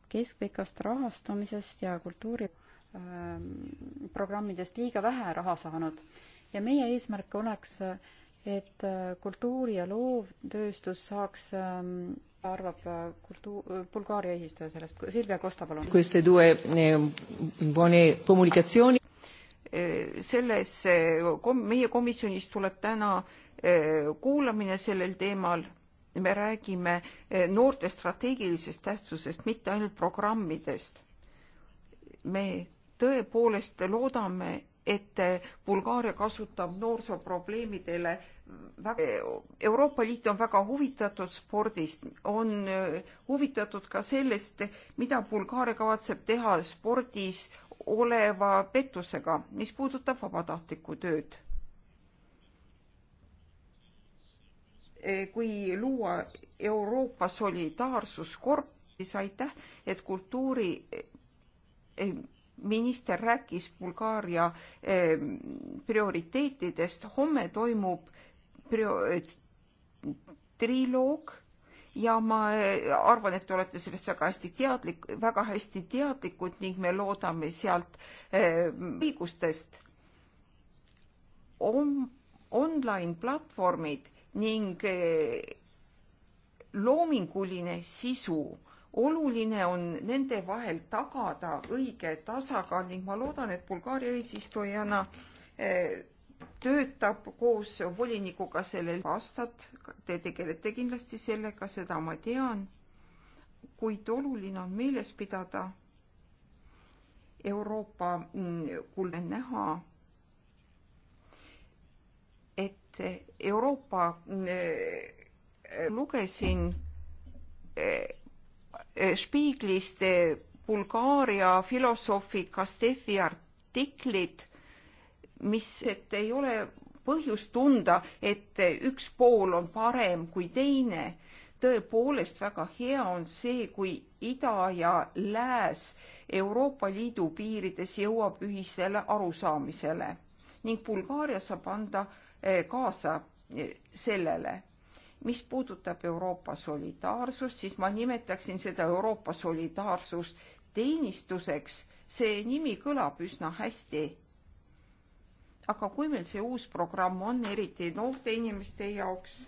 keskpikast rahastamisest ja kultuuriprogrammidest ähm, liiga vähe raha saanud ja meie eesmärk oleks, et äh, kultuuri- ja loovtööstus saaks ähm, arvab äh, kultu-, äh, Bulgaaria eesistuja sellest, Silvia Kosta, palun. Eh, selles kom-, meie komisjonis tuleb täna äh, Eh, kuulamine sellel teemal. me räägime eh, noorte strateegilisest tähtsusest, mitte ainult programmidest. me tõepoolest loodame, et eh, Bulgaaria kasutab noorsooprobleemidele Euroopa Liit on väga huvitatud spordist, on huvitatud ka sellest, mida Bulgaaria kavatseb teha spordis oleva pettusega, mis puudutab vabatahtlikku tööd. Eh, kui luua Euroopa solidaarsuskorp, siis aitäh, et kultuuriminister eh, rääkis Bulgaaria eh, prioriteetidest. homme toimub prio-, triloog ja ma arvan, et te olete sellest väga hästi teadlik, väga hästi teadlikud ning me loodame sealt õigustest on, online platvormid ning eh, loominguline sisu. oluline on nende vahel tagada õige tasakaal ning ma loodan, et Bulgaaria eesistujana eh, töötab koos volinikuga sellel aastat, te tegelete kindlasti sellega, seda ma tean, kuid oluline on meeles pidada Euroopa, mm, kui näha et Euroopa eh, lugesin eh, Spiiglist eh, Bulgaaria filosoofi Kastefi artiklit, mis, et ei ole põhjust tunda, et üks pool on parem kui teine. tõepoolest väga hea on see, kui ida ja lääs Euroopa Liidu piirides jõuab ühisele arusaamisele ning Bulgaaria saab anda äh, Eh, kaasa eh, sellele. mis puudutab Euroopa solidaarsust, siis ma nimetaksin seda Euroopa solidaarsusteenistuseks, see nimi kõlab üsna hästi. aga kui meil see uus programm on, eriti noorte inimeste jaoks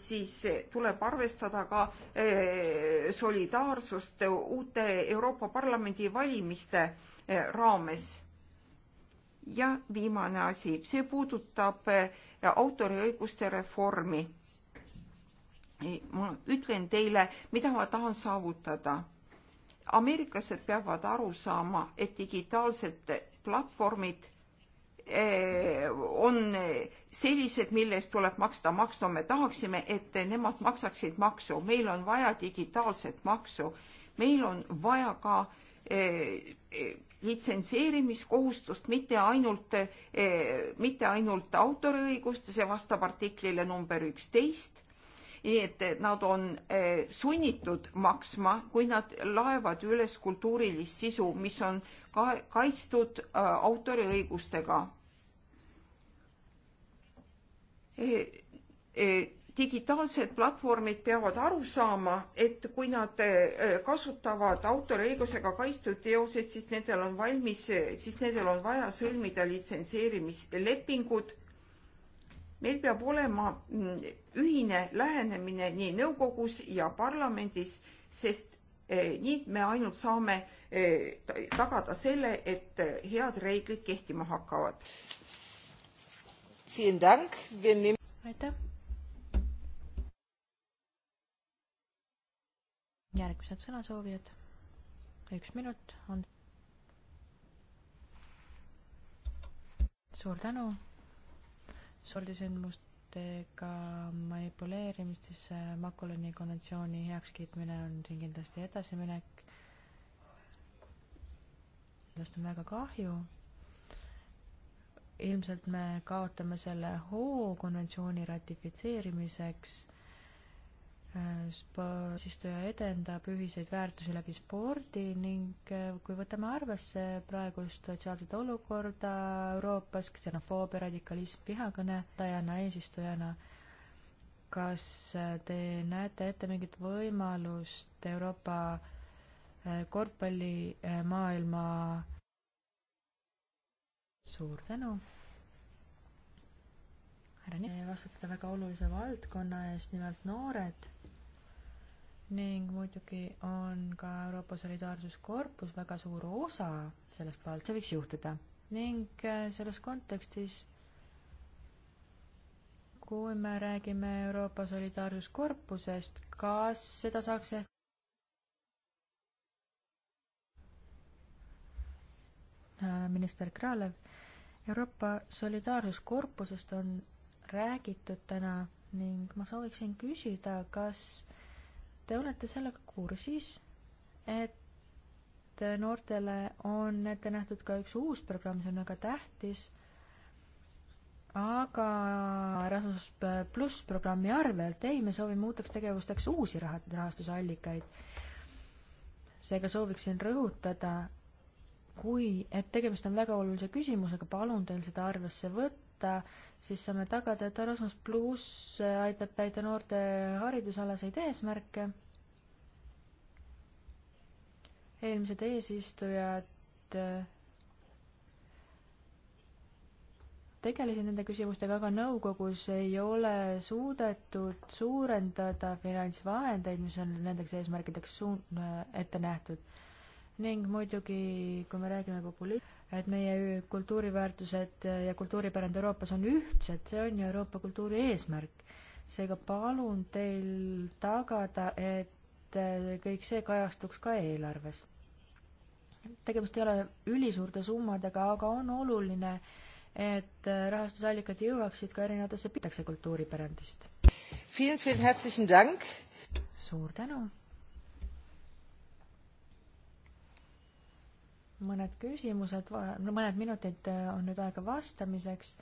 siis tuleb arvestada ka eh, solidaarsust uute Euroopa Parlamendi valimiste raames ja viimane asi, see puudutab eh, autoriõiguste reformi. ma ütlen teile, mida ma tahan saavutada. ameeriklased peavad aru saama, et digitaalsed platvormid eh, on sellised, mille eest tuleb maksta maksu, me tahaksime, et nemad maksaksid maksu, meil on vaja digitaalset maksu, meil on vaja ka eh, litsenseerimiskohustust, mitte ainult, eh, mitte ainult autoriõigust, see vastab artiklile number üksteist. nii et nad on eh, sunnitud maksma, kui nad laevad üles kultuurilist sisu, mis on ka kaitstud eh, autoriõigustega digitaalsed platvormid peavad aru saama, et kui nad eh, kasutavad autoriõigusega kaitstud teoseid, siis nendel on valmis, siis nendel on vaja sõlmida litsenseerimislepingud. meil peab olema mm, ühine lähenemine nii nõukogus ja parlamendis, sest eh, nii me ainult saame eh, tagada selle, et head reeglid kehtima hakkavad. aitäh järgmised sõnasoovijad. üks minut on. suur tänu. sordisündmustega manipuleerimist, siis Makoloni konventsiooni heakskiitmine on siin kindlasti edasiminek. sellest on väga kahju. ilmselt me kaotame selle hoo konventsiooni ratifitseerimiseks eesistuja edendab ühiseid väärtusi läbi spordi ning eh, kui võtame arvesse praegust sotsiaalset olukorda Euroopas, ksenofoobia, radikalism, vihakõne, tajana eesistujana, kas te näete ette mingit võimalust Euroopa eh, korvpallimaailma eh, suur tänu! härra Nii-, vastutada väga olulise valdkonna eest, nimelt noored ning muidugi on ka Euroopa Solidaarsuskorpus väga suur osa sellest vahelt, see võiks juhtuda. ning äh, selles kontekstis, kui me räägime Euroopa Solidaarsuskorpusest, kas seda saaks ehk äh, minister Kralev, Euroopa Solidaarsuskorpusest on räägitud täna ning ma sooviksin küsida, kas Te olete sellega kursis, et noortele on ette nähtud ka üks uus programm, see on väga tähtis, aga Erasmus pluss programmi arvelt, ei, me soovime uuteks tegevusteks uusi raha, rahastusallikaid. seega sooviksin rõhutada, kui, et tegemist on väga olulise küsimusega, palun teil seda arvesse võtta, kaasata, siis saame tagada, et Erasmus pluss aitab täida noorte haridusalaseid eesmärke. eelmised eesistujad äh, tegelesin nende küsimustega, aga nõukogus ei ole suudetud suurendada finantsvahendeid, mis on nendeks eesmärkideks suun-, äh, ette nähtud. ning muidugi, kui me räägime populi-, et meie kultuuriväärtused ja kultuuripärand Euroopas on ühtsed, see on ju Euroopa kultuuri eesmärk. seega palun teil tagada, et kõik see kajastuks ka eelarves. tegemist ei ole ülisuurte summadega, aga on oluline, et rahastusallikad jõuaksid ka erinevatesse, pitakse kultuuripärandist. suur tänu mõned küsimused, mõned minutid on nüüd aega vastamiseks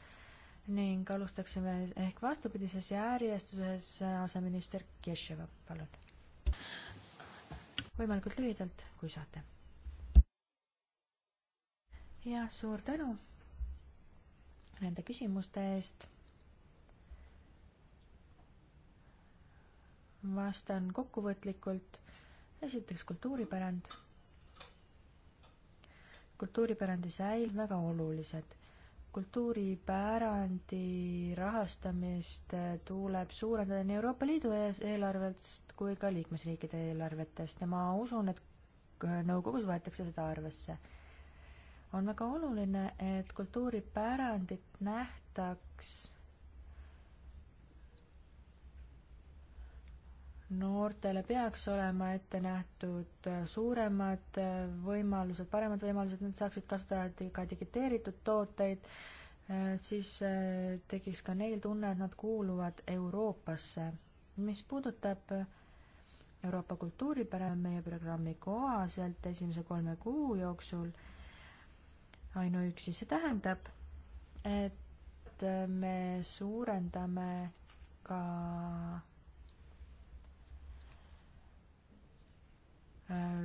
ning alustaksime ehk vastupidises järjestuses aseminister Keševa, palun. võimalikult lühidalt, kui saate. jah, suur tänu nende küsimuste eest. vastan kokkuvõtlikult. esiteks kultuuripärand kultuuripärandi säil väga olulised. kultuuripärandi rahastamist eh, tuleb suurendada nii Euroopa Liidu eelarvest kui ka liikmesriikide eelarvetest ja ma usun, et eh, nõukogus võetakse seda arvesse. on väga oluline, et kultuuripärandit nähtaks noortele peaks olema ette nähtud äh, suuremad äh, võimalused, paremad võimalused, nad saaksid kasutada ka digiteeritud tooteid, äh, siis tekiks ka neil tunne, et nad kuuluvad Euroopasse. mis puudutab Euroopa kultuuripära, meie programmi kohaselt esimese kolme kuu jooksul ainuüksi see tähendab, et me suurendame ka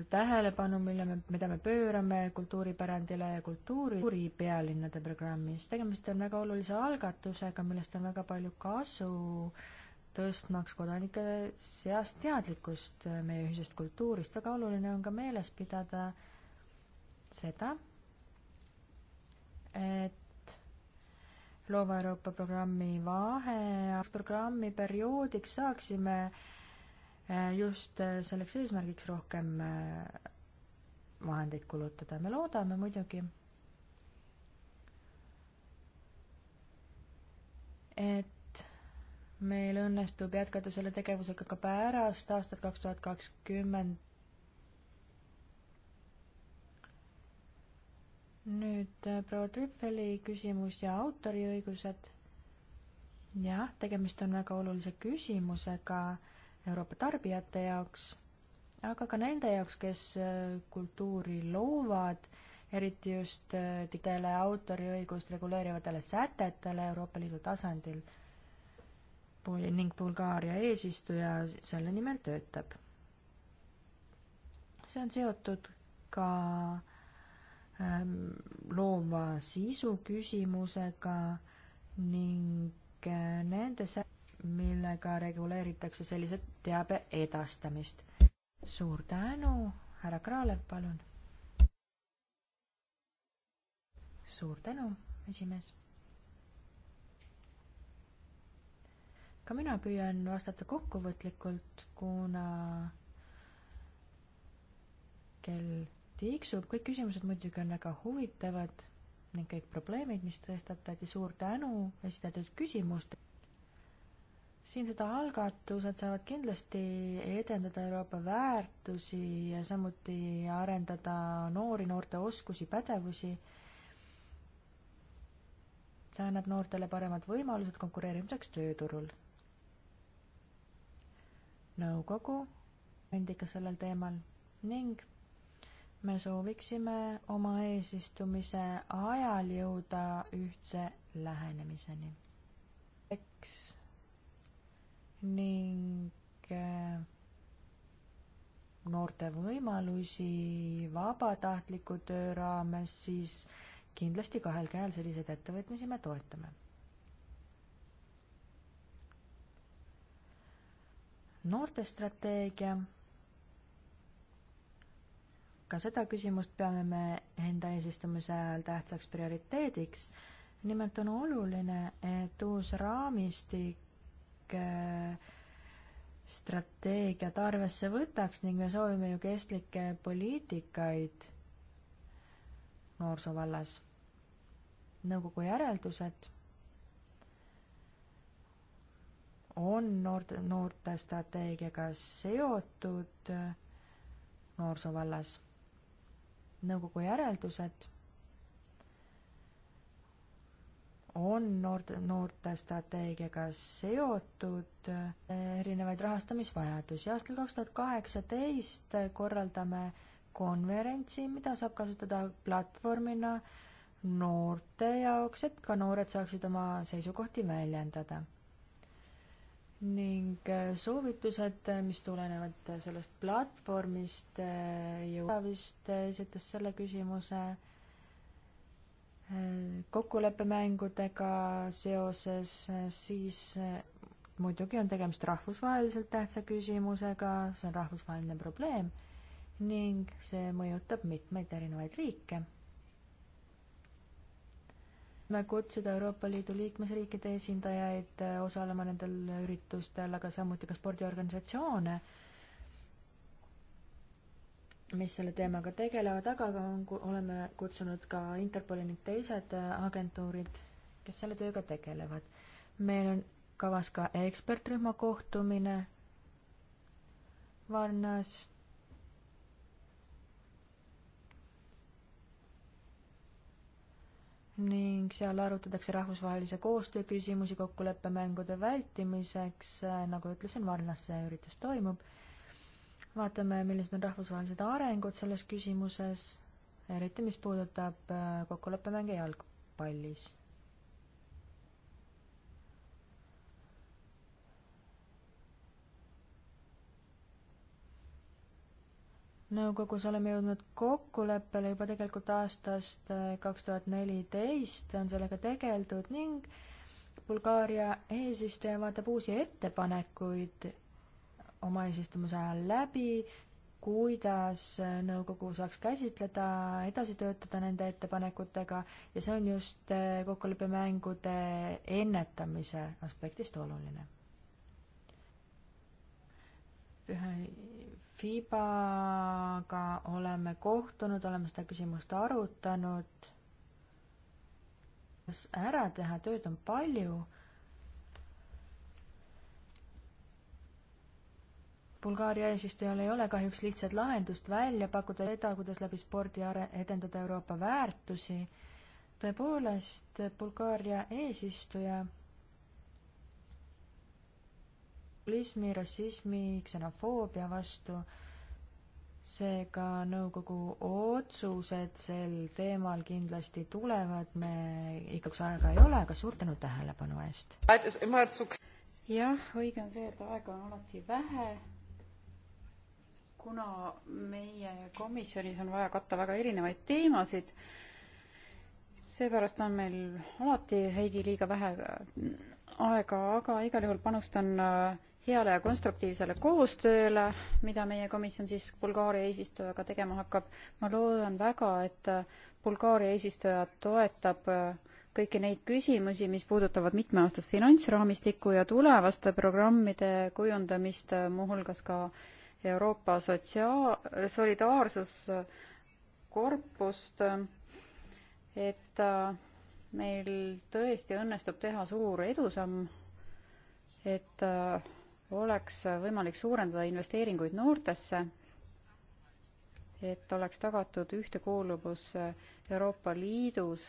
tähelepanu, mille me, mida me pöörame kultuuripärandile ja kultuuri, kultuuripealinnade programmis. tegemist on väga olulise algatusega, millest on väga palju kasu, tõstmaks kodanike seas teadlikkust meie ühisest kultuurist. väga oluline on ka meeles pidada seda, et loova Euroopa programmi vahe, programmi perioodiks saaksime äh, Eh, just eh, selleks eesmärgiks rohkem eh, vahendeid kulutada, me loodame muidugi, et meil õnnestub jätkata selle tegevusega ka pärast aastat kaks tuhat kakskümmend. nüüd proua Trüppeli küsimus ja autoriõigused. jah, tegemist on väga olulise küsimusega Euroopa tarbijate jaoks, aga ka nende jaoks, kes äh, kultuuri loovad, eriti just äh, digitele autoriõigust reguleerivatele sätetele Euroopa Liidu tasandil ning Bulgaaria eesistuja selle nimel töötab. see on seotud ka ähm, loova sisu küsimusega ning äh, nende sä-, millega reguleeritakse sellise teabe edastamist. suur tänu, härra Kralev, palun. suur tänu, esimees. ka mina püüan vastata kokkuvõtlikult, kuna kell tiksub, kõik küsimused muidugi on väga huvitavad ning kõik probleemid, mis tõstatati, suur tänu esitatud küsimustele siinsed algatused saavad kindlasti edendada Euroopa väärtusi ja samuti arendada noori, noorte oskusi, pädevusi. see annab noortele paremad võimalused konkureerimiseks tööturul. nõukogu andis ka sellel teemal ning me sooviksime oma eesistumise ajal jõuda ühtse lähenemiseni. eks ning äh, noorte võimalusi vabatahtliku töö raames, siis kindlasti kahel käel selliseid ettevõtmisi me toetame. noortestrateegia. ka seda küsimust peame me enda eesistumise ajal tähtsaks prioriteediks. nimelt on oluline, et uus raamistik Äh, strateegiat arvesse võtaks ning me soovime ju kestlikke poliitikaid noorsoo vallas. nõukogu järeldused on noorte, noorte strateegiaga seotud äh, noorsoo vallas. nõukogu järeldused on noorte, noortestrateegiaga seotud eh, erinevaid rahastamisvajadusi. aastal kaks tuhat kaheksateist korraldame konverentsi, mida saab kasutada platvormina noorte jaoks, et ka noored saaksid oma seisukohti väljendada. ning eh, soovitused, eh, mis tulenevad sellest platvormist, jõuavad vist esitas selle küsimuse kokkuleppemängudega seoses, siis eh, muidugi on tegemist rahvusvaheliselt tähtsa küsimusega, see on rahvusvaheline probleem ning see mõjutab mitmeid erinevaid riike. me kutsuda Euroopa Liidu liikmesriikide esindajaid eh, osalema nendel üritustel, aga samuti ka spordiorganisatsioone mis selle teemaga tegelevad, aga on, oleme kutsunud ka Interpoli ning teised äh, agentuurid, kes selle tööga tegelevad. meil on kavas ka ekspertrühma kohtumine Varnas ning seal arutatakse rahvusvahelise koostöö küsimusi kokkuleppemängude vältimiseks, äh, nagu ütlesin, Varnas see üritus toimub vaatame, millised on rahvusvahelised arengud selles küsimuses, eriti mis puudutab äh, kokkuleppemänge jalgpallis. nõukogus oleme jõudnud kokkuleppele juba tegelikult aastast äh, kaks tuhat neliteist on sellega tegeldud ning Bulgaaria eesistuja vaatab uusi ettepanekuid oma eesistumise ajal läbi, kuidas nõukogu saaks käsitleda, edasi töötada nende ettepanekutega ja see on just kokkuleppemängude ennetamise aspektist oluline. FIBAga oleme kohtunud, oleme seda küsimust arutanud. ära teha tööd on palju Bulgaaria eesistujal ei ole kahjuks lihtsat lahendust välja pakkuda seda, kuidas läbi spordi are-, edendada Euroopa väärtusi. tõepoolest, Bulgaaria eesistuja populismi, rassismi, ksenofoobia vastu, seega nõukogu otsused sel teemal kindlasti tulevad, me igaks aega ei ole, aga suur tänu tähelepanu eest! jah, õige on see, et aega on alati vähe kuna meie komisjonis on vaja katta väga erinevaid teemasid, seepärast on meil alati veidi liiga vähe aega, aga igal juhul panustan äh, heale ja konstruktiivsele koostööle, mida meie komisjon siis Bulgaaria eesistujaga tegema hakkab. ma loodan väga, et äh, Bulgaaria eesistuja toetab äh, kõiki neid küsimusi, mis puudutavad mitmeaastast finantsraamistikku ja tulevaste programmide kujundamist, muuhulgas ka äh, Euroopa sotsiaal, solidaarsuskorpust, et äh, meil tõesti õnnestub teha suur edusamm, et äh, oleks võimalik suurendada investeeringuid noortesse, et oleks tagatud ühtekuuluvus Euroopa Liidus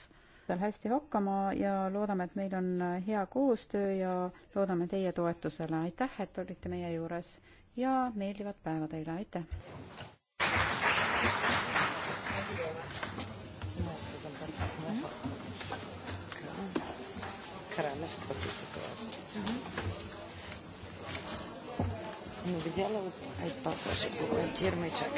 seal hästi hakkama ja loodame, et meil on hea koostöö ja loodame teie toetusele. aitäh, et olite meie juures ja meeldivat päeva teile, aitäh! королевство ситуации. Не видела вот это тоже было термичек.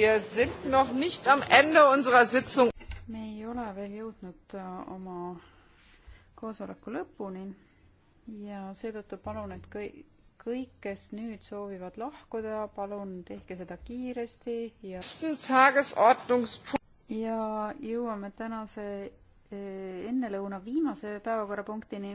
Wir sind noch nicht am Ende unserer Sitzung. me ei ole veel jõudnud äh, oma koosoleku lõpuni ja seetõttu palun, et kõik, kõik, kes nüüd soovivad lahkuda, palun tehke seda kiiresti ja ja jõuame tänase äh, ennelõuna viimase päevakorrapunktini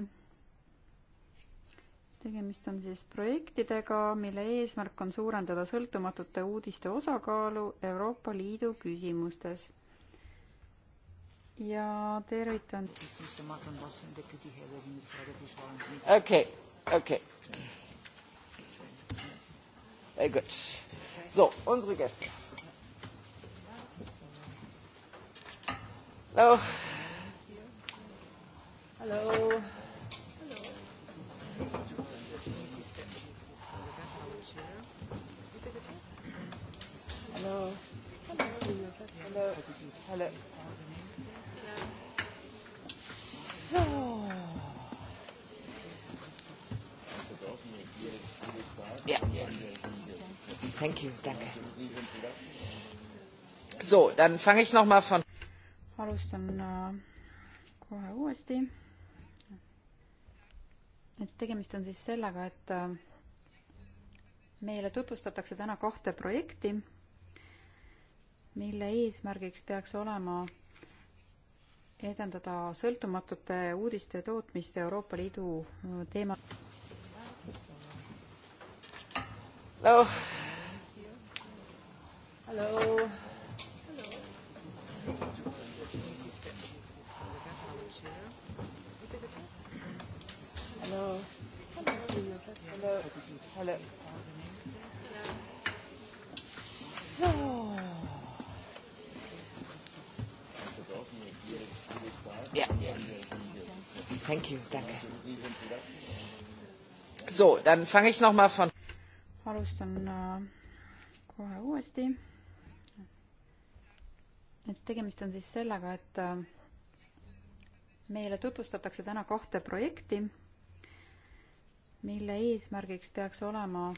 tegemist on siis projektidega, mille eesmärk on suurendada sõltumatute uudiste osakaalu Euroopa Liidu küsimustes. ja tervitan. okei, okei. Very good. So, unsere Gäste. Hello. Hello. Hello. Hello. Hello. So. Ja. Thank you. Danke. So, dann fange ich noch mal von. Alustan äh, kohe uuesti. et tegemist on siis sellega, et äh, meile tutvustatakse täna kahte projekti mille eesmärgiks peaks olema edendada sõltumatute uudiste tootmist Euroopa Liidu äh, teemal no.. Hello. Hello. Hello. Hello. So. Ja. Thank you, danke. So, dann fange ich nochmal von. alustan äh, kohe uuesti. et tegemist on siis sellega, et äh, meile tutvustatakse täna kahte projekti, mille eesmärgiks peaks olema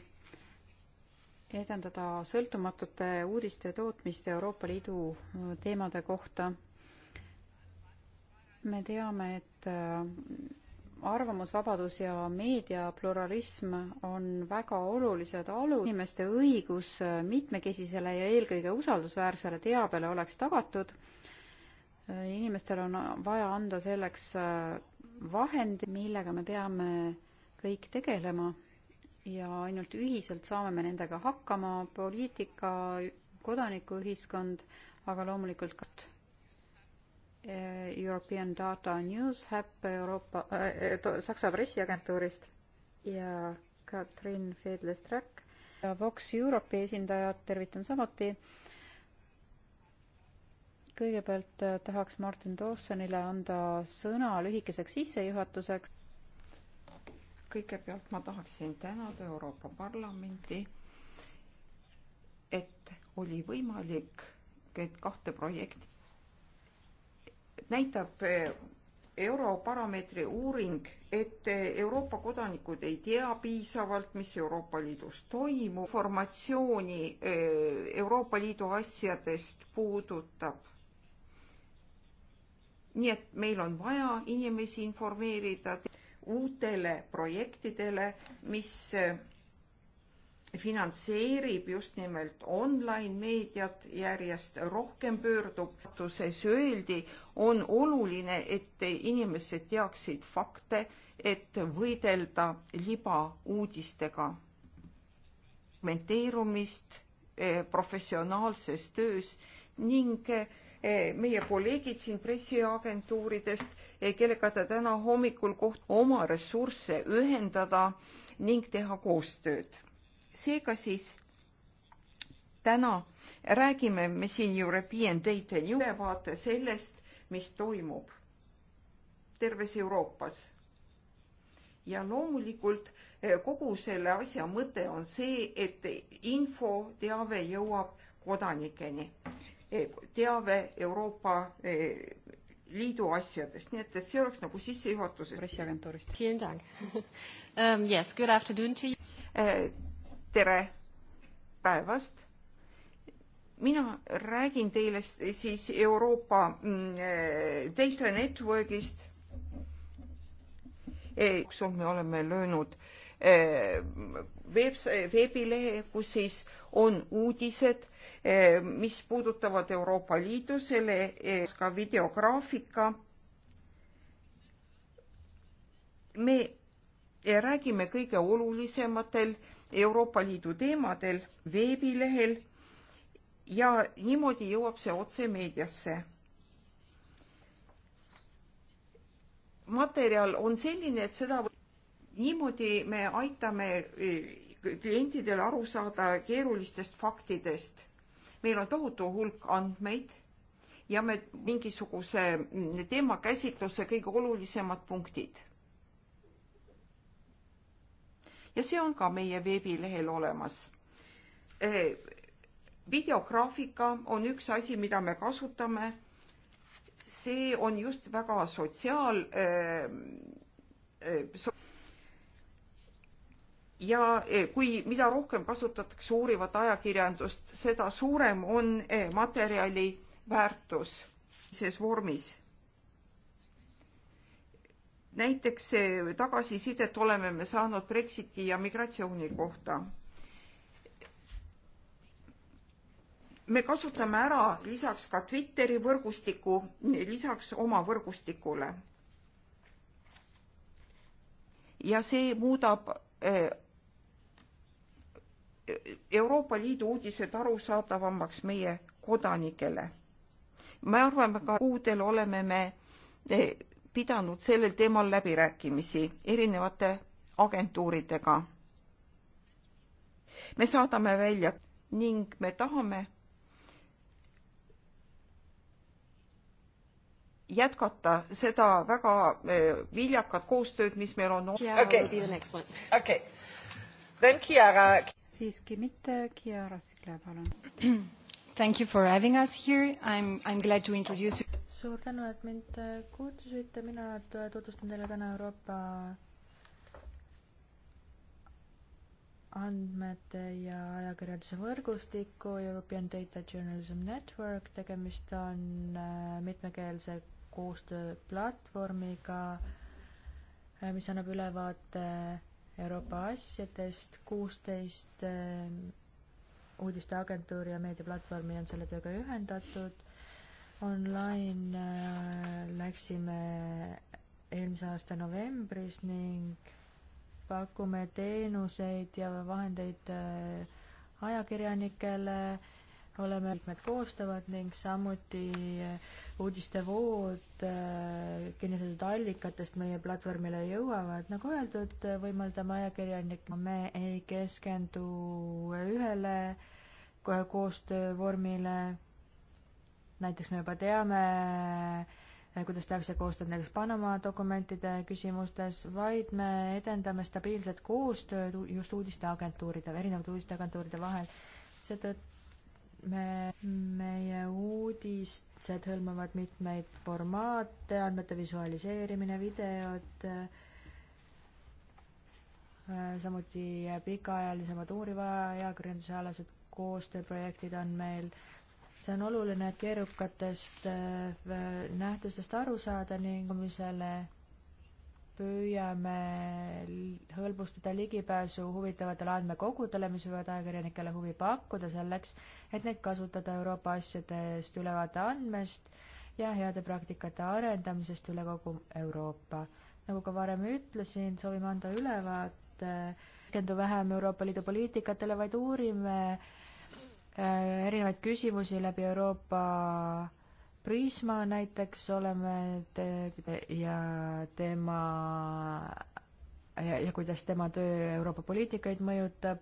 edendada sõltumatute uudiste tootmist Euroopa Liidu äh, teemade kohta me teame, et äh, arvamusvabadus ja meediapluralism on väga olulised alud, inimeste õigus äh, mitmekesisele ja eelkõige usaldusväärsele teabele oleks tagatud. Äh, inimestel on vaja anda selleks vahendid, millega me peame kõik tegelema ja ainult ühiselt saame me nendega hakkama, poliitika, kodanikuühiskond, aga loomulikult ka Eh, European Data Newshub Euroopa äh,, Saksa pressiagentuurist ja Katrin Fedlestrak ja Vox Europe'i esindajad tervitan samuti. kõigepealt tahaks Martin Dawsonile anda sõna lühikeseks sissejuhatuseks. kõigepealt ma tahaksin tänada Euroopa Parlamenti, et oli võimalik need kahte projekti näitab eh, Eurobaromeetri uuring, et eh, Euroopa kodanikud ei tea piisavalt, mis Euroopa Liidus toimub. informatsiooni eh, Euroopa Liidu asjadest puudutab. nii et meil on vaja inimesi informeerida uutele projektidele, mis finantseerib just nimelt online meediat, järjest rohkem pöördub. tuses öeldi, on oluline, et inimesed teaksid fakte, et võidelda libauudistega. kommenteerumist eh, professionaalses töös ning eh, meie kolleegid siin pressiagentuuridest, eh, kellega ta täna hommikul koht- oma ressursse ühendada ning teha koostööd seega siis täna räägime me siin European Data New ülevaate sellest, mis toimub terves Euroopas. ja loomulikult eh, kogu selle asja mõte on see, et info, teave jõuab kodanikeni. Eh, teave Euroopa eh, Liidu asjadest, nii et, et see oleks nagu sissejuhatus. pressiagentuurist. tere päevast! mina räägin teile siis Euroopa mm, Data Networkist. jooksul me oleme löönud eh, veeb-, veebilehe, kus siis on uudised, eh, mis puudutavad Euroopa Liidu, selle ka videograafika. me räägime kõige olulisematel Euroopa Liidu teemadel veebilehel ja niimoodi jõuab see otse meediasse. materjal on selline, et seda, niimoodi me aitame eh, klientidel aru saada keerulistest faktidest. meil on tohutu hulk andmeid ja me mingisuguse mm, teemakäsitluse kõige olulisemad punktid ja see on ka meie veebilehel olemas. Eh, videograafika on üks asi, mida me kasutame. see on just väga sotsiaal eh, eh, so ja kui, mida rohkem kasutatakse uurivat ajakirjandust, seda suurem on materjali väärtus selles vormis näiteks tagasisidet oleme me saanud Brexiti ja migratsiooni kohta. me kasutame ära lisaks ka Twitteri võrgustiku, lisaks oma võrgustikule. ja see muudab eh, Euroopa Liidu uudised arusaadavamaks meie kodanikele. me arvame ka, kuudel oleme me eh, pidanud sellel teemal läbirääkimisi erinevate agentuuridega. me saadame välja ning me tahame jätkata seda väga eh, viljakat koostööd, mis meil on. okei, then Chiara. siiski mitte, Chiara Sikle, palun. Thank you for having us here, I am, I am glad to introduce you suur tänu, et mind kutsusite, mina tutvustan teile täna Euroopa andmete ja ajakirjanduse võrgustiku European Data Journalism Network, tegemist on äh, mitmekeelse koostööplatvormiga, äh, mis annab ülevaate Euroopa asjadest, kuusteist äh, uudisteagentuuri ja meediaplatvormi on selle tööga ühendatud online äh, läksime eelmise aasta novembris ning pakume teenuseid ja vahendeid äh, ajakirjanikele, oleme liikmed koostavad ning samuti äh, uudistevood kinnitatud allikatest meie platvormile jõuavad. nagu öeldud, võimaldame ajakirjanikele, me ei keskendu ühele koostöövormile näiteks me juba teame, eh, kuidas tehakse koostööd näiteks Panama dokumentide küsimustes, vaid me edendame stabiilset koostööd just uudisteagentuuride, erinevate uudisteagentuuride vahel. seetõttu me, meie uudised hõlmavad mitmeid formaate, andmete visualiseerimine, videod, eh, samuti pikaajalisemad uuriva ajakirjanduse alased koostööprojektid on meil, see on oluline, et keerukatest äh, nähtustest aru saada ning me selle püüame hõlbustada ligipääsu huvitavatele andmekogudele, mis võivad ajakirjanikele huvi pakkuda selleks, et neid kasutada Euroopa asjadest ülevaate andmest ja heade praktikate arendamisest üle kogu Euroopa. nagu ka varem ütlesin, soovime anda ülevaate keskendu vähem Euroopa Liidu poliitikatele, vaid uurime äh, Äh, erinevaid küsimusi läbi Euroopa Prisma näiteks oleme te- ja tema ja, ja kuidas tema töö Euroopa poliitikaid mõjutab.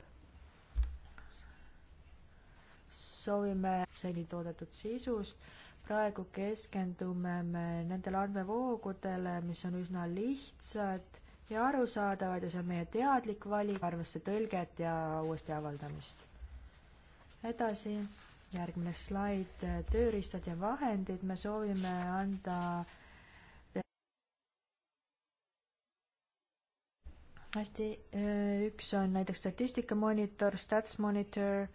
soovime seni toodetud sisust. praegu keskendume me nendele andmevoogudele, mis on üsna lihtsad ja arusaadavad ja see on meie teadlik valik, arvesse tõlget ja uuesti avaldamist edasi, järgmine slaid, tööriistad ja vahendid, me soovime anda hästi, äh, üks on näiteks statistika monitor, stats monitor,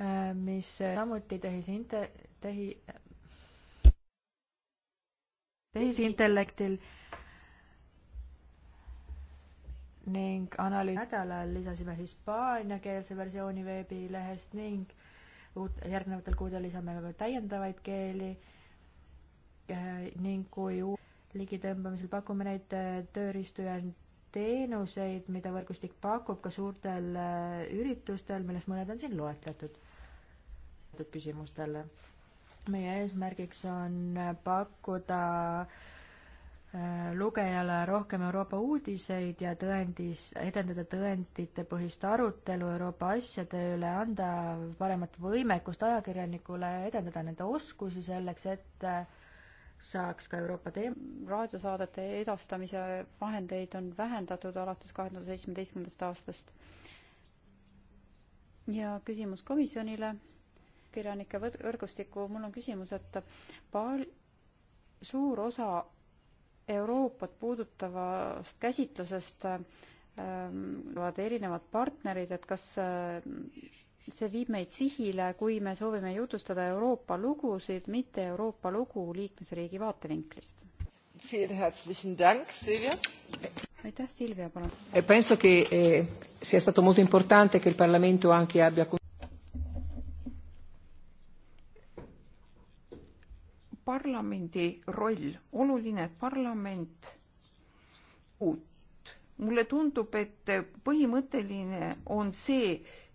äh, mis samuti tehisinte-, tehi-, äh, tehisintellektil ning analüüsi nädalal lisasime hispaaniakeelse versiooni veebilehest ning uut, järgnevatel kuudel lisame ka täiendavaid keeli äh, ning kui ligitõmbamisel pakume neid äh, tööriistu ja teenuseid, mida võrgustik pakub ka suurtel äh, üritustel, millest mõned on siin loetletud, küsimustele. meie eesmärgiks on pakkuda äh, Äh, lugejale rohkem Euroopa uudiseid ja tõendis, edendada tõenditepõhist arutelu Euroopa asjade üle, anda paremat võimekust ajakirjanikule, edendada nende oskusi selleks, et äh, saaks ka Euroopa teem-. raadiosaadete edastamise vahendeid on vähendatud alates kahe tuhande seitsmeteistkümnendast aastast. ja küsimus komisjonile, kirjanike võrgustiku, mul on küsimus, et paal-, suur osa Euroopat puudutavast käsitlusest ähm, vaat erinevad partnerid, et kas äh, see viib meid sihile, kui me soovime jutustada Euroopa lugusid, mitte Euroopa lugu liikmesriigi vaatevinklist. aitäh, Silvia, palun. E parlamendi roll, oluline, et parlament uut. mulle tundub, et põhimõtteline on see,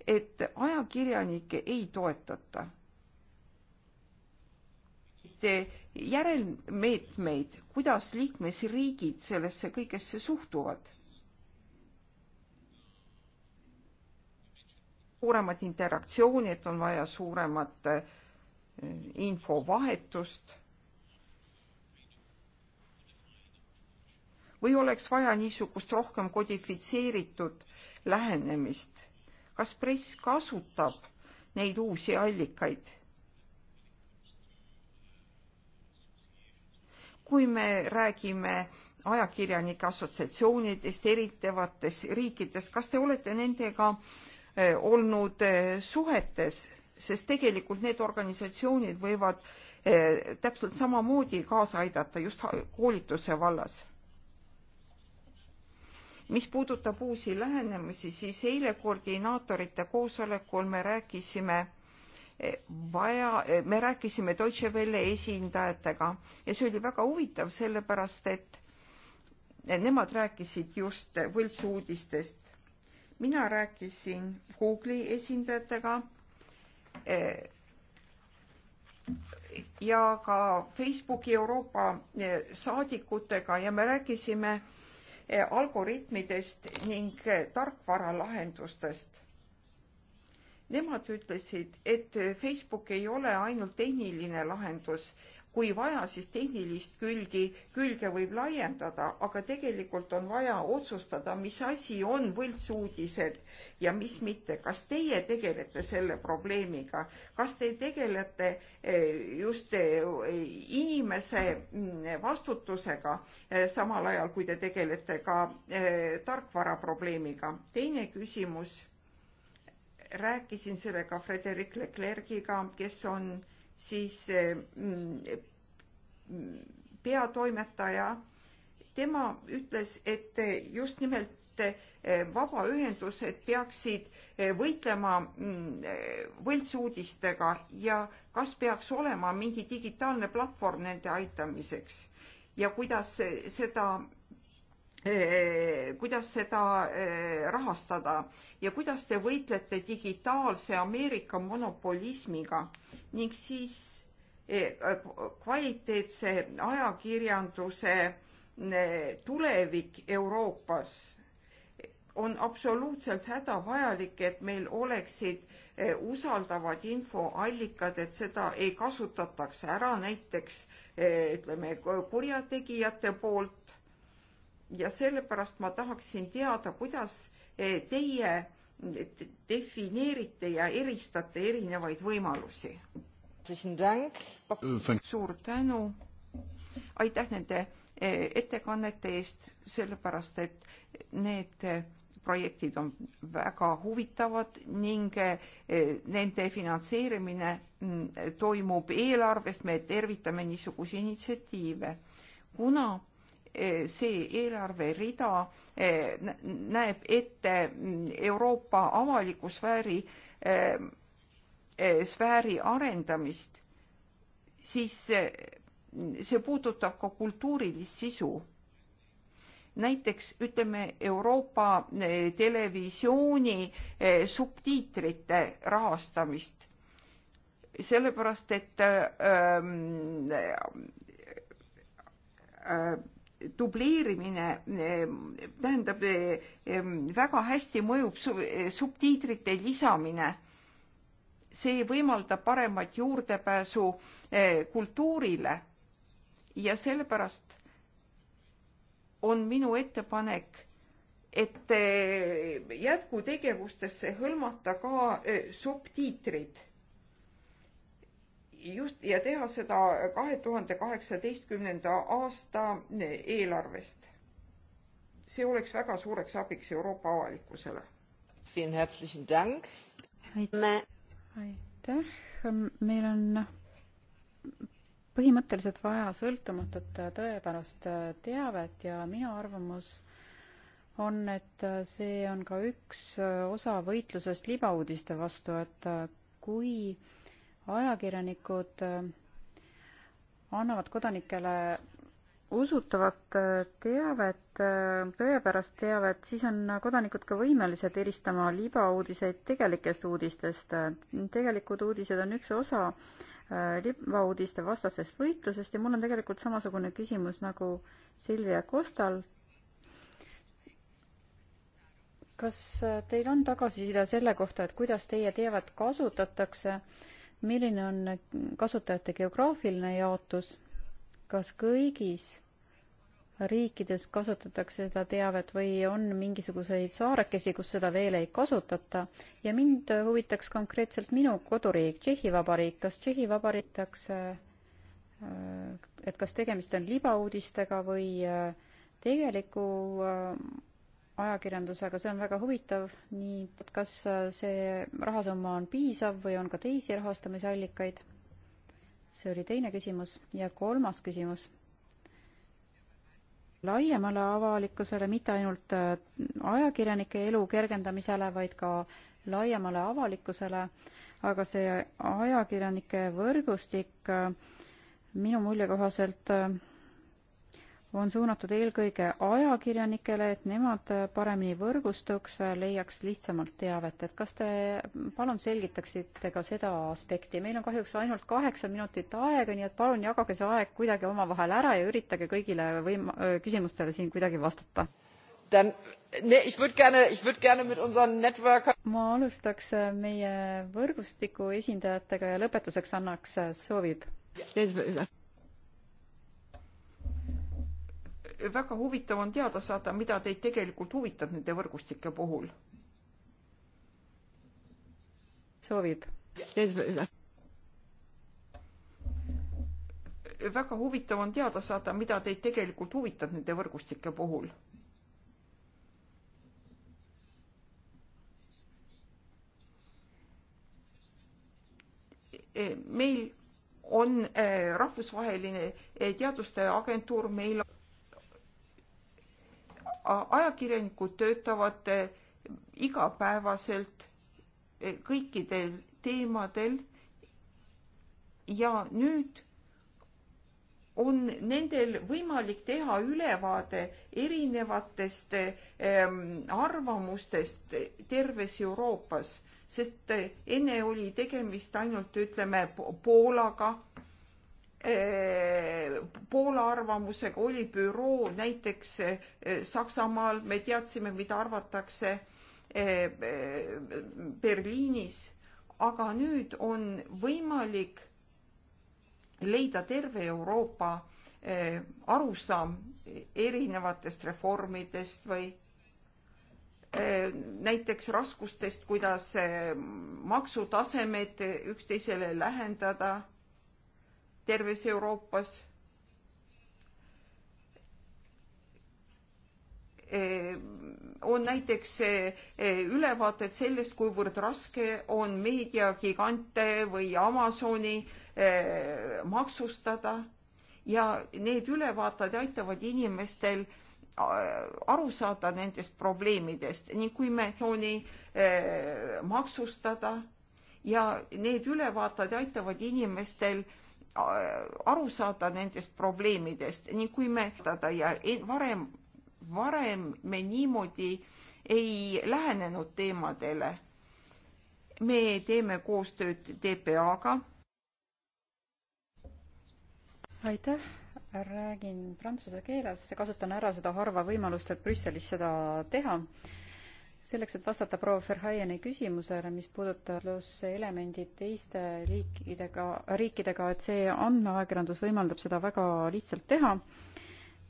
et ajakirjanikke ei toetata. järelmeetmeid, kuidas liikmesriigid sellesse kõigesse suhtuvad suuremat interaktsiooni, et on vaja suuremat äh, infovahetust. või oleks vaja niisugust rohkem kodifitseeritud lähenemist? kas press kasutab neid uusi allikaid? kui me räägime ajakirjanike assotsiatsioonidest erinevates riikides, kas te olete nendega eh, olnud eh, suhetes, sest tegelikult need organisatsioonid võivad eh, täpselt samamoodi kaasa aidata just koolituse vallas mis puudutab uusi lähenemisi, siis eile koordinaatorite koosolekul me rääkisime eh, vaja, eh, me rääkisime Deutsche Welle esindajatega ja see oli väga huvitav, sellepärast et eh, nemad rääkisid just võltsuudistest. mina rääkisin Google'i esindajatega ja ka Facebooki Euroopa saadikutega ja me rääkisime Eh, algoritmidest ning eh, tarkvaralahendustest. Nemad ütlesid, et eh, Facebook ei ole ainult tehniline lahendus, kui vaja, siis tehnilist külgi, külge võib laiendada, aga tegelikult on vaja otsustada, mis asi on võltsuudised ja mis mitte. kas teie tegelete selle probleemiga, kas te tegelete eh, just eh, inimese mm, vastutusega, eh, samal ajal kui te tegelete ka tarkvara probleemiga? teine küsimus rääkisin sellega Frederic Leclerc'iga, kes on siis eh, mm, peatoimetaja, tema ütles, et just nimelt eh, vabaühendused peaksid eh, võitlema mm, võltsuudistega ja kas peaks olema mingi digitaalne platvorm nende aitamiseks ja kuidas seda Eh, kuidas seda eh, rahastada ja kuidas te võitlete digitaalse Ameerika monopolismiga ning siis eh, kvaliteetse ajakirjanduse tulevik Euroopas on absoluutselt hädavajalik, et meil oleksid usaldavad infoallikad, et seda ei kasutataks ära näiteks ütleme kurjategijate poolt ja sellepärast ma tahaksin teada, kuidas eh, teie eh, defineerite ja eristate erinevaid võimalusi. suur tänu. aitäh nende eh, ettekannete eest, sellepärast et need projektid on väga huvitavad ning nende finantseerimine mm, toimub eelarvest, me tervitame niisuguseid initsiatiive. kuna see eelarverida eh, näeb ette mm, Euroopa avaliku sfääri, eh, eh, sfääri arendamist, siis see puudutab ka kultuurilist sisu. näiteks ütleme Euroopa televisiooni subtiitrite rahastamist, sellepärast et ähm, äh, dubleerimine eh, tähendab eh, eh, väga hästi mõjub subtiitrite lisamine. see võimaldab paremat juurdepääsu kultuurile ja sellepärast on minu ettepanek, et jätkutegevustesse hõlmata ka subtiitrid just ja teha seda kahe tuhande kaheksateistkümnenda aasta eelarvest. see oleks väga suureks abiks Euroopa avalikkusele. aitäh, meil on põhimõtteliselt vaja sõltumatut tõepärast teavet ja minu arvamus on, et see on ka üks osa võitlusest libauudiste vastu, et kui äh, ajakirjanikud äh, annavad kodanikele usutavat äh, teavet, äh, tõepärast teavet, siis on kodanikud ka võimelised eristama libauudiseid tegelikest uudistest. tegelikud uudised on üks osa libauudiste vastasest võitlusest ja mul on tegelikult samasugune küsimus nagu Silvia Kostal. kas teil on tagasiside selle kohta, et kuidas teie teavet kasutatakse äh, milline on kasutajate geograafiline jaotus, kas kõigis riikides kasutatakse seda teavet või on mingisuguseid saarekesi, kus seda veel ei kasutata ja mind huvitaks konkreetselt minu koduriik, Tšehhi Vabariik, kas Tšehhi Vabariik tehakse, äh, et kas tegemist on libauudistega või äh, tegeliku äh, ajakirjandusega, see on väga huvitav, nii et kas äh, see rahasumma on piisav või on ka teisi rahastamisallikaid? see oli teine küsimus ja kolmas küsimus. laiemale avalikkusele, mitte ainult äh, ajakirjanike elu kergendamisele, vaid ka laiemale avalikkusele, aga see ajakirjanike võrgustik äh, minu mulje kohaselt on suunatud eelkõige ajakirjanikele, et nemad paremini võrgustuks, leiaks lihtsamalt teavet, et kas te palun selgitaksite ka seda aspekti, meil on kahjuks ainult kaheksa minutit aega, nii et palun jagage see aeg kuidagi omavahel ära ja üritage kõigile võim-, küsimustele siin kuidagi vastata. ma alustaks äh, meie võrgustiku esindajatega ja lõpetuseks annaks, äh, soovib? väga huvitav on teada saada, mida teid tegelikult huvitab nende võrgustike puhul. soovib? väga huvitav on teada saada, mida teid tegelikult huvitab nende võrgustike puhul. E, meil on e, rahvusvaheline e, teaduste agentuur, meil on ajakirjanikud töötavad eh, igapäevaselt eh, kõikidel teemadel ja nüüd on nendel võimalik teha ülevaade erinevatest ehm, arvamustest terves Euroopas, sest eh, enne oli tegemist ainult ütleme Poolaga Äh, Poola arvamusega oli büroo näiteks äh, Saksamaal, me teadsime, mida arvatakse äh, Berliinis, aga nüüd on võimalik leida terve Euroopa arusaam erinevatest reformidest või näiteks raskustest, kuidas maksutasemed üksteisele lähendada terves Euroopas. Eh, on näiteks eh, ülevaated sellest, kuivõrd raske on meediagigante või Amazoni eh, maksustada ja need ülevaated aitavad inimestel aru saada nendest probleemidest ning kui me maksustada ja need ülevaated aitavad inimestel äh, Äh, aru saada nendest probleemidest ning kui me ja varem, varem me niimoodi ei lähenenud teemadele. me teeme koostööd TPA-ga. aitäh, räägin prantsuse keeles, kasutan ära seda harva võimalust, et Brüsselis seda teha selleks, et vastata proua Verhaieni küsimusele, mis puudutab elemendi teiste liikidega, riikidega, et see andmeajakirjandus võimaldab seda väga lihtsalt teha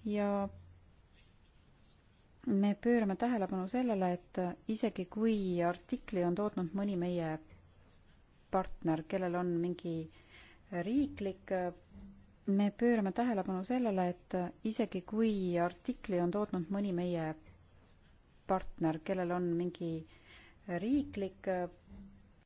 ja me pöörame tähelepanu sellele, et isegi kui artikli on tootnud mõni meie partner, kellel on mingi riiklik me pöörame tähelepanu sellele, et isegi kui artikli on tootnud mõni meie partner, kellel on mingi riiklik